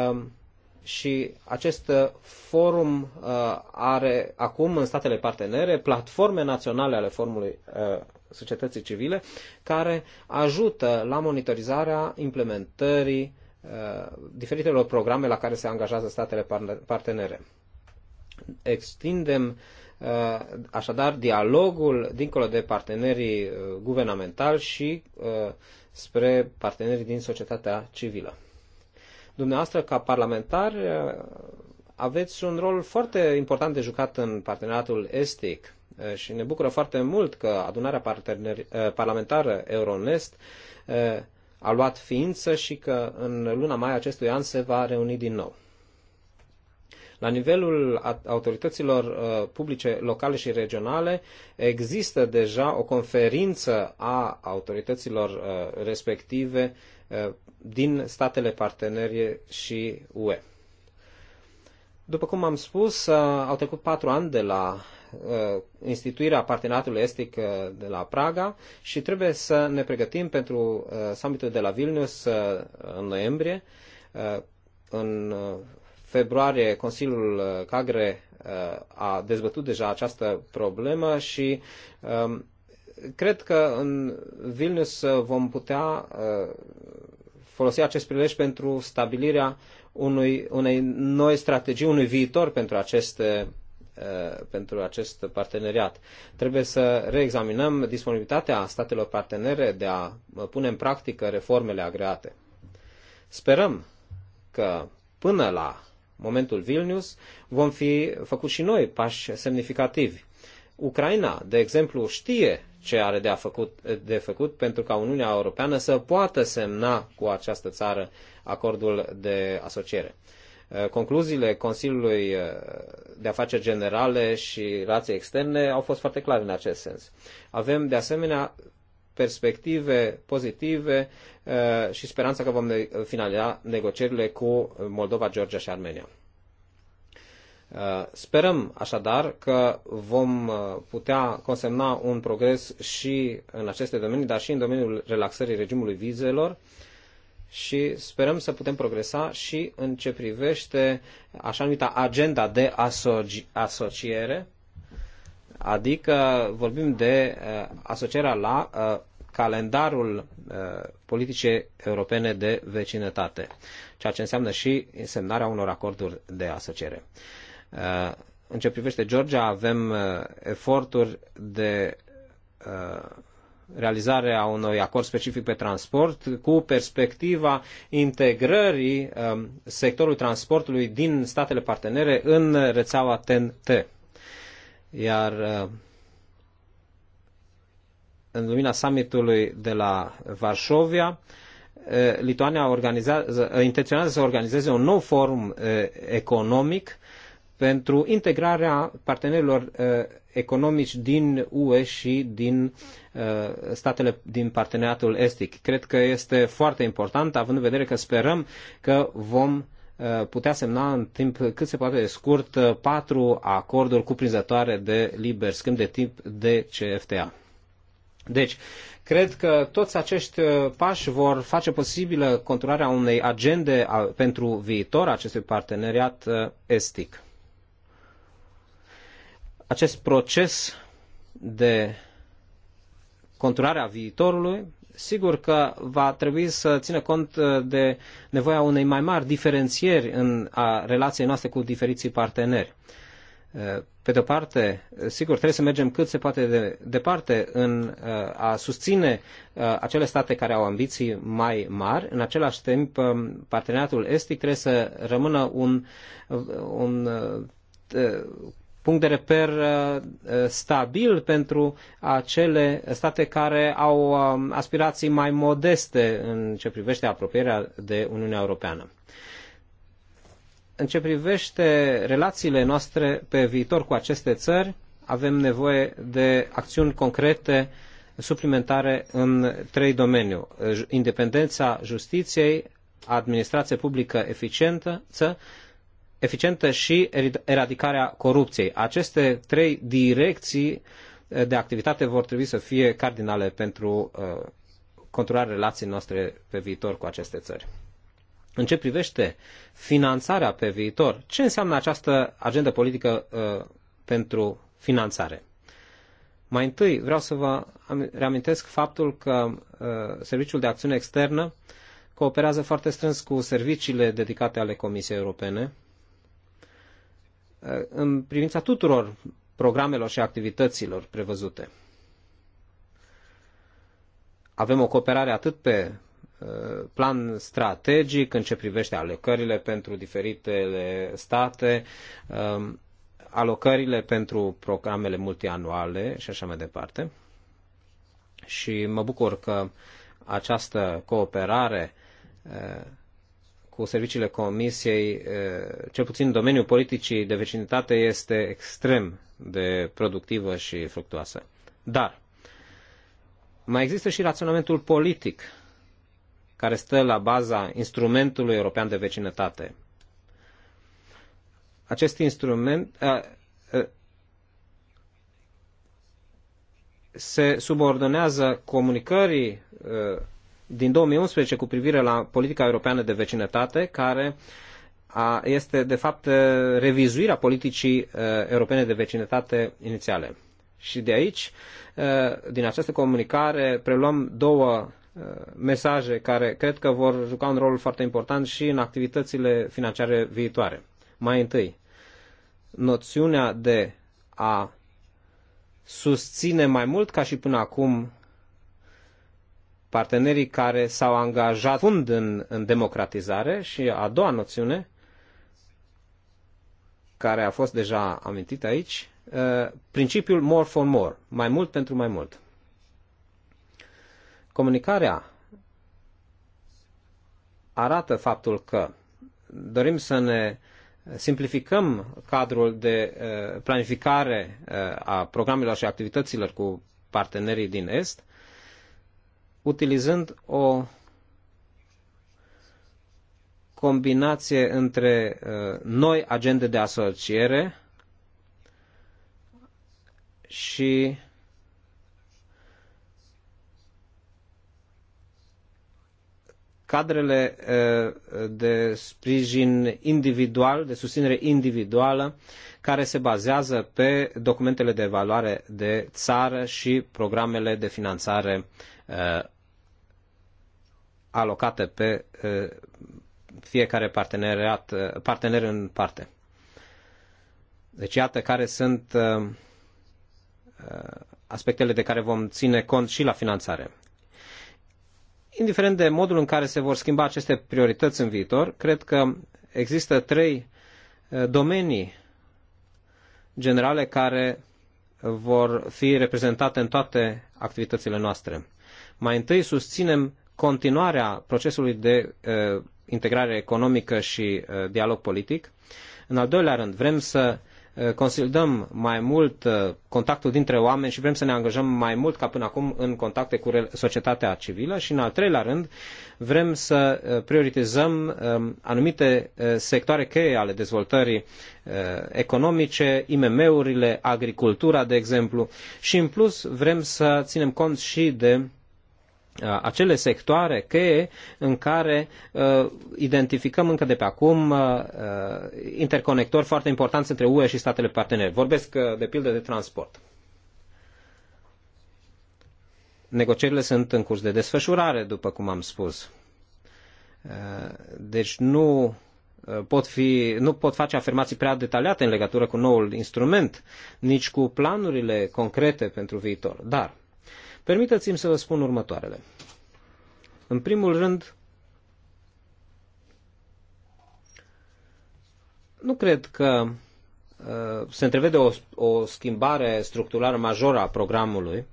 Um, și acest uh, forum uh, are acum în statele partenere platforme naționale ale formului uh, societății civile care ajută la monitorizarea implementării diferitelor programe la care se angajează statele partenere. Extindem așadar dialogul dincolo de partenerii guvernamentali și spre partenerii din societatea civilă. Dumneavoastră, ca parlamentar, eh, aveți un rol foarte important de jucat în parteneriatul estic eh, și ne bucură foarte mult că adunarea eh, parlamentară Euronest a luat ființă și că în luna mai acestui an se va reuni din nou. La nivelul autorităților publice locale și regionale există deja o conferință a autorităților respective Uh, din statele partenerie și UE. După cum am spus, uh, au trecut patru ani de la uh, instituirea parteneriatului estic de la Praga și trebuie să ne pregătim pentru summitul de la Vilnius în noiembrie. În februarie, Consiliul Cagre a dezbătut deja această problemă și um, cred că în Vilnius uh, vom putea uh, folosi acest prilej pentru stabilirea unui, unei noi strategii, unui viitor pentru aceste uh, pentru acest parteneriat. Trebuie să reexaminăm disponibilitatea statelor partenere de a pune în practică reformele agreate. Sperăm că până la momentul Vilnius vom fi făcut și noi pași semnificativi Ucraina, de exemplu, știe ce are de, a făcut, de făcut pentru ca Uniunea Europeană să poată semna cu această țară acordul de asociere. Uh, concluziile Consiliului uh, de Afaceri Generale și Relații Externe au fost foarte clare în acest sens. Avem, de asemenea, perspective pozitive uh, și speranța că vom finaliza negocierile cu Moldova, Georgia și Armenia. Uh, sperăm așadar că vom uh, putea consemna un progres și în aceste domenii, dar și în domeniul relaxării regimului vizelor și sperăm să putem progresa și în ce privește așa numita agenda de asoci asociere, adică vorbim de uh, asocierea la calendarul politice europene de vecinătate, ceea ce înseamnă și semnarea unor acorduri de asociere. Uh, în ce privește Georgia, avem uh, eforturi de uh, realizare a unui acord specific pe transport cu perspectiva integrării um, sectorului transportului din statele partenere în rețeaua TNT. Iar în lumina summitului de la Varșovia, Lituania intenționează să organizeze un nou forum economic pentru integrarea partenerilor uh, economici din UE și din uh, statele din parteneriatul estic. Cred că este foarte important, având în vedere că sperăm că vom uh, putea semna în timp cât se poate de scurt patru acorduri cuprinzătoare de liber schimb de tip de CFTA. Deci, cred că toți acești pași vor face posibilă conturarea unei agende pentru viitor acestui parteneriat estic acest proces de conturare a viitorului, sigur că va trebui să țină cont uh, de nevoia unei mai mari diferențieri în a relației noastre cu diferiții parteneri. Uh, pe de-o parte, sigur, trebuie să mergem cât se poate de departe în uh, a susține acele state care au ambiții mai mari. În același timp, um, parteneriatul estic trebuie să rămână un, un punct de reper uh, stabil pentru acele state care au um, aspirații mai modeste în ce privește apropierea de Uniunea Europeană. În ce privește relațiile noastre pe viitor cu aceste țări, avem nevoie de acțiuni concrete suplimentare în trei domenii. Independența justiției, administrație publică eficientă eficientă și eradicarea corupției. Aceste trei direcții de activitate vor trebui să fie cardinale pentru uh, controlarea relației noastre pe viitor cu aceste țări. În ce privește finanțarea pe viitor, ce înseamnă această agendă politică uh, pentru finanțare? Mai întâi vreau să vă reamintesc faptul că uh, Serviciul de Acțiune Externă cooperează foarte strâns cu serviciile dedicate ale Comisiei Europene Uh, în privința tuturor programelor și activităților prevăzute. Avem o cooperare atât pe uh, plan strategic în ce privește alocările pentru diferitele state, um, alocările pentru programele multianuale și așa mai departe. Și mă bucur că această cooperare uh, cu serviciile Comisiei, cel puțin în domeniul politicii de vecinitate, este extrem de productivă și fructuoasă. Dar mai există și raționamentul politic care stă la baza instrumentului european de vecinătate. Acest instrument a, a, se subordonează comunicării a, din 2011 cu privire la politica europeană de vecinătate, care a, este de fapt revizuirea politicii uh, europene de vecinătate inițiale. Și de aici, uh, din această comunicare, preluăm două mesaje care cred că vor juca un rol foarte important și în activitățile financiare viitoare. Mai întâi, noțiunea de a susține mai mult ca și până acum partenerii care s-au angajat fund în, în democratizare și a doua noțiune, care a fost deja amintită aici, uh, principiul more for more, mai mult pentru mai mult. Comunicarea arată faptul că dorim să ne simplificăm cadrul de uh, planificare uh, a programelor și activităților cu partenerii din Est, utilizând o combinație între uh, noi agende de asociere și cadrele uh, de sprijin individual, de susținere individuală, care se bazează pe documentele de evaluare de țară și programele de finanțare Uh, alocate pe uh, fiecare parteneriat, uh, partener în parte. Deci iată care sunt aspectele de care vom ține cont și la finanțare. Indiferent de modul în care se vor schimba aceste priorități în viitor, cred că există trei domenii generale care vor fi reprezentate în toate activitățile noastre. Mai întâi susținem continuarea procesului de uh, integrare economică și uh, dialog politic. În al doilea rând, vrem să uh, consolidăm mai mult uh, contactul dintre oameni și vrem să ne angajăm mai mult ca până acum în contacte cu societatea civilă și în al treilea rând vrem să uh, prioritizăm um, anumite uh, sectoare cheie ale dezvoltării uh, economice, IMM-urile, agricultura, de exemplu și în plus vrem să ținem cont și de Uh, acele sectoare cheie în care uh, identificăm încă de pe acum uh, uh, interconectori foarte importanți între UE și statele partenere. Vorbesc uh, de pildă de transport. Negocierile sunt în curs de desfășurare, după cum am spus. Uh, deci nu uh, pot, fi, nu pot face afirmații prea detaliate în legătură cu noul instrument, nici cu planurile concrete pentru viitor. Dar Permiteți-mi să vă spun următoarele. În primul rând, nu cred că uh, se întrevede o, o schimbare structurală majoră a programului,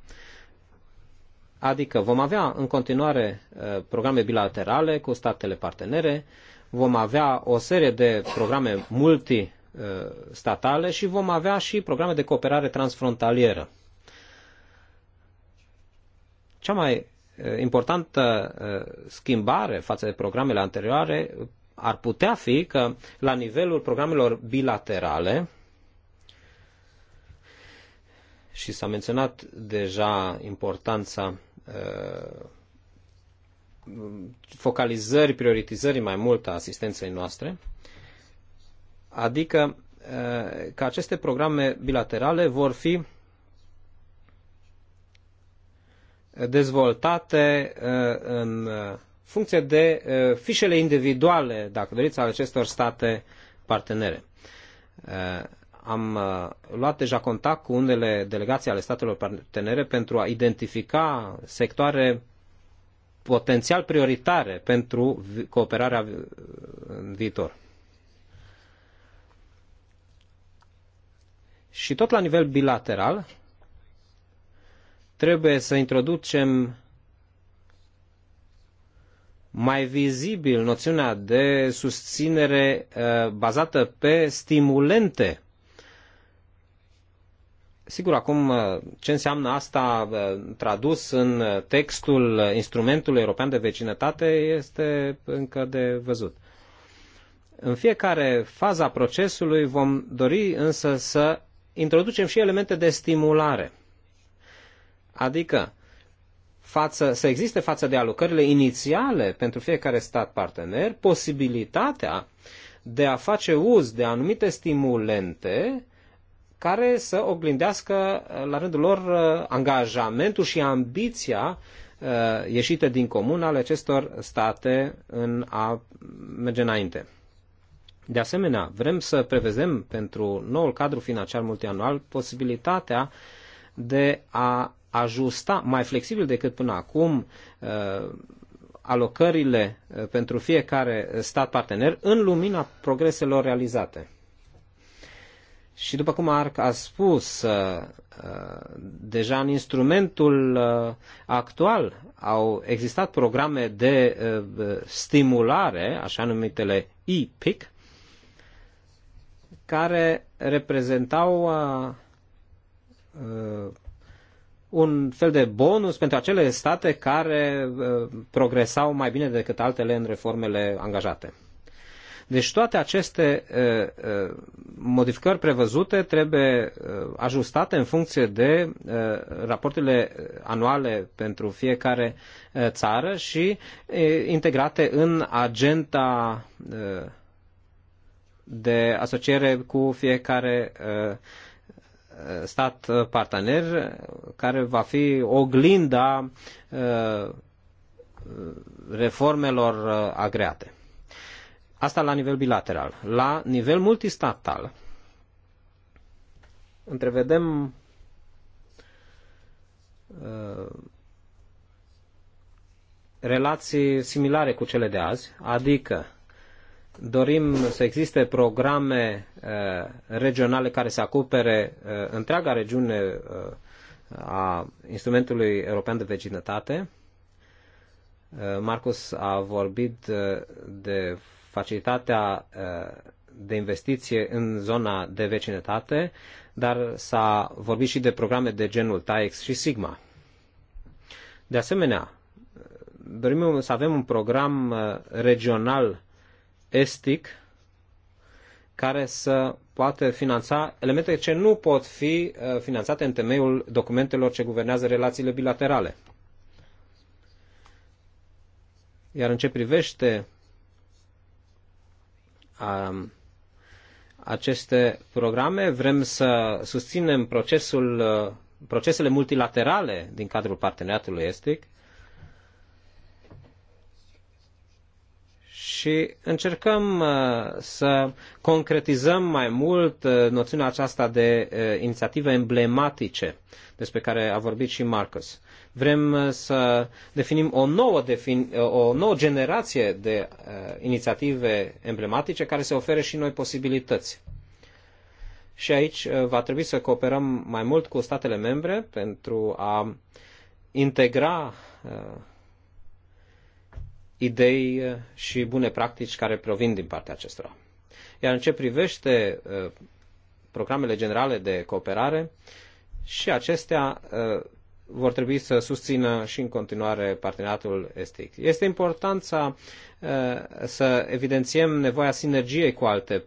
adică vom avea în continuare uh, programe bilaterale cu statele partenere, vom avea o serie de programe multistatale uh, și vom avea și programe de cooperare transfrontalieră. Cea mai importantă schimbare față de programele anterioare ar putea fi că la nivelul programelor bilaterale, și s-a menționat deja importanța focalizării, prioritizării mai mult a asistenței noastre, adică că aceste programe bilaterale vor fi dezvoltate uh, în uh, funcție de uh, fișele individuale, dacă doriți, ale acestor state partenere. Am luat deja contact cu unele delegații ale statelor partenere pentru a identifica sectoare potențial prioritare pentru cooperarea în viitor. Și tot la nivel bilateral, Trebuie să introducem mai vizibil noțiunea de susținere uh, bazată pe stimulente. Sigur, acum uh, ce înseamnă asta uh, tradus în textul instrumentului european de vecinătate este încă de văzut. În fiecare fază a procesului vom dori însă să introducem și elemente de stimulare – Adică față, să existe față de alocările inițiale pentru fiecare stat partener posibilitatea de a face uz de anumite stimulente care să oglindească la rândul lor uh, angajamentul și ambiția uh, ieșite din comun ale acestor state în a merge înainte. De asemenea, vrem să prevedem pentru noul cadru financiar multianual posibilitatea de a ajusta mai flexibil decât până acum uh, alocările uh, pentru fiecare stat partener în lumina progreselor realizate. Și după cum Arc a spus, uh, deja în instrumentul actual au existat programe de stimulare, așa numitele IPIC, care reprezentau un fel de bonus pentru acele state care uh, progresau mai bine decât altele în reformele angajate. Deci toate aceste uh, uh, modificări prevăzute trebuie ajustate în funcție de raportele anuale pentru fiecare țară și integrate în agenda de asociere cu fiecare stat partener care va fi oglinda uh, reformelor uh, agreate. Asta la nivel bilateral. La nivel multistatal, întrevedem uh, relații similare cu cele de azi, adică Dorim să existe programe uh, regionale care să acopere uh, întreaga regiune uh, a instrumentului european de vecinătate. Marcus a vorbit de facilitatea de investiție în zona de vecinătate, dar s-a vorbit și de programe de genul TAEX și Sigma. De asemenea, dorim să avem un program regional estic care să poată finanța elemente ce nu pot fi uh, finanțate în temeiul documentelor ce guvernează relațiile bilaterale. Iar în ce privește a, um, aceste programe, vrem să susținem procesul, uh, procesele multilaterale din cadrul parteneriatului estic și încercăm uh, să concretizăm mai mult uh, noțiunea aceasta de uh, inițiative emblematice despre care a vorbit și Marcus. Vrem să definim o nouă, defin, o nouă generație de inițiative emblematice care să ofere și noi posibilități. Și aici va trebui să cooperăm mai mult cu statele membre pentru a integra idei uh, și bune practici care provin din partea acestora. Iar în ce privește uh, programele generale de cooperare, și acestea uh, vor trebui să susțină și în continuare parteneriatul estic. Este important să, să evidențiem nevoia sinergiei cu alte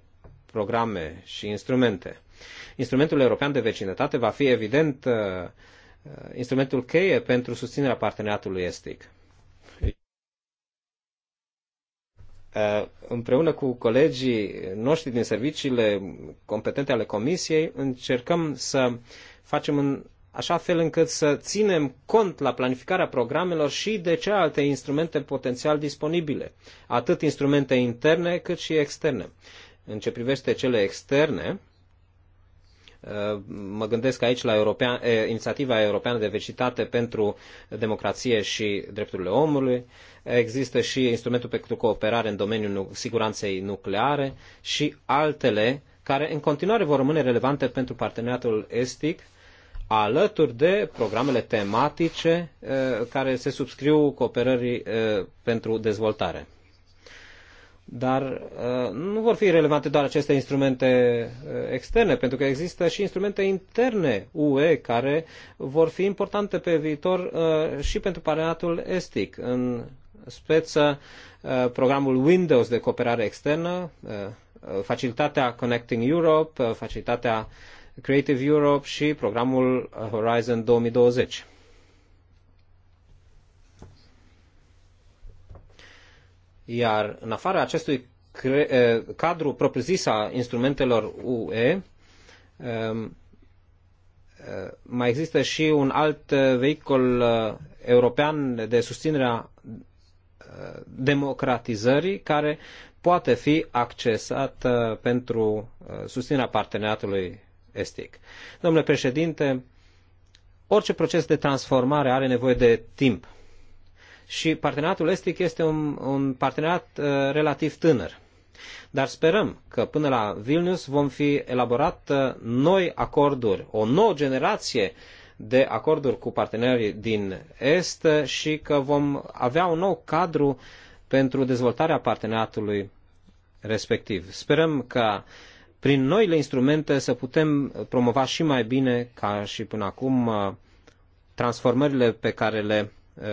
programe și instrumente. Instrumentul european de vecinătate va fi evident instrumentul cheie pentru susținerea parteneriatului estic. Uh, împreună cu colegii noștri din serviciile competente ale Comisiei, încercăm să facem în așa fel încât să ținem cont la planificarea programelor și de celelalte instrumente potențial disponibile, atât instrumente interne cât și externe. În ce privește cele externe, Uh, mă gândesc aici la European, eh, inițiativa europeană de vecitate pentru democrație și drepturile omului. Există și instrumentul pentru cooperare în domeniul siguranței nucleare și altele care în continuare vor rămâne relevante pentru parteneriatul estic alături de programele tematice eh, care se subscriu cooperării eh, pentru dezvoltare. Dar uh, nu vor fi relevante doar aceste instrumente uh, externe, pentru că există și instrumente interne UE care vor fi importante pe viitor uh, și pentru parenatul estic. În speță, programul Windows de cooperare externă, facilitatea Connecting Europe, facilitatea Creative Europe și programul Horizon 2020. Iar în afara acestui cadru propriu-zis a instrumentelor UE, mai există și un alt vehicul european de susținere a democratizării care poate fi accesat pentru susținerea parteneriatului estic. Domnule președinte, orice proces de transformare are nevoie de timp și parteneriatul estic este un, un parteneriat uh, relativ tânăr. Dar sperăm că până la Vilnius vom fi elaborat uh, noi acorduri, o nouă generație de acorduri cu partenerii din Est și că vom avea un nou cadru pentru dezvoltarea parteneriatului respectiv. Sperăm că prin noile instrumente să putem promova și mai bine ca și până acum uh, transformările pe care le uh,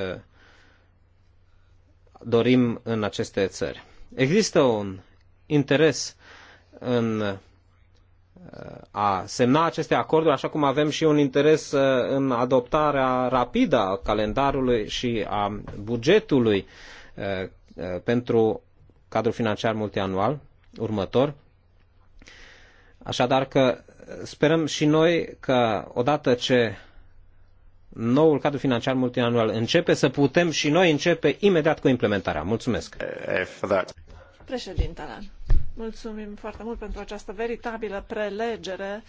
dorim în aceste țări. Există un interes în uh, a semna aceste acorduri, așa cum avem și un interes uh, în adoptarea rapidă a calendarului și a bugetului uh, pentru cadrul financiar multianual următor. Așadar că sperăm și noi că odată ce noul cadru financiar multianual începe, să putem și noi începe imediat cu implementarea. Mulțumesc! Eh, eh, Președintele, mulțumim foarte mult pentru această veritabilă prelegere.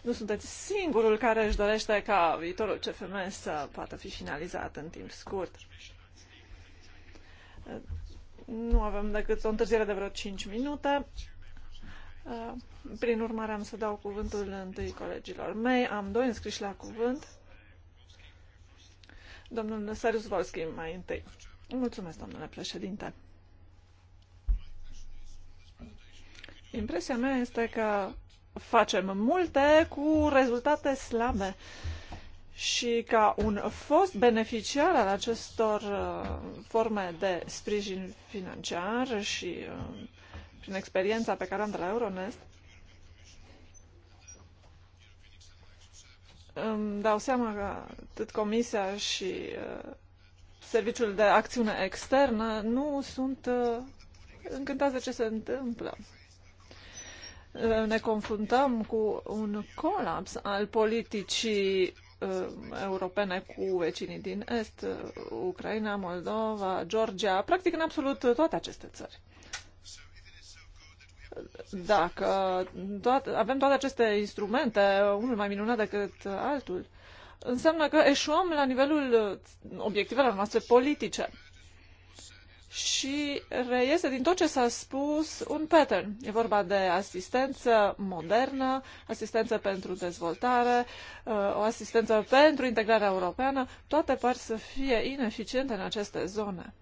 Nu sunteți singurul care își dorește ca viitorul CFM să poată fi finalizat în timp scurt. Nu avem decât o întârziere de vreo 5 minute. Eh, prin urmare, am să dau cuvântul întâi colegilor mei. Am doi înscriși la cuvânt. Domnul Sarius mai întâi. Mulțumesc, domnule președinte. Impresia mea este că facem multe cu rezultate slabe și ca un fost beneficiar al acestor uh, forme de sprijin financiar și uh, prin experiența pe care am de la Euronest, îmi dau seama că atât Comisia și uh, Serviciul de Acțiune Externă nu sunt uh, încântați de ce se întâmplă. Uh, ne confruntăm cu un colaps al politicii europene cu vecinii din Est, Ucraina, Moldova, Georgia, practic în absolut toate aceste țări. Dacă toate, avem toate aceste instrumente, unul mai minunat decât altul, înseamnă că eșuăm la nivelul obiectivelor noastre politice. Și reiese din tot ce s-a spus un pattern. E vorba de asistență modernă, asistență pentru dezvoltare, uh, o asistență pentru integrarea europeană. Toate par să fie ineficiente în aceste zone.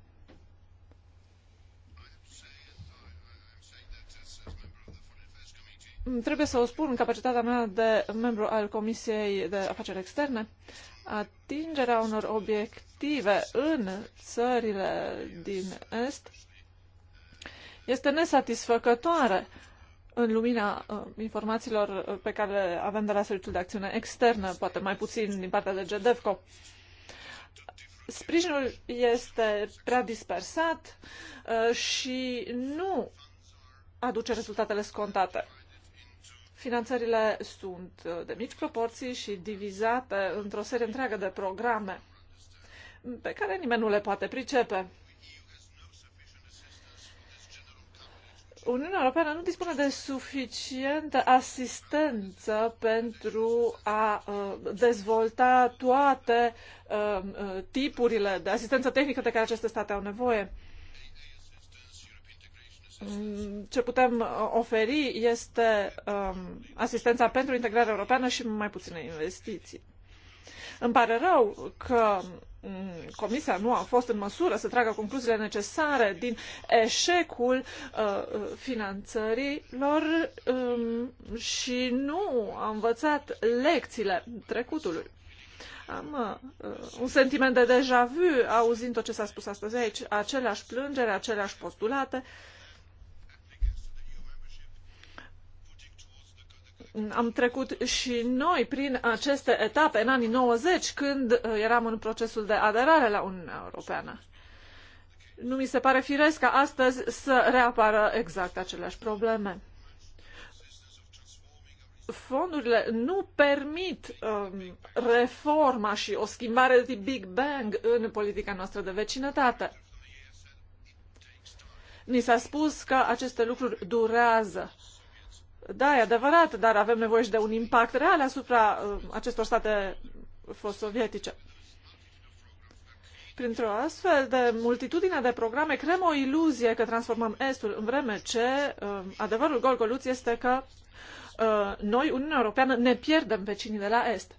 Mm, trebuie să o spun în capacitatea mea de membru al Comisiei de Afaceri Externe. Atingerea unor obiective în țările din Est este nesatisfăcătoare în lumina uh, informațiilor uh, pe care le avem de la Serviciul de Acțiune Externă, poate mai puțin din partea de GDEVCO. Sprijinul este prea dispersat uh, și nu aduce rezultatele scontate. Finanțările sunt uh, de mici proporții și divizate într-o serie întreagă de programe pe care nimeni nu le poate pricepe. Uniunea Europeană nu dispune de suficientă asistență pentru a uh, dezvolta toate uh, tipurile de asistență tehnică de care aceste state au nevoie. Mm, ce putem uh, oferi este um, asistența pentru integrarea europeană și mai puține investiții. Îmi pare rău că mm, Comisia nu a fost în măsură să tragă concluziile necesare din eșecul uh, finanțărilor um, și nu a învățat lecțiile trecutului. Am uh, uh un sentiment de deja vu auzind tot ce s-a spus astăzi aici, aceleași plângeri, aceleași postulate. Uh, am trecut și noi prin aceste etape în anii 90, când uh, eram în procesul de aderare la Uniunea Europeană. Nu mi se pare firesc ca astăzi să reapară exact aceleași probleme. Fondurile nu permit um, reforma și o schimbare de tip Big Bang în politica noastră de vecinătate. Ni s-a spus că aceste lucruri durează da, e adevărat, dar avem nevoie și de un impact real asupra uh, acestor state fost sovietice. Printr-o astfel de multitudine de programe creăm o iluzie că transformăm Estul, în vreme ce uh, adevărul Golgoluț este că uh, noi, Uniunea Europeană, ne pierdem vecinii de la Est.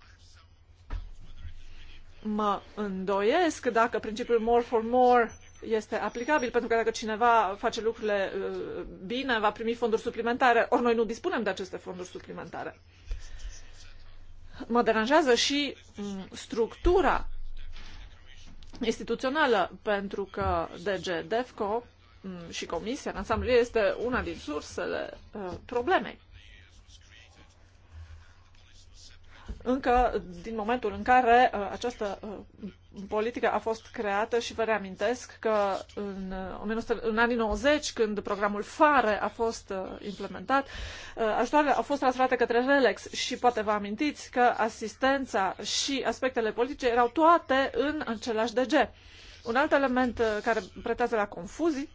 Mă îndoiesc dacă principiul more for more este aplicabil, pentru că dacă cineva face lucrurile uh, bine, va primi fonduri suplimentare, ori noi nu dispunem de aceste fonduri suplimentare. Mă deranjează și mm, structura instituțională, pentru că DG DEFCO mm, și Comisia în ansamblu este una din sursele uh, problemei. încă din momentul în care uh, această uh, politică a fost creată și vă reamintesc că în, 1900, uh, în anii 90, când programul FARE a fost implementat, ajutoarele au fost transferate către RELEX și poate vă amintiți că asistența și aspectele politice erau toate în același DG. Un alt element care pretează la confuzii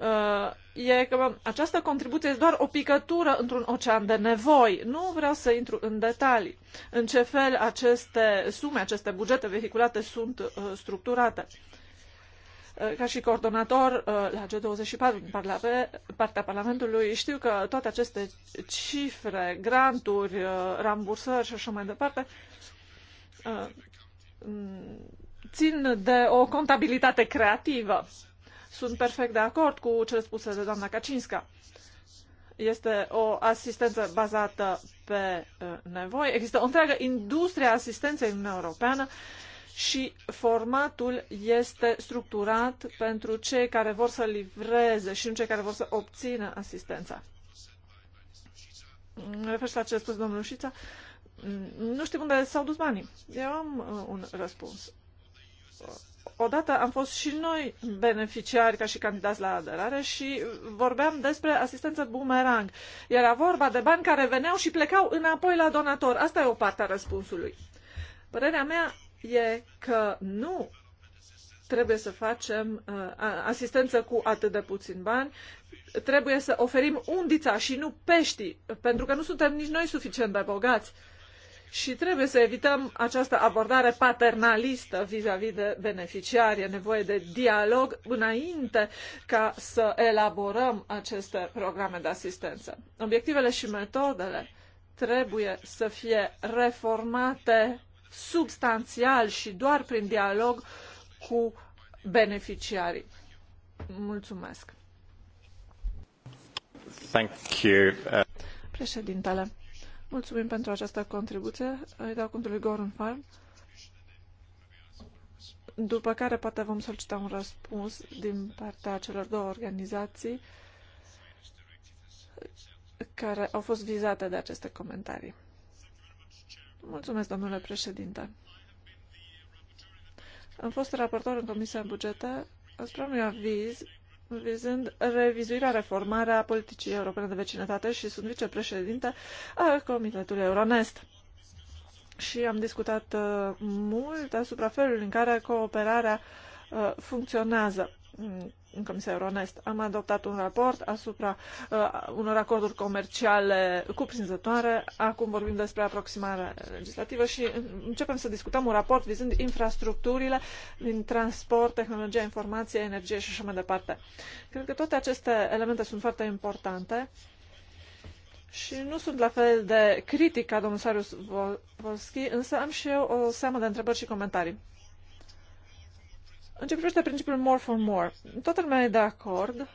Uh, e că această contribuție este doar o picătură într-un ocean de nevoi. Nu vreau să intru în detalii în ce fel aceste sume, aceste bugete vehiculate sunt uh, structurate. Uh, ca și coordonator la G24 din partea Parlamentului, știu că toate aceste cifre, granturi, rambursări și așa mai departe, țin de o contabilitate creativă sunt perfect de acord cu cele spuse de doamna Kacinska. Este o asistență bazată pe uh, nevoi. Există o întreagă industrie a asistenței în Europeană și formatul este structurat pentru cei care vor să livreze și nu cei care vor să obțină asistența. Refer la ce a spus domnul Șița, mm, nu știu unde s-au dus banii. Eu am uh, un răspuns odată am fost și noi beneficiari ca și candidați la aderare și vorbeam despre asistență bumerang. Era vorba de bani care veneau și plecau înapoi la donator. Asta e o parte a răspunsului. Părerea mea e că nu trebuie să facem uh, asistență cu atât de puțin bani, trebuie să oferim undița și nu peștii, pentru că nu suntem nici noi suficient de bogați. Uh, și trebuie să evităm această abordare paternalistă vis-a-vis de beneficiari. E nevoie de dialog înainte ca să elaborăm aceste programe de asistență. Obiectivele și metodele trebuie să fie reformate substanțial și doar prin dialog cu beneficiarii. Mulțumesc. Thank you. Președintele, Mulțumim pentru această contribuție. Îi dau cuvântul lui Goran Farm. După care poate vom solicita un răspuns din partea celor două organizații care au fost vizate de aceste comentarii. Mulțumesc, domnule președinte. Am fost raportor în Comisia Bugete asupra unui aviz vizând revizuirea, reformarea politicii europene de vecinătate și sunt vicepreședinte a Comitetului Euronest. Și am discutat uh, mult asupra felului în care cooperarea uh, funcționează un comisar onest. Am adoptat un raport asupra uh, unor acorduri comerciale cuprinzătoare. Acum vorbim despre aproximarea legislativă și începem să discutăm un raport vizând infrastructurile din transport, tehnologia, informație, energie și așa mai departe. Cred că toate aceste elemente sunt foarte importante. Și nu sunt la fel de critic ca domnul Sarius Volski, însă am și eu o seamă de întrebări și comentarii. În ce privește principiul more for more, toată lumea e de acord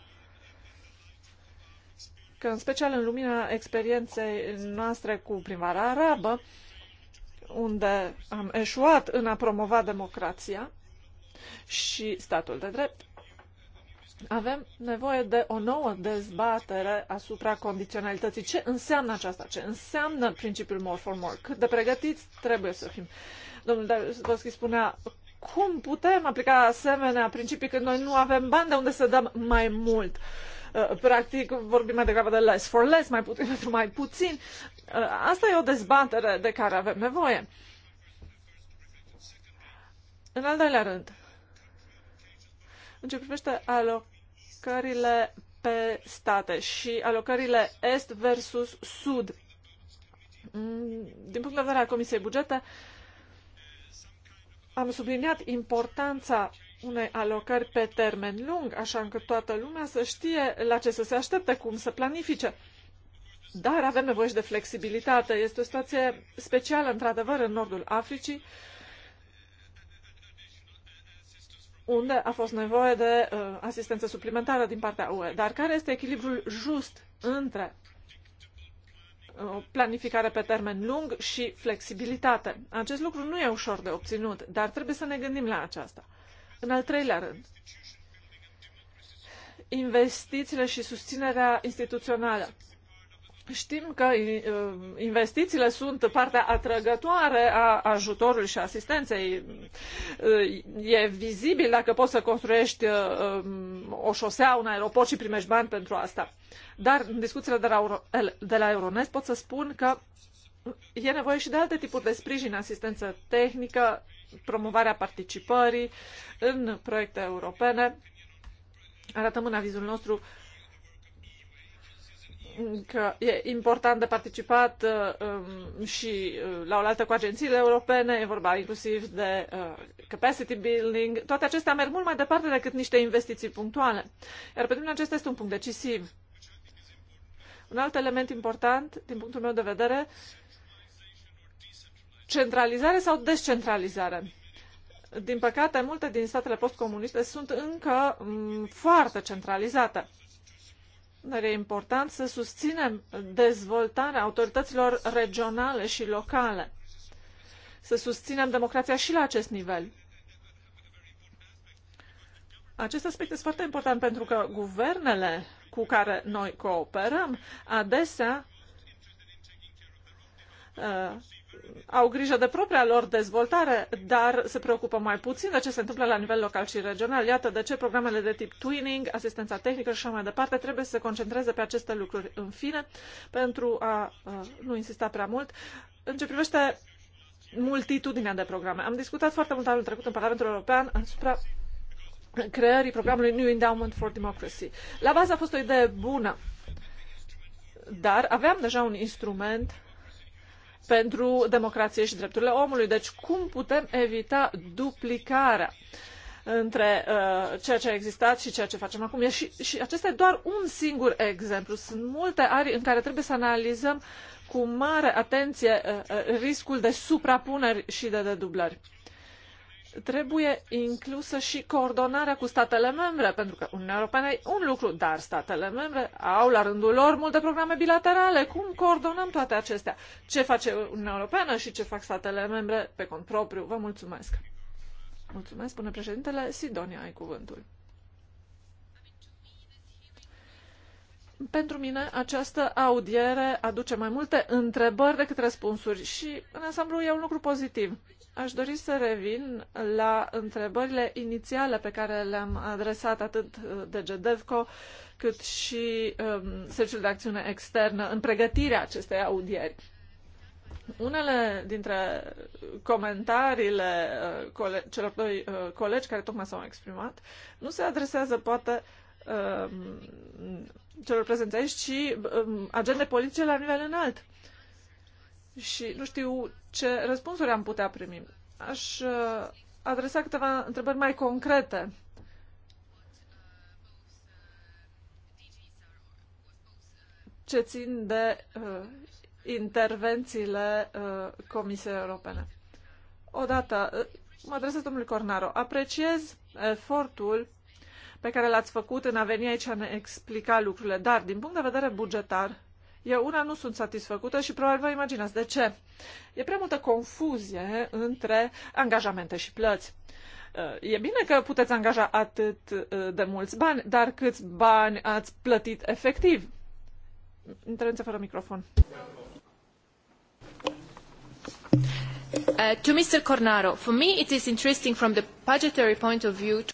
că, în special în lumina experienței noastre cu primara arabă, unde am eșuat în a promova democrația și statul de drept, avem nevoie de o nouă dezbatere asupra condiționalității. Ce înseamnă aceasta? Ce înseamnă principiul more for more? Cât de pregătiți trebuie să fim? Domnul Davidovski spunea cum putem aplica asemenea principii când noi nu avem bani de unde să dăm mai mult? Uh, practic, vorbim mai degrabă de less for less, mai puțin pentru mai puțin. Uh, asta e o dezbatere de care avem nevoie. În al doilea rând, în ce privește alocările pe state și alocările est versus sud, mm, din punct de vedere al Comisiei Bugete, uh, am subliniat importanța unei alocări pe termen lung, așa încât toată lumea să știe la ce să se aștepte, cum să planifice. Dar avem nevoie și de flexibilitate. Este o situație specială, într-adevăr, în nordul Africii, unde a fost nevoie de uh, asistență suplimentară din partea UE. Dar care este echilibrul just între Uh, planificare pe termen lung și flexibilitate. Acest lucru nu e ușor de obținut, dar trebuie să ne gândim la aceasta. În al treilea rând, investițiile și susținerea instituțională. Știm că uh, investițiile sunt partea atrăgătoare a ajutorului și asistenței. Uh, e vizibil dacă poți să construiești uh, o șosea, un aeroport și primești bani pentru asta. Dar în discuțiile de la, Euro, de la Euronest pot să spun că e nevoie și de alte tipuri de sprijin, asistență tehnică, promovarea participării în proiecte europene. Arătăm în avizul nostru că e important de participat uh, um, și uh, la oaltă cu agențiile europene, e vorba inclusiv de uh, capacity building. Toate acestea merg mult mai departe decât niște investiții punctuale. Iar pentru mine acesta este un punct decisiv. Un alt element important, din punctul meu de vedere, centralizare sau descentralizare. Din păcate, multe din statele postcomuniste sunt încă mm, foarte centralizate e important să susținem dezvoltarea autorităților regionale și locale, să susținem democrația și la acest nivel. Acest aspect este foarte important pentru că guvernele cu care noi cooperăm adesea uh, au grijă de propria lor dezvoltare, dar se preocupă mai puțin de ce se întâmplă la nivel local și regional. Iată de ce programele de tip twinning, asistența tehnică și așa mai departe trebuie să se concentreze pe aceste lucruri. În fine, pentru a nu insista prea mult, în ce privește multitudinea de programe. Am discutat foarte mult anul trecut în Parlamentul European asupra creării programului New Endowment for Democracy. La bază a fost o idee bună, dar aveam deja un instrument pentru democrație și drepturile omului. Deci cum putem evita duplicarea între uh, ceea ce a existat și ceea ce facem acum? E și, și acesta e doar un singur exemplu. Sunt multe arii în care trebuie să analizăm cu mare atenție uh, uh riscul de suprapuneri și de dedublări trebuie inclusă și coordonarea cu statele membre, pentru că Uniunea Europeană e un lucru, dar statele membre au la rândul lor multe programe bilaterale. Cum coordonăm toate acestea? Ce face Uniunea Europeană și ce fac statele membre pe cont propriu? Vă mulțumesc! Mulțumesc, spune președintele. Sidonia, ai cuvântul. Pentru mine, această audiere aduce mai multe întrebări decât răspunsuri și, în ansamblu, e un lucru pozitiv. Aș dori să revin la întrebările inițiale pe care le-am adresat atât uh, de GEDEVCO, cât și um, Serviciul de Acțiune Externă în pregătirea acestei audieri. Unele dintre comentariile uh, celor doi uh, colegi care tocmai s-au exprimat nu se adresează poate uh, celor prezenți aici, ci um, agende politice la nivel înalt și nu știu ce răspunsuri am putea primi. Aș uh, adresa câteva întrebări mai concrete. ce țin de uh, intervențiile uh, Comisiei Europene. Odată, uh, mă adresez domnului Cornaro, apreciez efortul pe care l-ați făcut în a veni aici a ne explica lucrurile, dar din punct de vedere bugetar, eu una nu sunt satisfăcută și probabil vă imaginați de ce. E prea multă confuzie între angajamente și plăți. Uh, e bine că puteți angaja atât uh, de mulți bani, dar câți bani ați plătit efectiv? Intervenție fără microfon. Uh, to Mr. Cornaro, for me it is interesting from the budgetary point of view. To...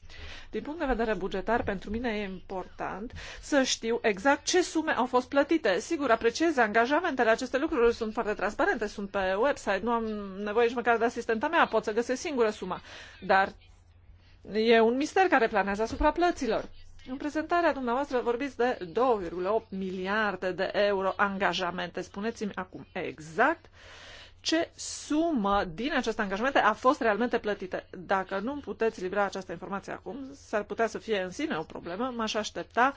Din punct de vedere bugetar, pentru mine e important să știu exact ce sume au fost plătite. Sigur, apreciez angajamentele, aceste lucruri sunt foarte transparente, sunt pe website, nu am nevoie nici măcar de asistenta mea, pot să găsesc singură suma. Dar e un mister care planează asupra plăților. În prezentarea dumneavoastră vorbiți de 2,8 miliarde de euro angajamente. Spuneți-mi acum exact uh, ce sumă din aceste angajamente a fost realmente plătită. Dacă nu puteți livra această informație acum, s-ar putea să fie în sine o problemă, m-aș aștepta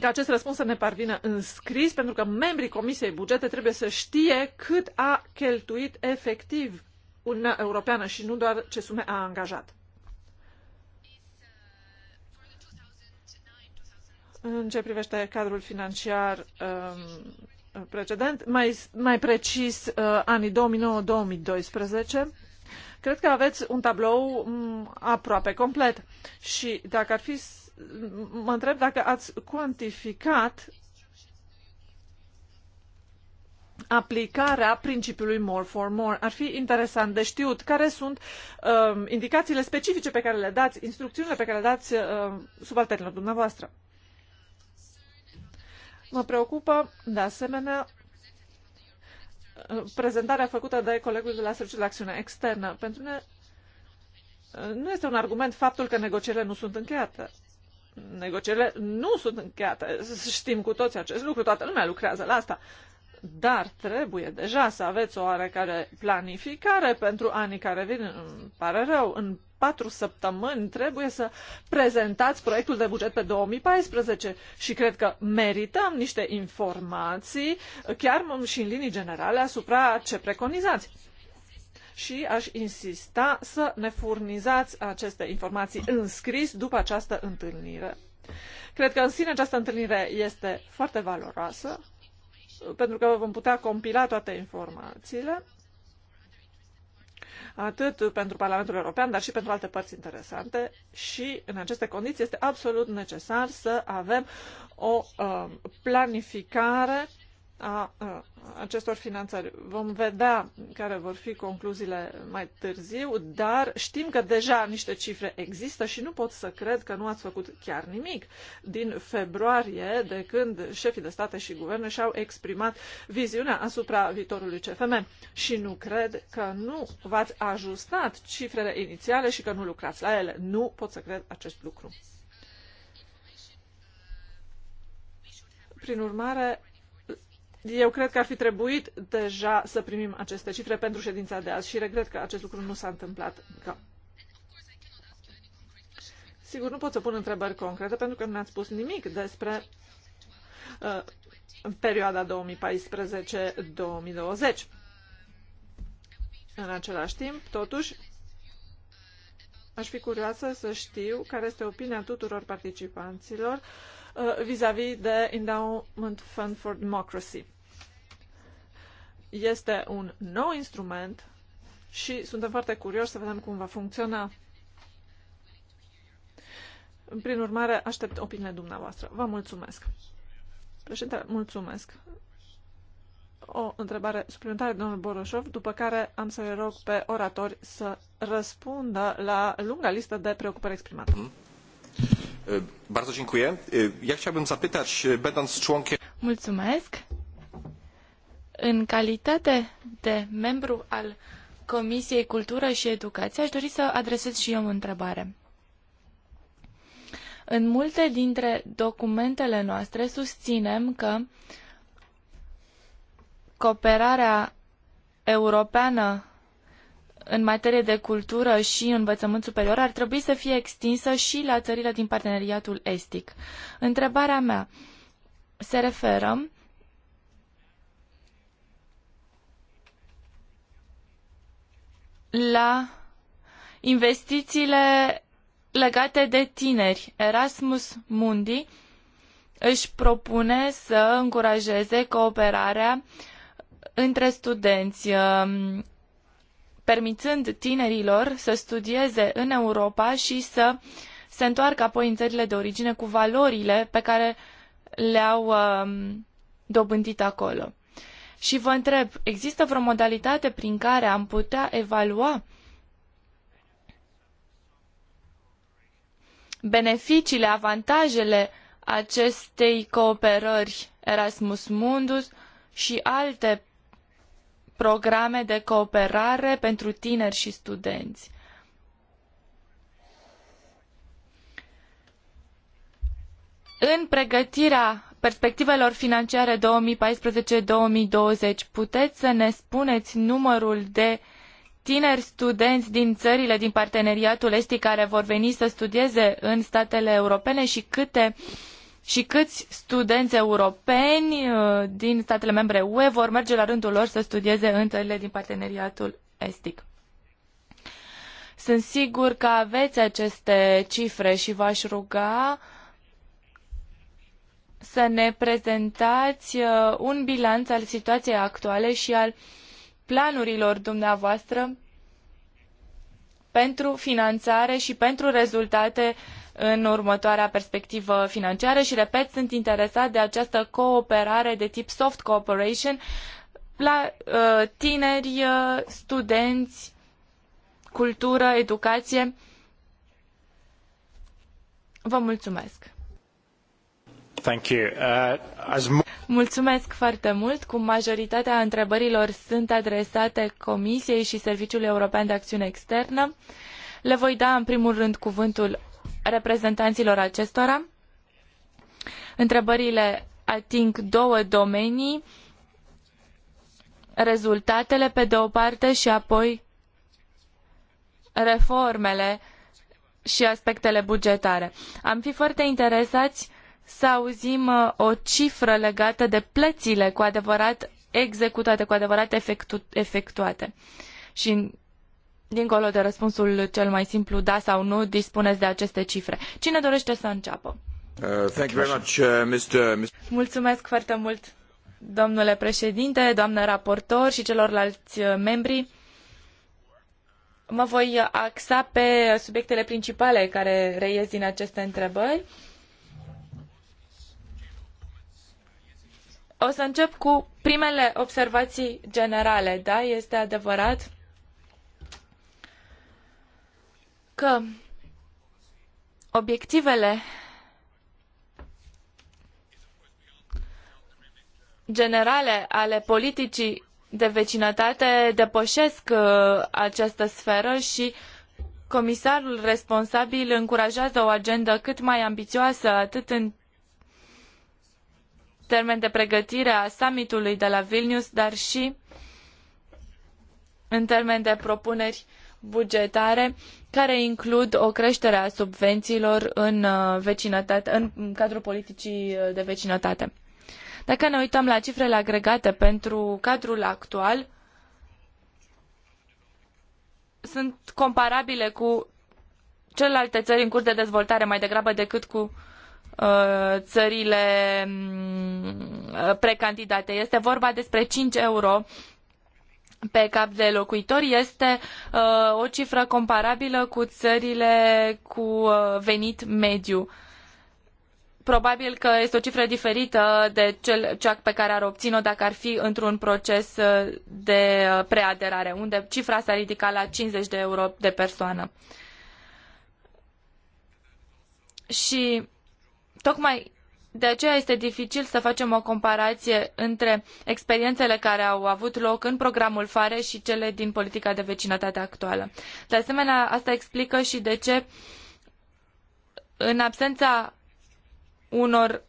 ca acest răspuns să ne parvină în scris, pentru că membrii Comisiei Bugete trebuie să știe cât a cheltuit efectiv Uniunea Europeană și nu doar ce sume a angajat. În ce privește cadrul financiar um, precedent, mai, mai precis uh, anii 2009-2012, cred că aveți un tablou mm, aproape complet. Și dacă ar fi, mă întreb dacă ați cuantificat aplicarea principiului more for more. Ar fi interesant de știut care sunt um, indicațiile specifice pe care le dați, instrucțiunile pe care le dați uh, subalternilor dumneavoastră. Mă preocupă, de asemenea, prezentarea făcută de colegul de la Serviciul de Acțiune Externă. Pentru mine nu este un argument faptul că negocierile nu sunt încheiate. Negocierile nu sunt încheiate. Știm cu toți acest lucru, toată lumea lucrează la asta dar trebuie deja să aveți o oarecare planificare pentru anii care vin. Îmi pare rău, în patru săptămâni trebuie să prezentați proiectul de buget pe 2014 și cred că merităm niște informații, chiar și în linii generale, asupra ce preconizați și aș insista să ne furnizați aceste informații în scris după această întâlnire. Cred că în sine această întâlnire este foarte valoroasă pentru că vom putea compila toate informațiile, atât pentru Parlamentul European, dar și pentru alte părți interesante și în aceste condiții este absolut necesar să avem o uh, planificare a, a acestor finanțări. Vom vedea care vor fi concluziile mai târziu, dar știm că deja niște cifre există și nu pot să cred că nu ați făcut chiar nimic din februarie, de când șefii de state și guverne și-au exprimat viziunea asupra viitorului CFM. Și nu cred că nu v-ați ajustat cifrele inițiale și că nu lucrați la ele. Nu pot să cred acest lucru. Prin urmare, eu cred că ar fi trebuit deja să primim aceste cifre pentru ședința de azi și regret că acest lucru nu s-a întâmplat încă. Sigur, nu pot să pun întrebări concrete pentru că nu ne-ați spus nimic despre uh, perioada 2014-2020. În același timp, totuși, aș fi curioasă să știu care este opinia tuturor participanților uh, vis-a-vis uh, -vis de Endowment Fund for Democracy. Este un nou instrument și suntem foarte curioși să vedem cum va funcționa. Prin urmare, aștept opiniile dumneavoastră. Vă mulțumesc. Președinte, mulțumesc. O întrebare suplimentară, domnul Boroșov, după care am să-i rog pe oratori să răspundă la lunga listă de preocupări exprimate. Mm. Bardzo dziękuję. Ja chciałbym zapytać, będąc członkiem... Mulțumesc. În calitate de membru al Comisiei Cultură și Educație, aș dori să adresez și eu o întrebare. În multe dintre documentele noastre susținem că cooperarea europeană în materie de cultură și învățământ superior ar trebui să fie extinsă și la țările din parteneriatul estic. Întrebarea mea se referă la investițiile legate de tineri. Erasmus Mundi își propune să încurajeze cooperarea între studenți, um, permițând tinerilor să studieze în Europa și să se întoarcă apoi în țările de origine cu valorile pe care le-au um, dobândit acolo și vă întreb, există vreo modalitate prin care am putea evalua beneficiile, avantajele acestei cooperări Erasmus Mundus și alte programe de cooperare pentru tineri și studenți. În pregătirea perspectivelor financiare 2014-2020, puteți să ne spuneți numărul de tineri studenți din țările din parteneriatul estic care vor veni să studieze în statele europene și câte și câți studenți europeni uh, din statele membre UE vor merge la rândul lor să studieze în țările din parteneriatul estic. Sunt sigur că aveți aceste cifre și v-aș ruga uh, să ne prezentați uh, un bilanț al situației actuale și al planurilor dumneavoastră pentru finanțare și pentru rezultate în următoarea perspectivă financiară și, repet, sunt interesat de această cooperare de tip soft cooperation la uh, tineri, uh, studenți, cultură, educație. Vă mulțumesc! Uh, Mulțumesc foarte mult. Cum majoritatea întrebărilor sunt adresate Comisiei și Serviciului European de Acțiune Externă, le voi da în primul rând cuvântul reprezentanților acestora. Întrebările ating două domenii, rezultatele pe de o parte și apoi reformele și aspectele bugetare. Am fi foarte interesați să auzim uh, o cifră legată de plățile cu adevărat executate, cu adevărat efectu- efectuate. Și dincolo de răspunsul cel mai simplu, da sau nu, dispuneți de aceste cifre. Cine dorește să înceapă? Uh, uh, Mulțumesc foarte mult, domnule președinte, doamnă raportor și celorlalți membri. Mă voi axa pe subiectele principale care reiez din aceste întrebări. Uh, O să încep cu primele observații generale. Da, este adevărat că obiectivele generale ale politicii de vecinătate depășesc uh, această sferă și comisarul responsabil încurajează o agendă cât mai ambițioasă atât în termen de pregătire a summitului de la Vilnius, dar și în termen de propuneri bugetare care includ o creștere a subvențiilor în, uh, vecinătate, în cadrul politicii de vecinătate. Dacă ne uităm la cifrele agregate pentru cadrul actual, sunt comparabile cu celelalte țări în curs de dezvoltare mai degrabă decât cu Uh, țările mm, uh, precandidate. Este vorba despre cinci euro pe cap de locuitor este uh, o cifră comparabilă cu țările cu venit mediu. Probabil că este o cifră diferită de cel, cea pe care ar obține-o dacă ar fi într-un proces de preaderare, unde cifra s-ar ridica la 50 de euro de persoană. Și Tocmai de aceea este dificil să facem o comparație între experiențele care au avut loc în programul FARE și cele din politica de vecinătate actuală. De asemenea, asta explică și de ce în absența unor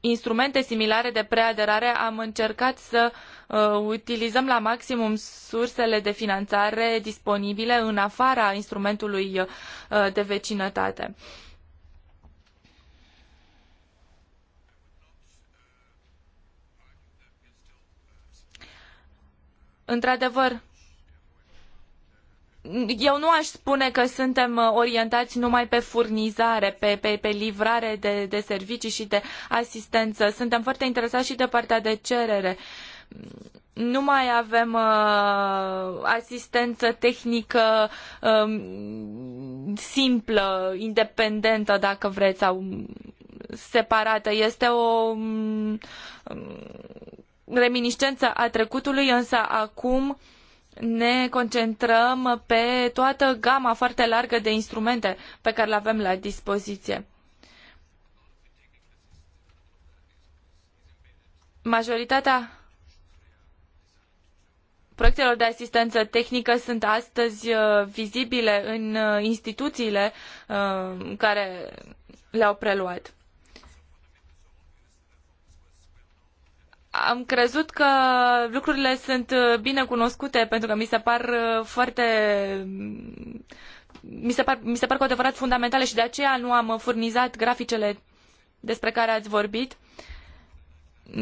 instrumente similare de preaderare am încercat să uh, utilizăm la maximum sursele de finanțare disponibile în afara instrumentului uh, de vecinătate. Uh, într-adevăr, eu nu aș spune că suntem uh, orientați numai pe furnizare, pe, pe, pe livrare de, de servicii și de asistență. Suntem foarte interesați și de partea de cerere. Nu mai avem uh, asistență tehnică um, simplă, independentă, dacă vreți, sau separată. Este o um, reminiscență a trecutului, însă acum ne concentrăm pe toată gama foarte largă de instrumente pe care le avem la dispoziție. Majoritatea proiectelor de asistență tehnică sunt astăzi uh, vizibile în uh, instituțiile uh, care le-au preluat. am crezut că lucrurile sunt uh, bine cunoscute pentru că mi se par uh, foarte mm, mi se par, mi se par cu adevărat fundamentale și de aceea nu am furnizat graficele despre care ați vorbit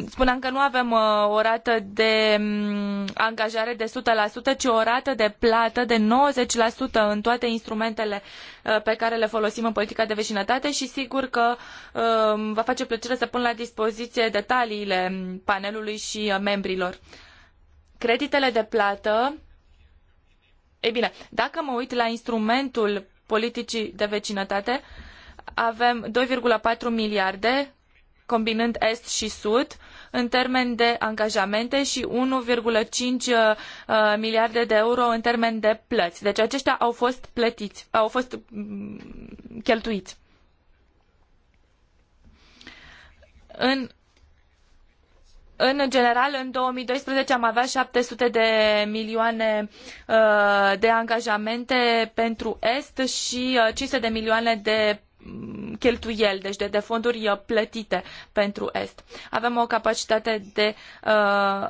spuneam că nu avem uh, o rată de um, angajare de 100%, ci o rată de plată de 90% în toate instrumentele uh, pe care le folosim în politica de vecinătate și sigur că uh, va face plăcere să pun la dispoziție detaliile mm, panelului și uh, membrilor. Creditele de plată. Ei bine, dacă mă uit la instrumentul politicii de vecinătate, avem 2,4 miliarde combinând est și sud, în termen de angajamente și 1,5 uh, uh, miliarde de euro în termen de plăți. Deci aceștia au fost plătiți, au fost mm, cheltuiți. În în general, în 2012 am avea 700 de milioane uh, de angajamente pentru Est și 500 de milioane de cheltuieli, deci de, de fonduri uh, plătite pentru Est. Avem o capacitate de uh,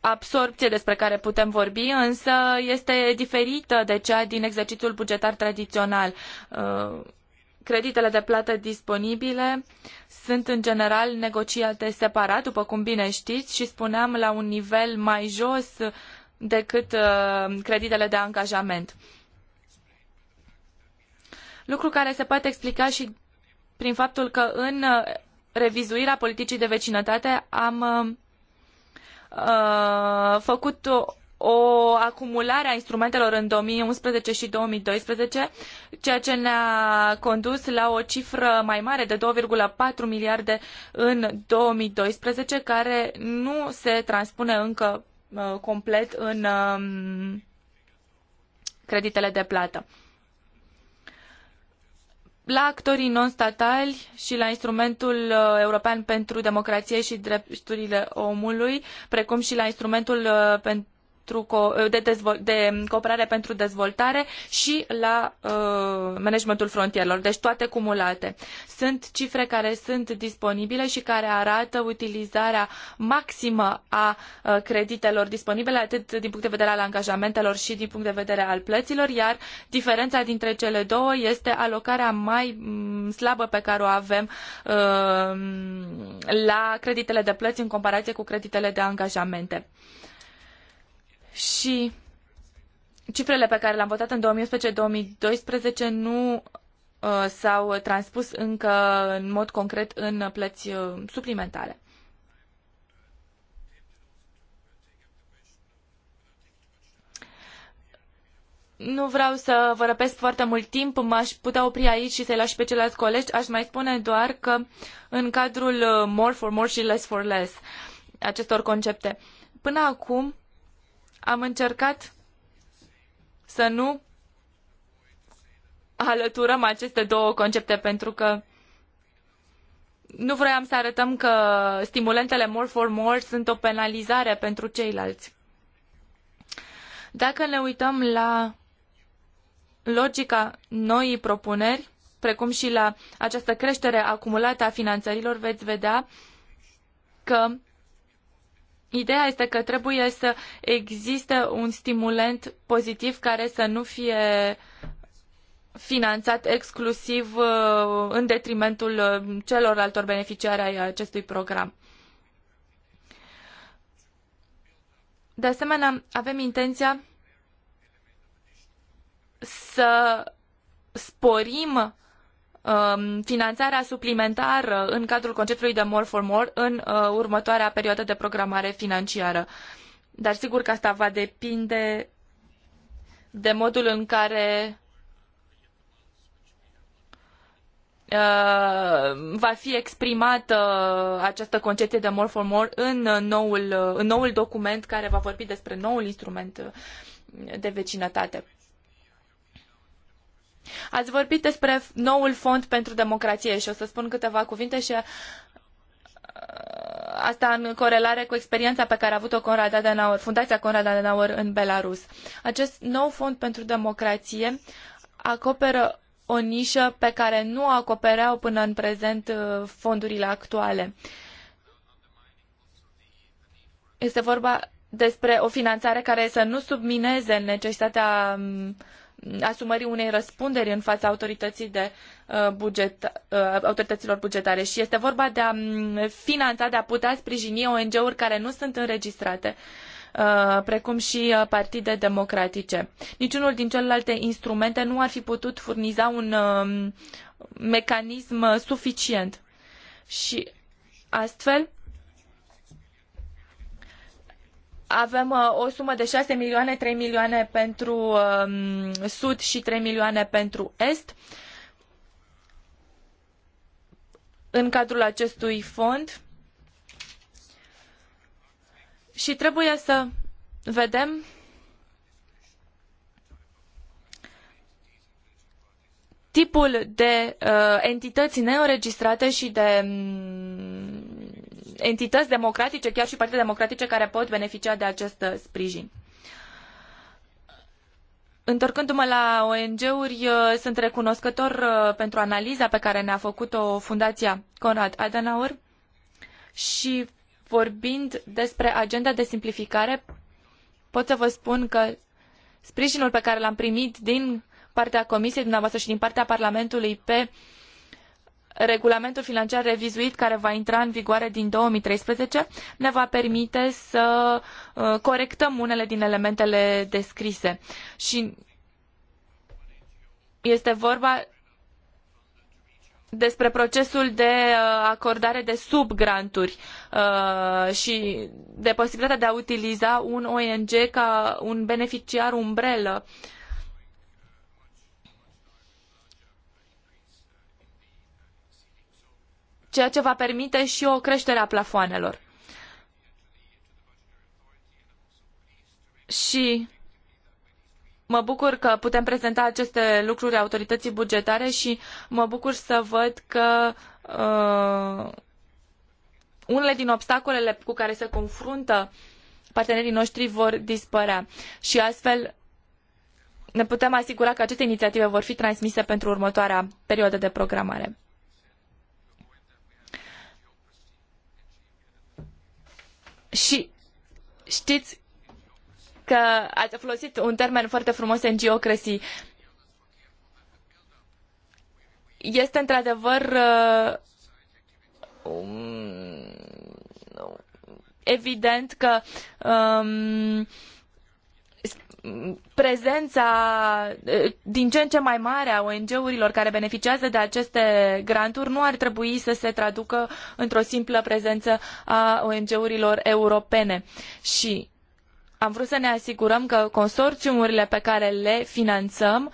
absorpție despre care putem vorbi, însă este diferită de cea din exercițiul bugetar tradițional. Uh, creditele de plată disponibile sunt în general negociate separat, după cum bine știți, și spuneam la un nivel mai jos decât uh, creditele de angajament. Uh, lucru care se poate explica și prin faptul că în uh, revizuirea politicii de vecinătate am uh, uh, făcut o, o acumulare a instrumentelor în 2011 și 2012, ceea ce ne-a condus la o cifră mai mare de 2,4 miliarde în 2012, care nu se transpune încă uh, complet în uh, creditele de plată la actorii non-statali și la instrumentul uh, european pentru democrație și drepturile omului, precum și la instrumentul uh, pentru de, de cooperare pentru dezvoltare și la uh, managementul frontierelor, deci toate cumulate. Sunt cifre care sunt disponibile și care arată utilizarea maximă a uh, creditelor disponibile, atât din punct de vedere al angajamentelor și din punct de vedere al plăților, iar diferența dintre cele două este alocarea mai mm, slabă pe care o avem uh, la creditele de plăți în comparație cu creditele de angajamente. Uh, și cifrele pe care le-am votat în 2011-2012 nu uh, s-au transpus încă în mod concret în plăți uh, suplimentare. Nu vreau să vă răpesc foarte mult timp, m-aș putea opri aici și să-i las și pe ceilalți colegi. Aș mai spune doar că în cadrul uh, More for More și Less for Less acestor concepte, până acum am încercat să nu alăturăm aceste două concepte pentru că nu vroiam să arătăm că stimulentele more for more sunt o penalizare pentru ceilalți. Dacă ne uităm la logica noii propuneri, precum și la această creștere acumulată a finanțărilor, veți vedea că Ideea este că trebuie să existe un stimulent pozitiv care să nu fie finanțat exclusiv uh, în detrimentul uh, celorlaltor beneficiari ai acestui program. De asemenea, avem intenția să sporim Um, finanțarea suplimentară în cadrul conceptului de More for More în uh, următoarea perioadă de programare financiară. Dar sigur că asta va depinde de modul în care uh, va fi exprimată această concepție de more for more în uh, noul, uh, în noul document care va vorbi despre noul instrument de vecinătate. Ați vorbit despre noul fond pentru democrație și o să spun câteva cuvinte și uh, asta în corelare cu experiența pe care a avut-o Conrad Adenauer, Fundația Conrad Adenauer în Belarus. Acest nou fond pentru democrație acoperă o nișă pe care nu o acopereau până în prezent uh, fondurile actuale. Este vorba despre o finanțare care să nu submineze necesitatea um, asumării unei răspunderi în fața autorității de uh, buget, uh, autorităților bugetare și este vorba de a finanța, de a putea sprijini ONG-uri care nu sunt înregistrate uh, precum și partide democratice. Niciunul din celelalte instrumente nu ar fi putut furniza un mecanism suficient. Și astfel, avem uh, o sumă de 6 milioane, 3 milioane pentru um, sud și 3 milioane pentru est. În cadrul acestui fond și trebuie să vedem tipul de uh, entități neînregistrate și de um, entități democratice, chiar și partide democratice care pot beneficia de acest uh, sprijin. Întorcându-mă la ONG-uri, uh, sunt recunoscător uh, pentru analiza pe care ne-a făcut-o Fundația Conrad Adenauer și vorbind despre agenda de simplificare, pot să vă spun că sprijinul pe care l-am primit din partea Comisiei dumneavoastră și din partea Parlamentului pe uh, regulamentul financiar revizuit care va intra în vigoare din 2013 ne va permite să uh, corectăm unele din elementele descrise. Și este vorba despre procesul de uh, acordare de subgranturi uh, și de posibilitatea de a utiliza un ONG ca un beneficiar umbrelă ceea ce va permite și o creștere a plafoanelor. Și mă bucur că putem prezenta aceste lucruri autorității bugetare și mă bucur să văd că uh, unele din obstacolele cu care se confruntă partenerii noștri vor dispărea și astfel ne putem asigura că aceste inițiative vor fi transmise pentru următoarea perioadă de programare. Și știți că ați folosit un termen foarte frumos, în NGOcracy. Este într-adevăr uh, um, evident că um, prezența din ce în ce mai mare a ONG-urilor care beneficiază de aceste granturi nu ar trebui să se traducă într-o simplă prezență a ONG-urilor europene. Și am vrut să ne asigurăm că consorțiumurile pe care le finanțăm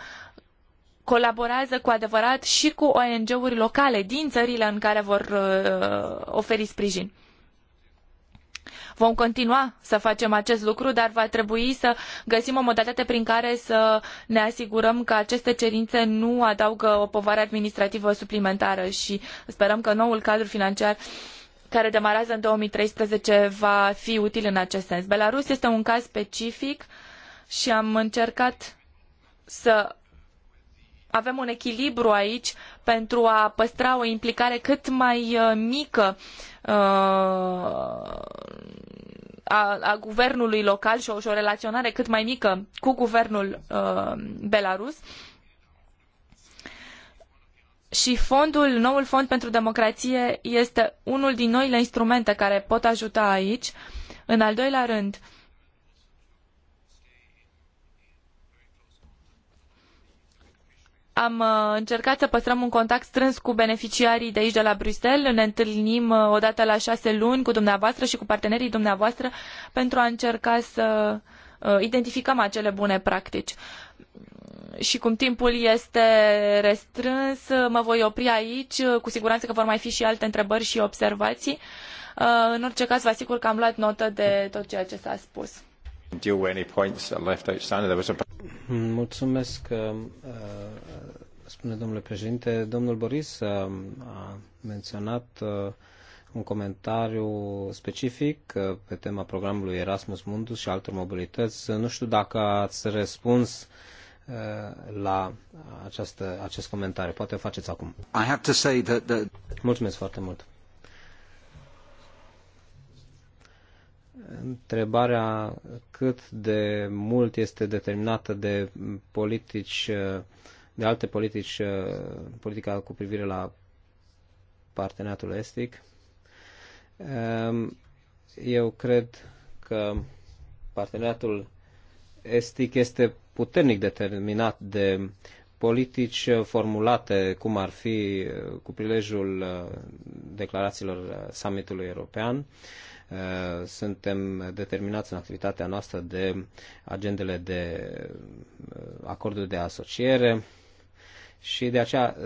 colaborează cu adevărat și cu ONG-uri locale din țările în care vor oferi sprijin. Vom continua să facem acest lucru, dar va trebui să găsim o modalitate prin care să ne asigurăm că aceste cerințe nu adaugă o povară administrativă suplimentară și sperăm că noul cadru financiar care demarează în 2013 va fi util în acest sens. Belarus este un caz specific și am încercat să avem un echilibru aici pentru a păstra o implicare cât mai uh, mică uh, a, a guvernului local și o, și o relaționare cât mai mică cu guvernul uh, belarus. Și fondul, noul fond pentru democrație este unul din noile instrumente care pot ajuta aici. În al doilea rând, uh, Am uh, încercat să păstrăm un contact strâns cu beneficiarii de aici, de la Bruxelles. Ne întâlnim uh, o dată la șase luni cu dumneavoastră și cu partenerii dumneavoastră pentru a încerca să uh, identificăm acele bune practici. Și cum timpul este restrâns, mă voi opri aici. Cu siguranță că vor mai fi și alte întrebări și observații. În orice caz, vă asigur că am luat notă de tot ceea ce s-a spus. Mulțumesc, uh, uh, spune domnule președinte. Domnul Boris uh, a menționat un comentariu specific pe tema programului Erasmus Mundus și altor mobilități. Nu știu dacă ați răspuns la această, acest comentariu. Poate o faceți acum. I have to say that the... Mulțumesc foarte mult. întrebarea cât de mult este determinată de politici, uh, de alte politici, uh, politica cu privire la parteneriatul estic. Um, eu cred că parteneriatul estic este puternic determinat de politici uh, formulate, cum ar fi cu prilejul declarațiilor summitului european, Eh, suntem determinați în activitatea noastră de agendele de eh, acorduri de asociere și de aceea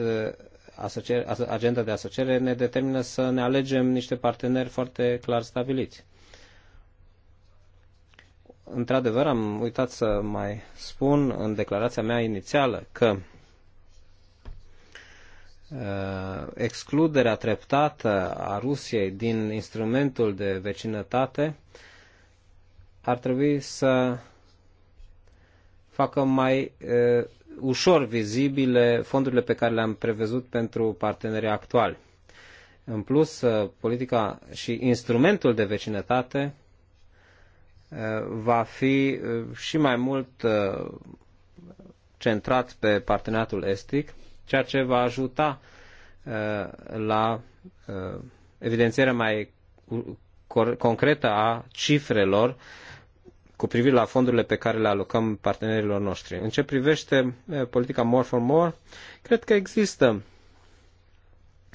eh, agenda de asociere ne determină să ne alegem niște parteneri foarte clar stabiliți. Într-adevăr, am uitat să mai spun în declarația mea inițială că Uh, excluderea treptată a Rusiei din instrumentul de vecinătate ar trebui să facă mai uh, ușor vizibile fondurile pe care le-am prevăzut pentru partenerii actuali. În plus, uh, politica și instrumentul de vecinătate uh, va fi uh, și mai mult uh, centrat pe parteneriatul estic, ceea ce va ajuta uh, la uh, evidențierea mai concretă a cifrelor cu privire la fondurile pe care le alocăm partenerilor noștri. În ce privește uh, politica More for More, cred că există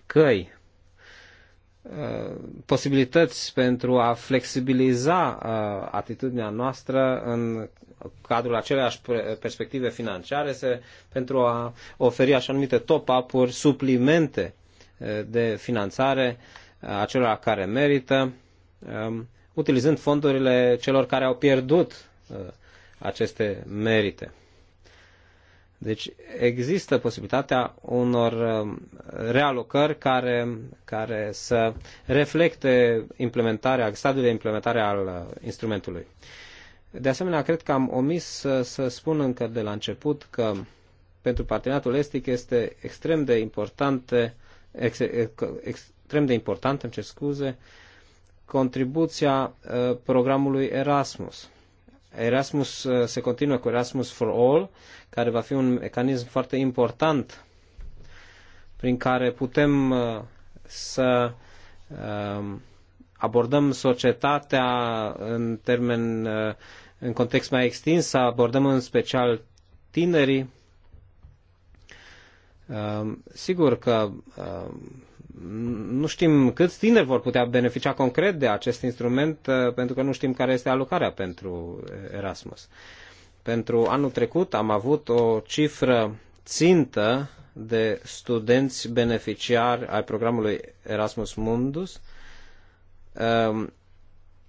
căi posibilități pentru a flexibiliza uh, atitudinea noastră în cadrul aceleași perspective financiare se, pentru a oferi așa numite top-up-uri, suplimente uh, de finanțare uh, acelora care merită, um, utilizând fondurile celor care au pierdut aceste merite. Deci există posibilitatea unor um, realocări care, care să reflecte implementarea, stadiul de implementare al uh, instrumentului. De asemenea, cred că am omis să, să spun încă de la început că pentru parteneriatul estic este extrem de important, ex, extrem de important, îmi cer scuze, contribuția uh, programului Erasmus Erasmus, uh, se continuă cu Erasmus for All, care va fi un mecanism foarte important prin care putem uh, să um, abordăm societatea în termen, uh, în context mai extins, să abordăm în special tinerii. Um, sigur că um, nu știm câți tineri vor putea beneficia concret de acest instrument, uh, pentru că nu știm care este alocarea pentru Erasmus. Pentru anul trecut am avut o cifră țintă de studenți beneficiari ai programului Erasmus Mundus. Um,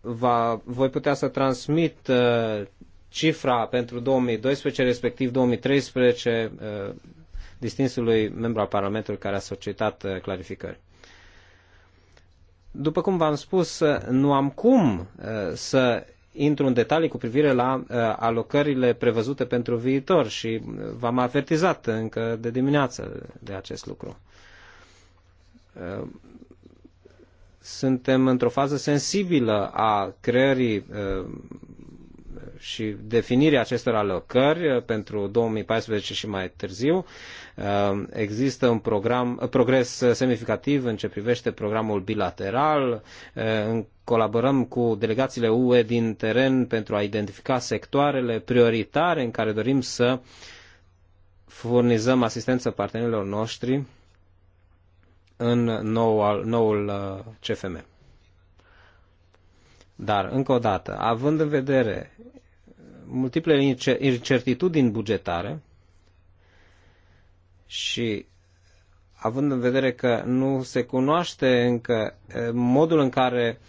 va, voi putea să transmit uh, cifra pentru 2012, respectiv 2013, distinsului membru al Parlamentului care a solicitat uh, clarificări. După cum v-am spus, uh, nu am cum uh, să intru în detalii cu privire la alocările prevăzute pentru viitor și v-am avertizat încă de dimineață de acest lucru suntem într-o fază sensibilă a creării și definirea acestor alocări uh, pentru 2014 și mai târziu. Uh, există un program, uh, progres semnificativ în ce privește programul bilateral. Colaborăm cu delegațiile UE din teren pentru a identifica sectoarele prioritare în care dorim să furnizăm asistență partenerilor noștri în noul, noul CFM. Dar, încă o dată, având în vedere multiple incertitudini bugetare și având în vedere că nu se cunoaște încă modul în care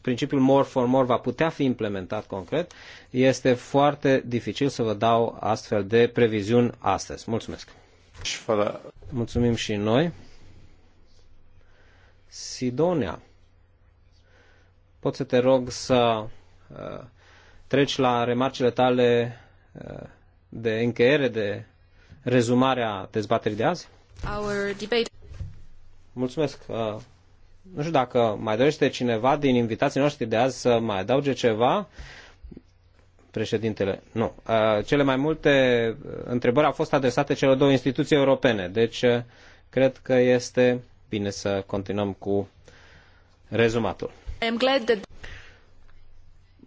principiul more for more va putea fi implementat concret, este foarte dificil să vă dau astfel de previziuni astăzi. Mulțumesc! Mulțumim și noi! Sidonia, pot să te rog să treci la remarcile tale uh, de încheiere, de rezumarea dezbaterii de azi? Our debate. Mulțumesc. Uh, nu știu dacă mai dorește cineva din invitații noștri de azi să mai adauge ceva. Președintele, nu. Uh, cele mai multe întrebări au fost adresate celor două instituții europene, deci cred că este bine să continuăm cu rezumatul. I'm glad that...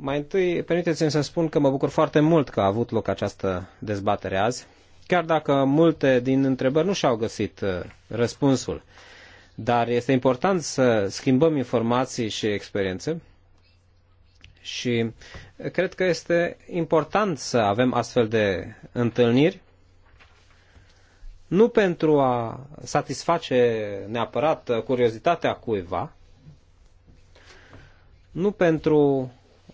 Mai întâi, permiteți-mi să spun că mă bucur foarte mult că a avut loc această dezbatere azi, chiar dacă multe din întrebări nu și-au găsit uh, răspunsul. Dar este important să schimbăm informații și experiențe și uh, cred că este important să avem astfel de întâlniri, nu pentru a satisface neapărat uh, curiozitatea cuiva, nu pentru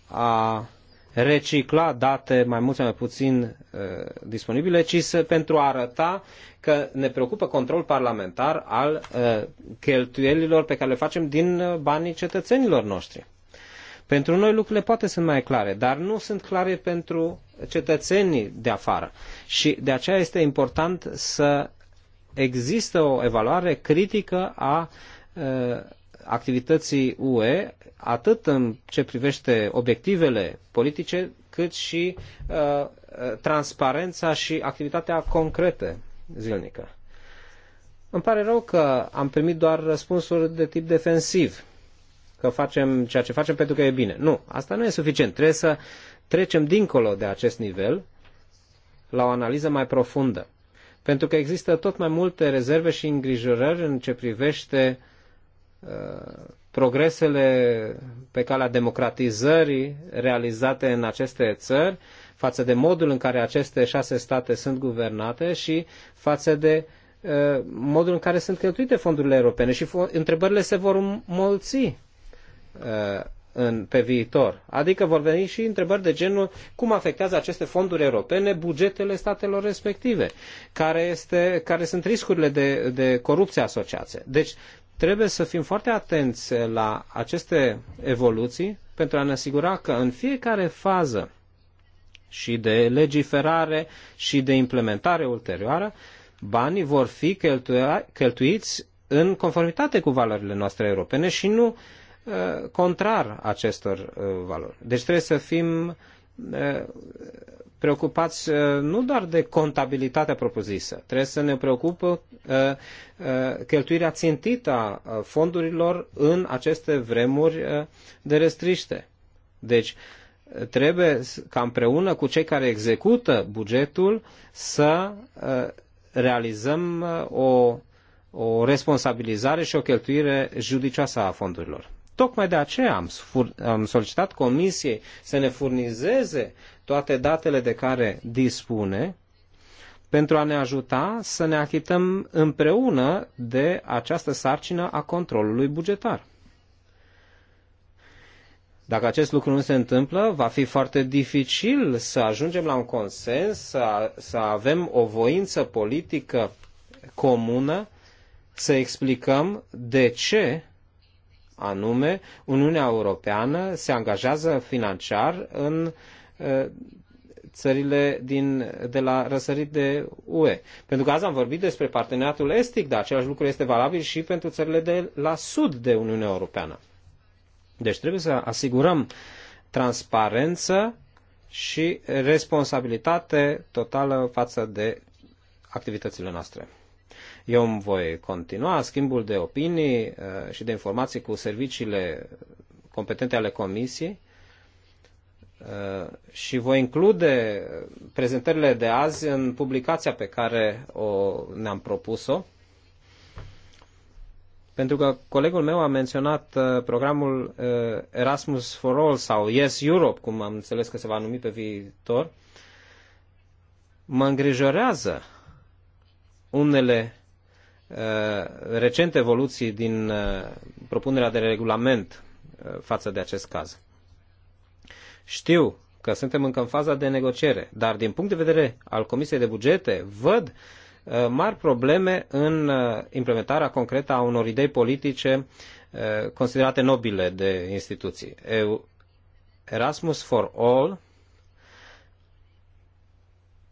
a recicla date mai mult sau mai puțin uh, disponibile, ci să, pentru a arăta că ne preocupă control parlamentar al uh, cheltuielilor pe care le facem din uh, banii cetățenilor noștri. Pentru noi lucrurile poate sunt mai clare, dar nu sunt clare pentru cetățenii de afară. Și de aceea este important să există o evaluare critică a activității UE atât în ce privește obiectivele politice, cât și uh, transparența și activitatea concretă zilnică. Îmi pare rău că am primit doar răspunsuri de tip defensiv, că facem ceea ce facem pentru că e bine. Nu, asta nu e suficient. Trebuie să trecem dincolo de acest nivel la o analiză mai profundă. Pentru că există tot mai multe rezerve și îngrijorări în ce privește uh, progresele pe calea democratizării realizate în aceste țări, față de modul în care aceste șase state sunt guvernate și față de uh, modul în care sunt cheltuite fondurile europene și întrebările se vor mulți uh, în, pe viitor. Adică vor veni și întrebări de genul cum afectează aceste fonduri europene bugetele statelor respective, care, este, care sunt riscurile de, de corupție asociate. Deci Trebuie să fim foarte atenți la aceste evoluții pentru a ne asigura că în fiecare fază și de legiferare și de implementare ulterioară, banii vor fi cheltuia, cheltuiți în conformitate cu valorile noastre europene și nu uh, contrar acestor uh, valori. Deci trebuie să fim uh, preocupați uh, nu doar de contabilitatea propriu-zisă, trebuie să ne preocupă uh, uh, cheltuirea țintită a fondurilor în aceste vremuri de restriște. Deci, trebuie ca împreună cu cei care execută bugetul să realizăm o, o responsabilizare și o cheltuire judicioasă a fondurilor. Tocmai de aceea am, am solicitat comisiei să ne furnizeze toate datele de care dispune pentru a ne ajuta să ne achităm împreună de această sarcină a controlului bugetar. Dacă acest lucru nu se întâmplă, va fi foarte dificil să ajungem la un consens, să, să avem o voință politică comună, să explicăm de ce anume Uniunea Europeană se angajează financiar în țările din, de la răsărit de UE. Pentru că azi am vorbit despre parteneriatul estic, dar același lucru este valabil și pentru țările de la sud de Uniunea Europeană. Deci trebuie să asigurăm transparență și responsabilitate totală față de activitățile noastre. Eu îmi voi continua schimbul de opinii uh, și de informații cu serviciile competente ale Comisiei uh, și voi include prezentările de azi în publicația pe care o, ne-am propus-o. Pentru că colegul meu a menționat uh, programul Erasmus for All sau Yes Europe, cum am înțeles că se va numi pe viitor, mă îngrijorează unele Uh, recente evoluții din uh, propunerea de regulament uh, față de acest caz. Știu că suntem încă în faza de negociere, dar din punct de vedere al Comisiei de Bugete văd mari probleme în implementarea concretă a unor idei politice considerate nobile de instituții. Erasmus for All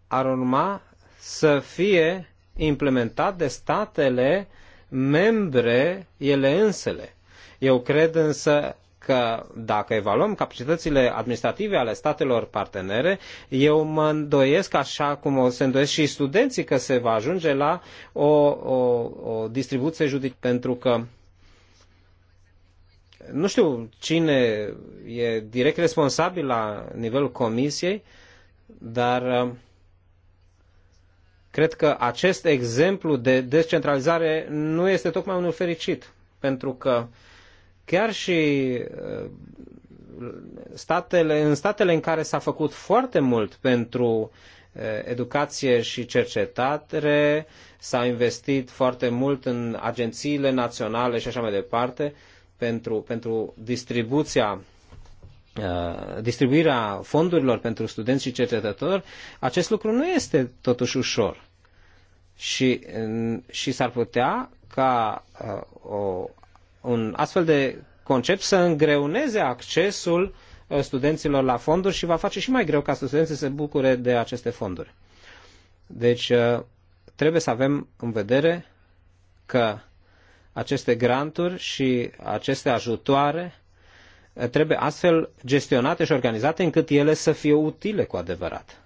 ar urma să fie implementat de statele membre ele însele. Eu cred însă că dacă evaluăm capacitățile administrative ale statelor partenere, eu mă îndoiesc, așa cum o se îndoiesc și studenții, că se va ajunge la o, o, o distribuție judic, pentru că nu știu cine e direct responsabil la nivelul comisiei, dar uh, Cred că acest exemplu de descentralizare nu este tocmai unul fericit, pentru că chiar și uh, statele, în statele în care s-a făcut foarte mult pentru uh, educație și cercetare, s-a investit foarte mult în agențiile naționale și așa mai departe, pentru, pentru distribuția Uh, distribuirea fondurilor pentru studenți și cercetători, acest lucru nu este totuși ușor. Și, și s-ar putea ca uh, o, un astfel de concept să îngreuneze accesul uh, studenților la fonduri și va face și mai greu ca studenții să se bucure de aceste fonduri. Deci trebuie să avem în vedere că aceste granturi și aceste ajutoare trebuie astfel gestionate și organizate încât ele să fie utile cu adevărat.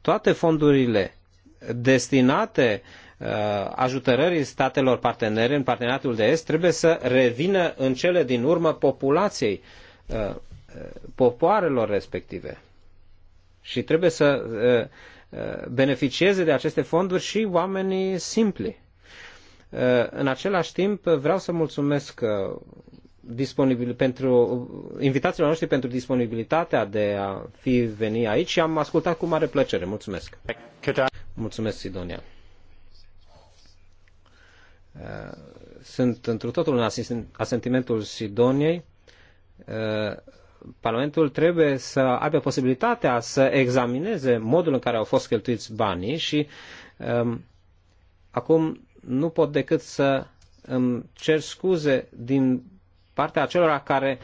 Toate fondurile destinate uh, ajutorării statelor partenere în parteneriatul de est trebuie să revină în cele din urmă populației, uh, uh, popoarelor respective. Și trebuie să beneficieze de aceste fonduri și oamenii simpli. Eh, în același timp, vreau să mulțumesc eh, disponibil, pentru invitațiilor noștri pentru disponibilitatea de a fi veni aici și am ascultat cu mare plăcere. Mulțumesc. Mulțumesc, Sidonia. Eh, sunt întru totul în asentimentul Sidoniei. Parlamentul trebuie să aibă posibilitatea să examineze modul în care au fost cheltuiți banii și ehm, acum nu pot decât să îmi cer scuze din partea acelora care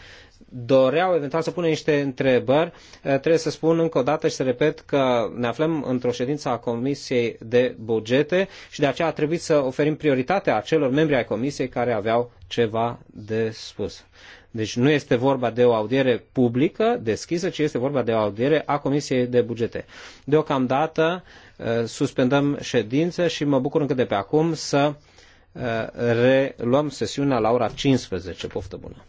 doreau eventual să pună niște întrebări, eh, trebuie să spun încă o dată și să repet că ne aflăm într-o ședință a Comisiei de Bugete și de aceea a trebuit să oferim prioritatea acelor membri ai Comisiei care aveau ceva de spus. Deci nu este vorba de o audiere publică, deschisă, ci este vorba de o audiere a Comisiei de Bugete. Deocamdată uh, Uh, suspendăm ședință și mă bucur încă de pe acum să uh, reluăm sesiunea la ora 15. Poftă bună!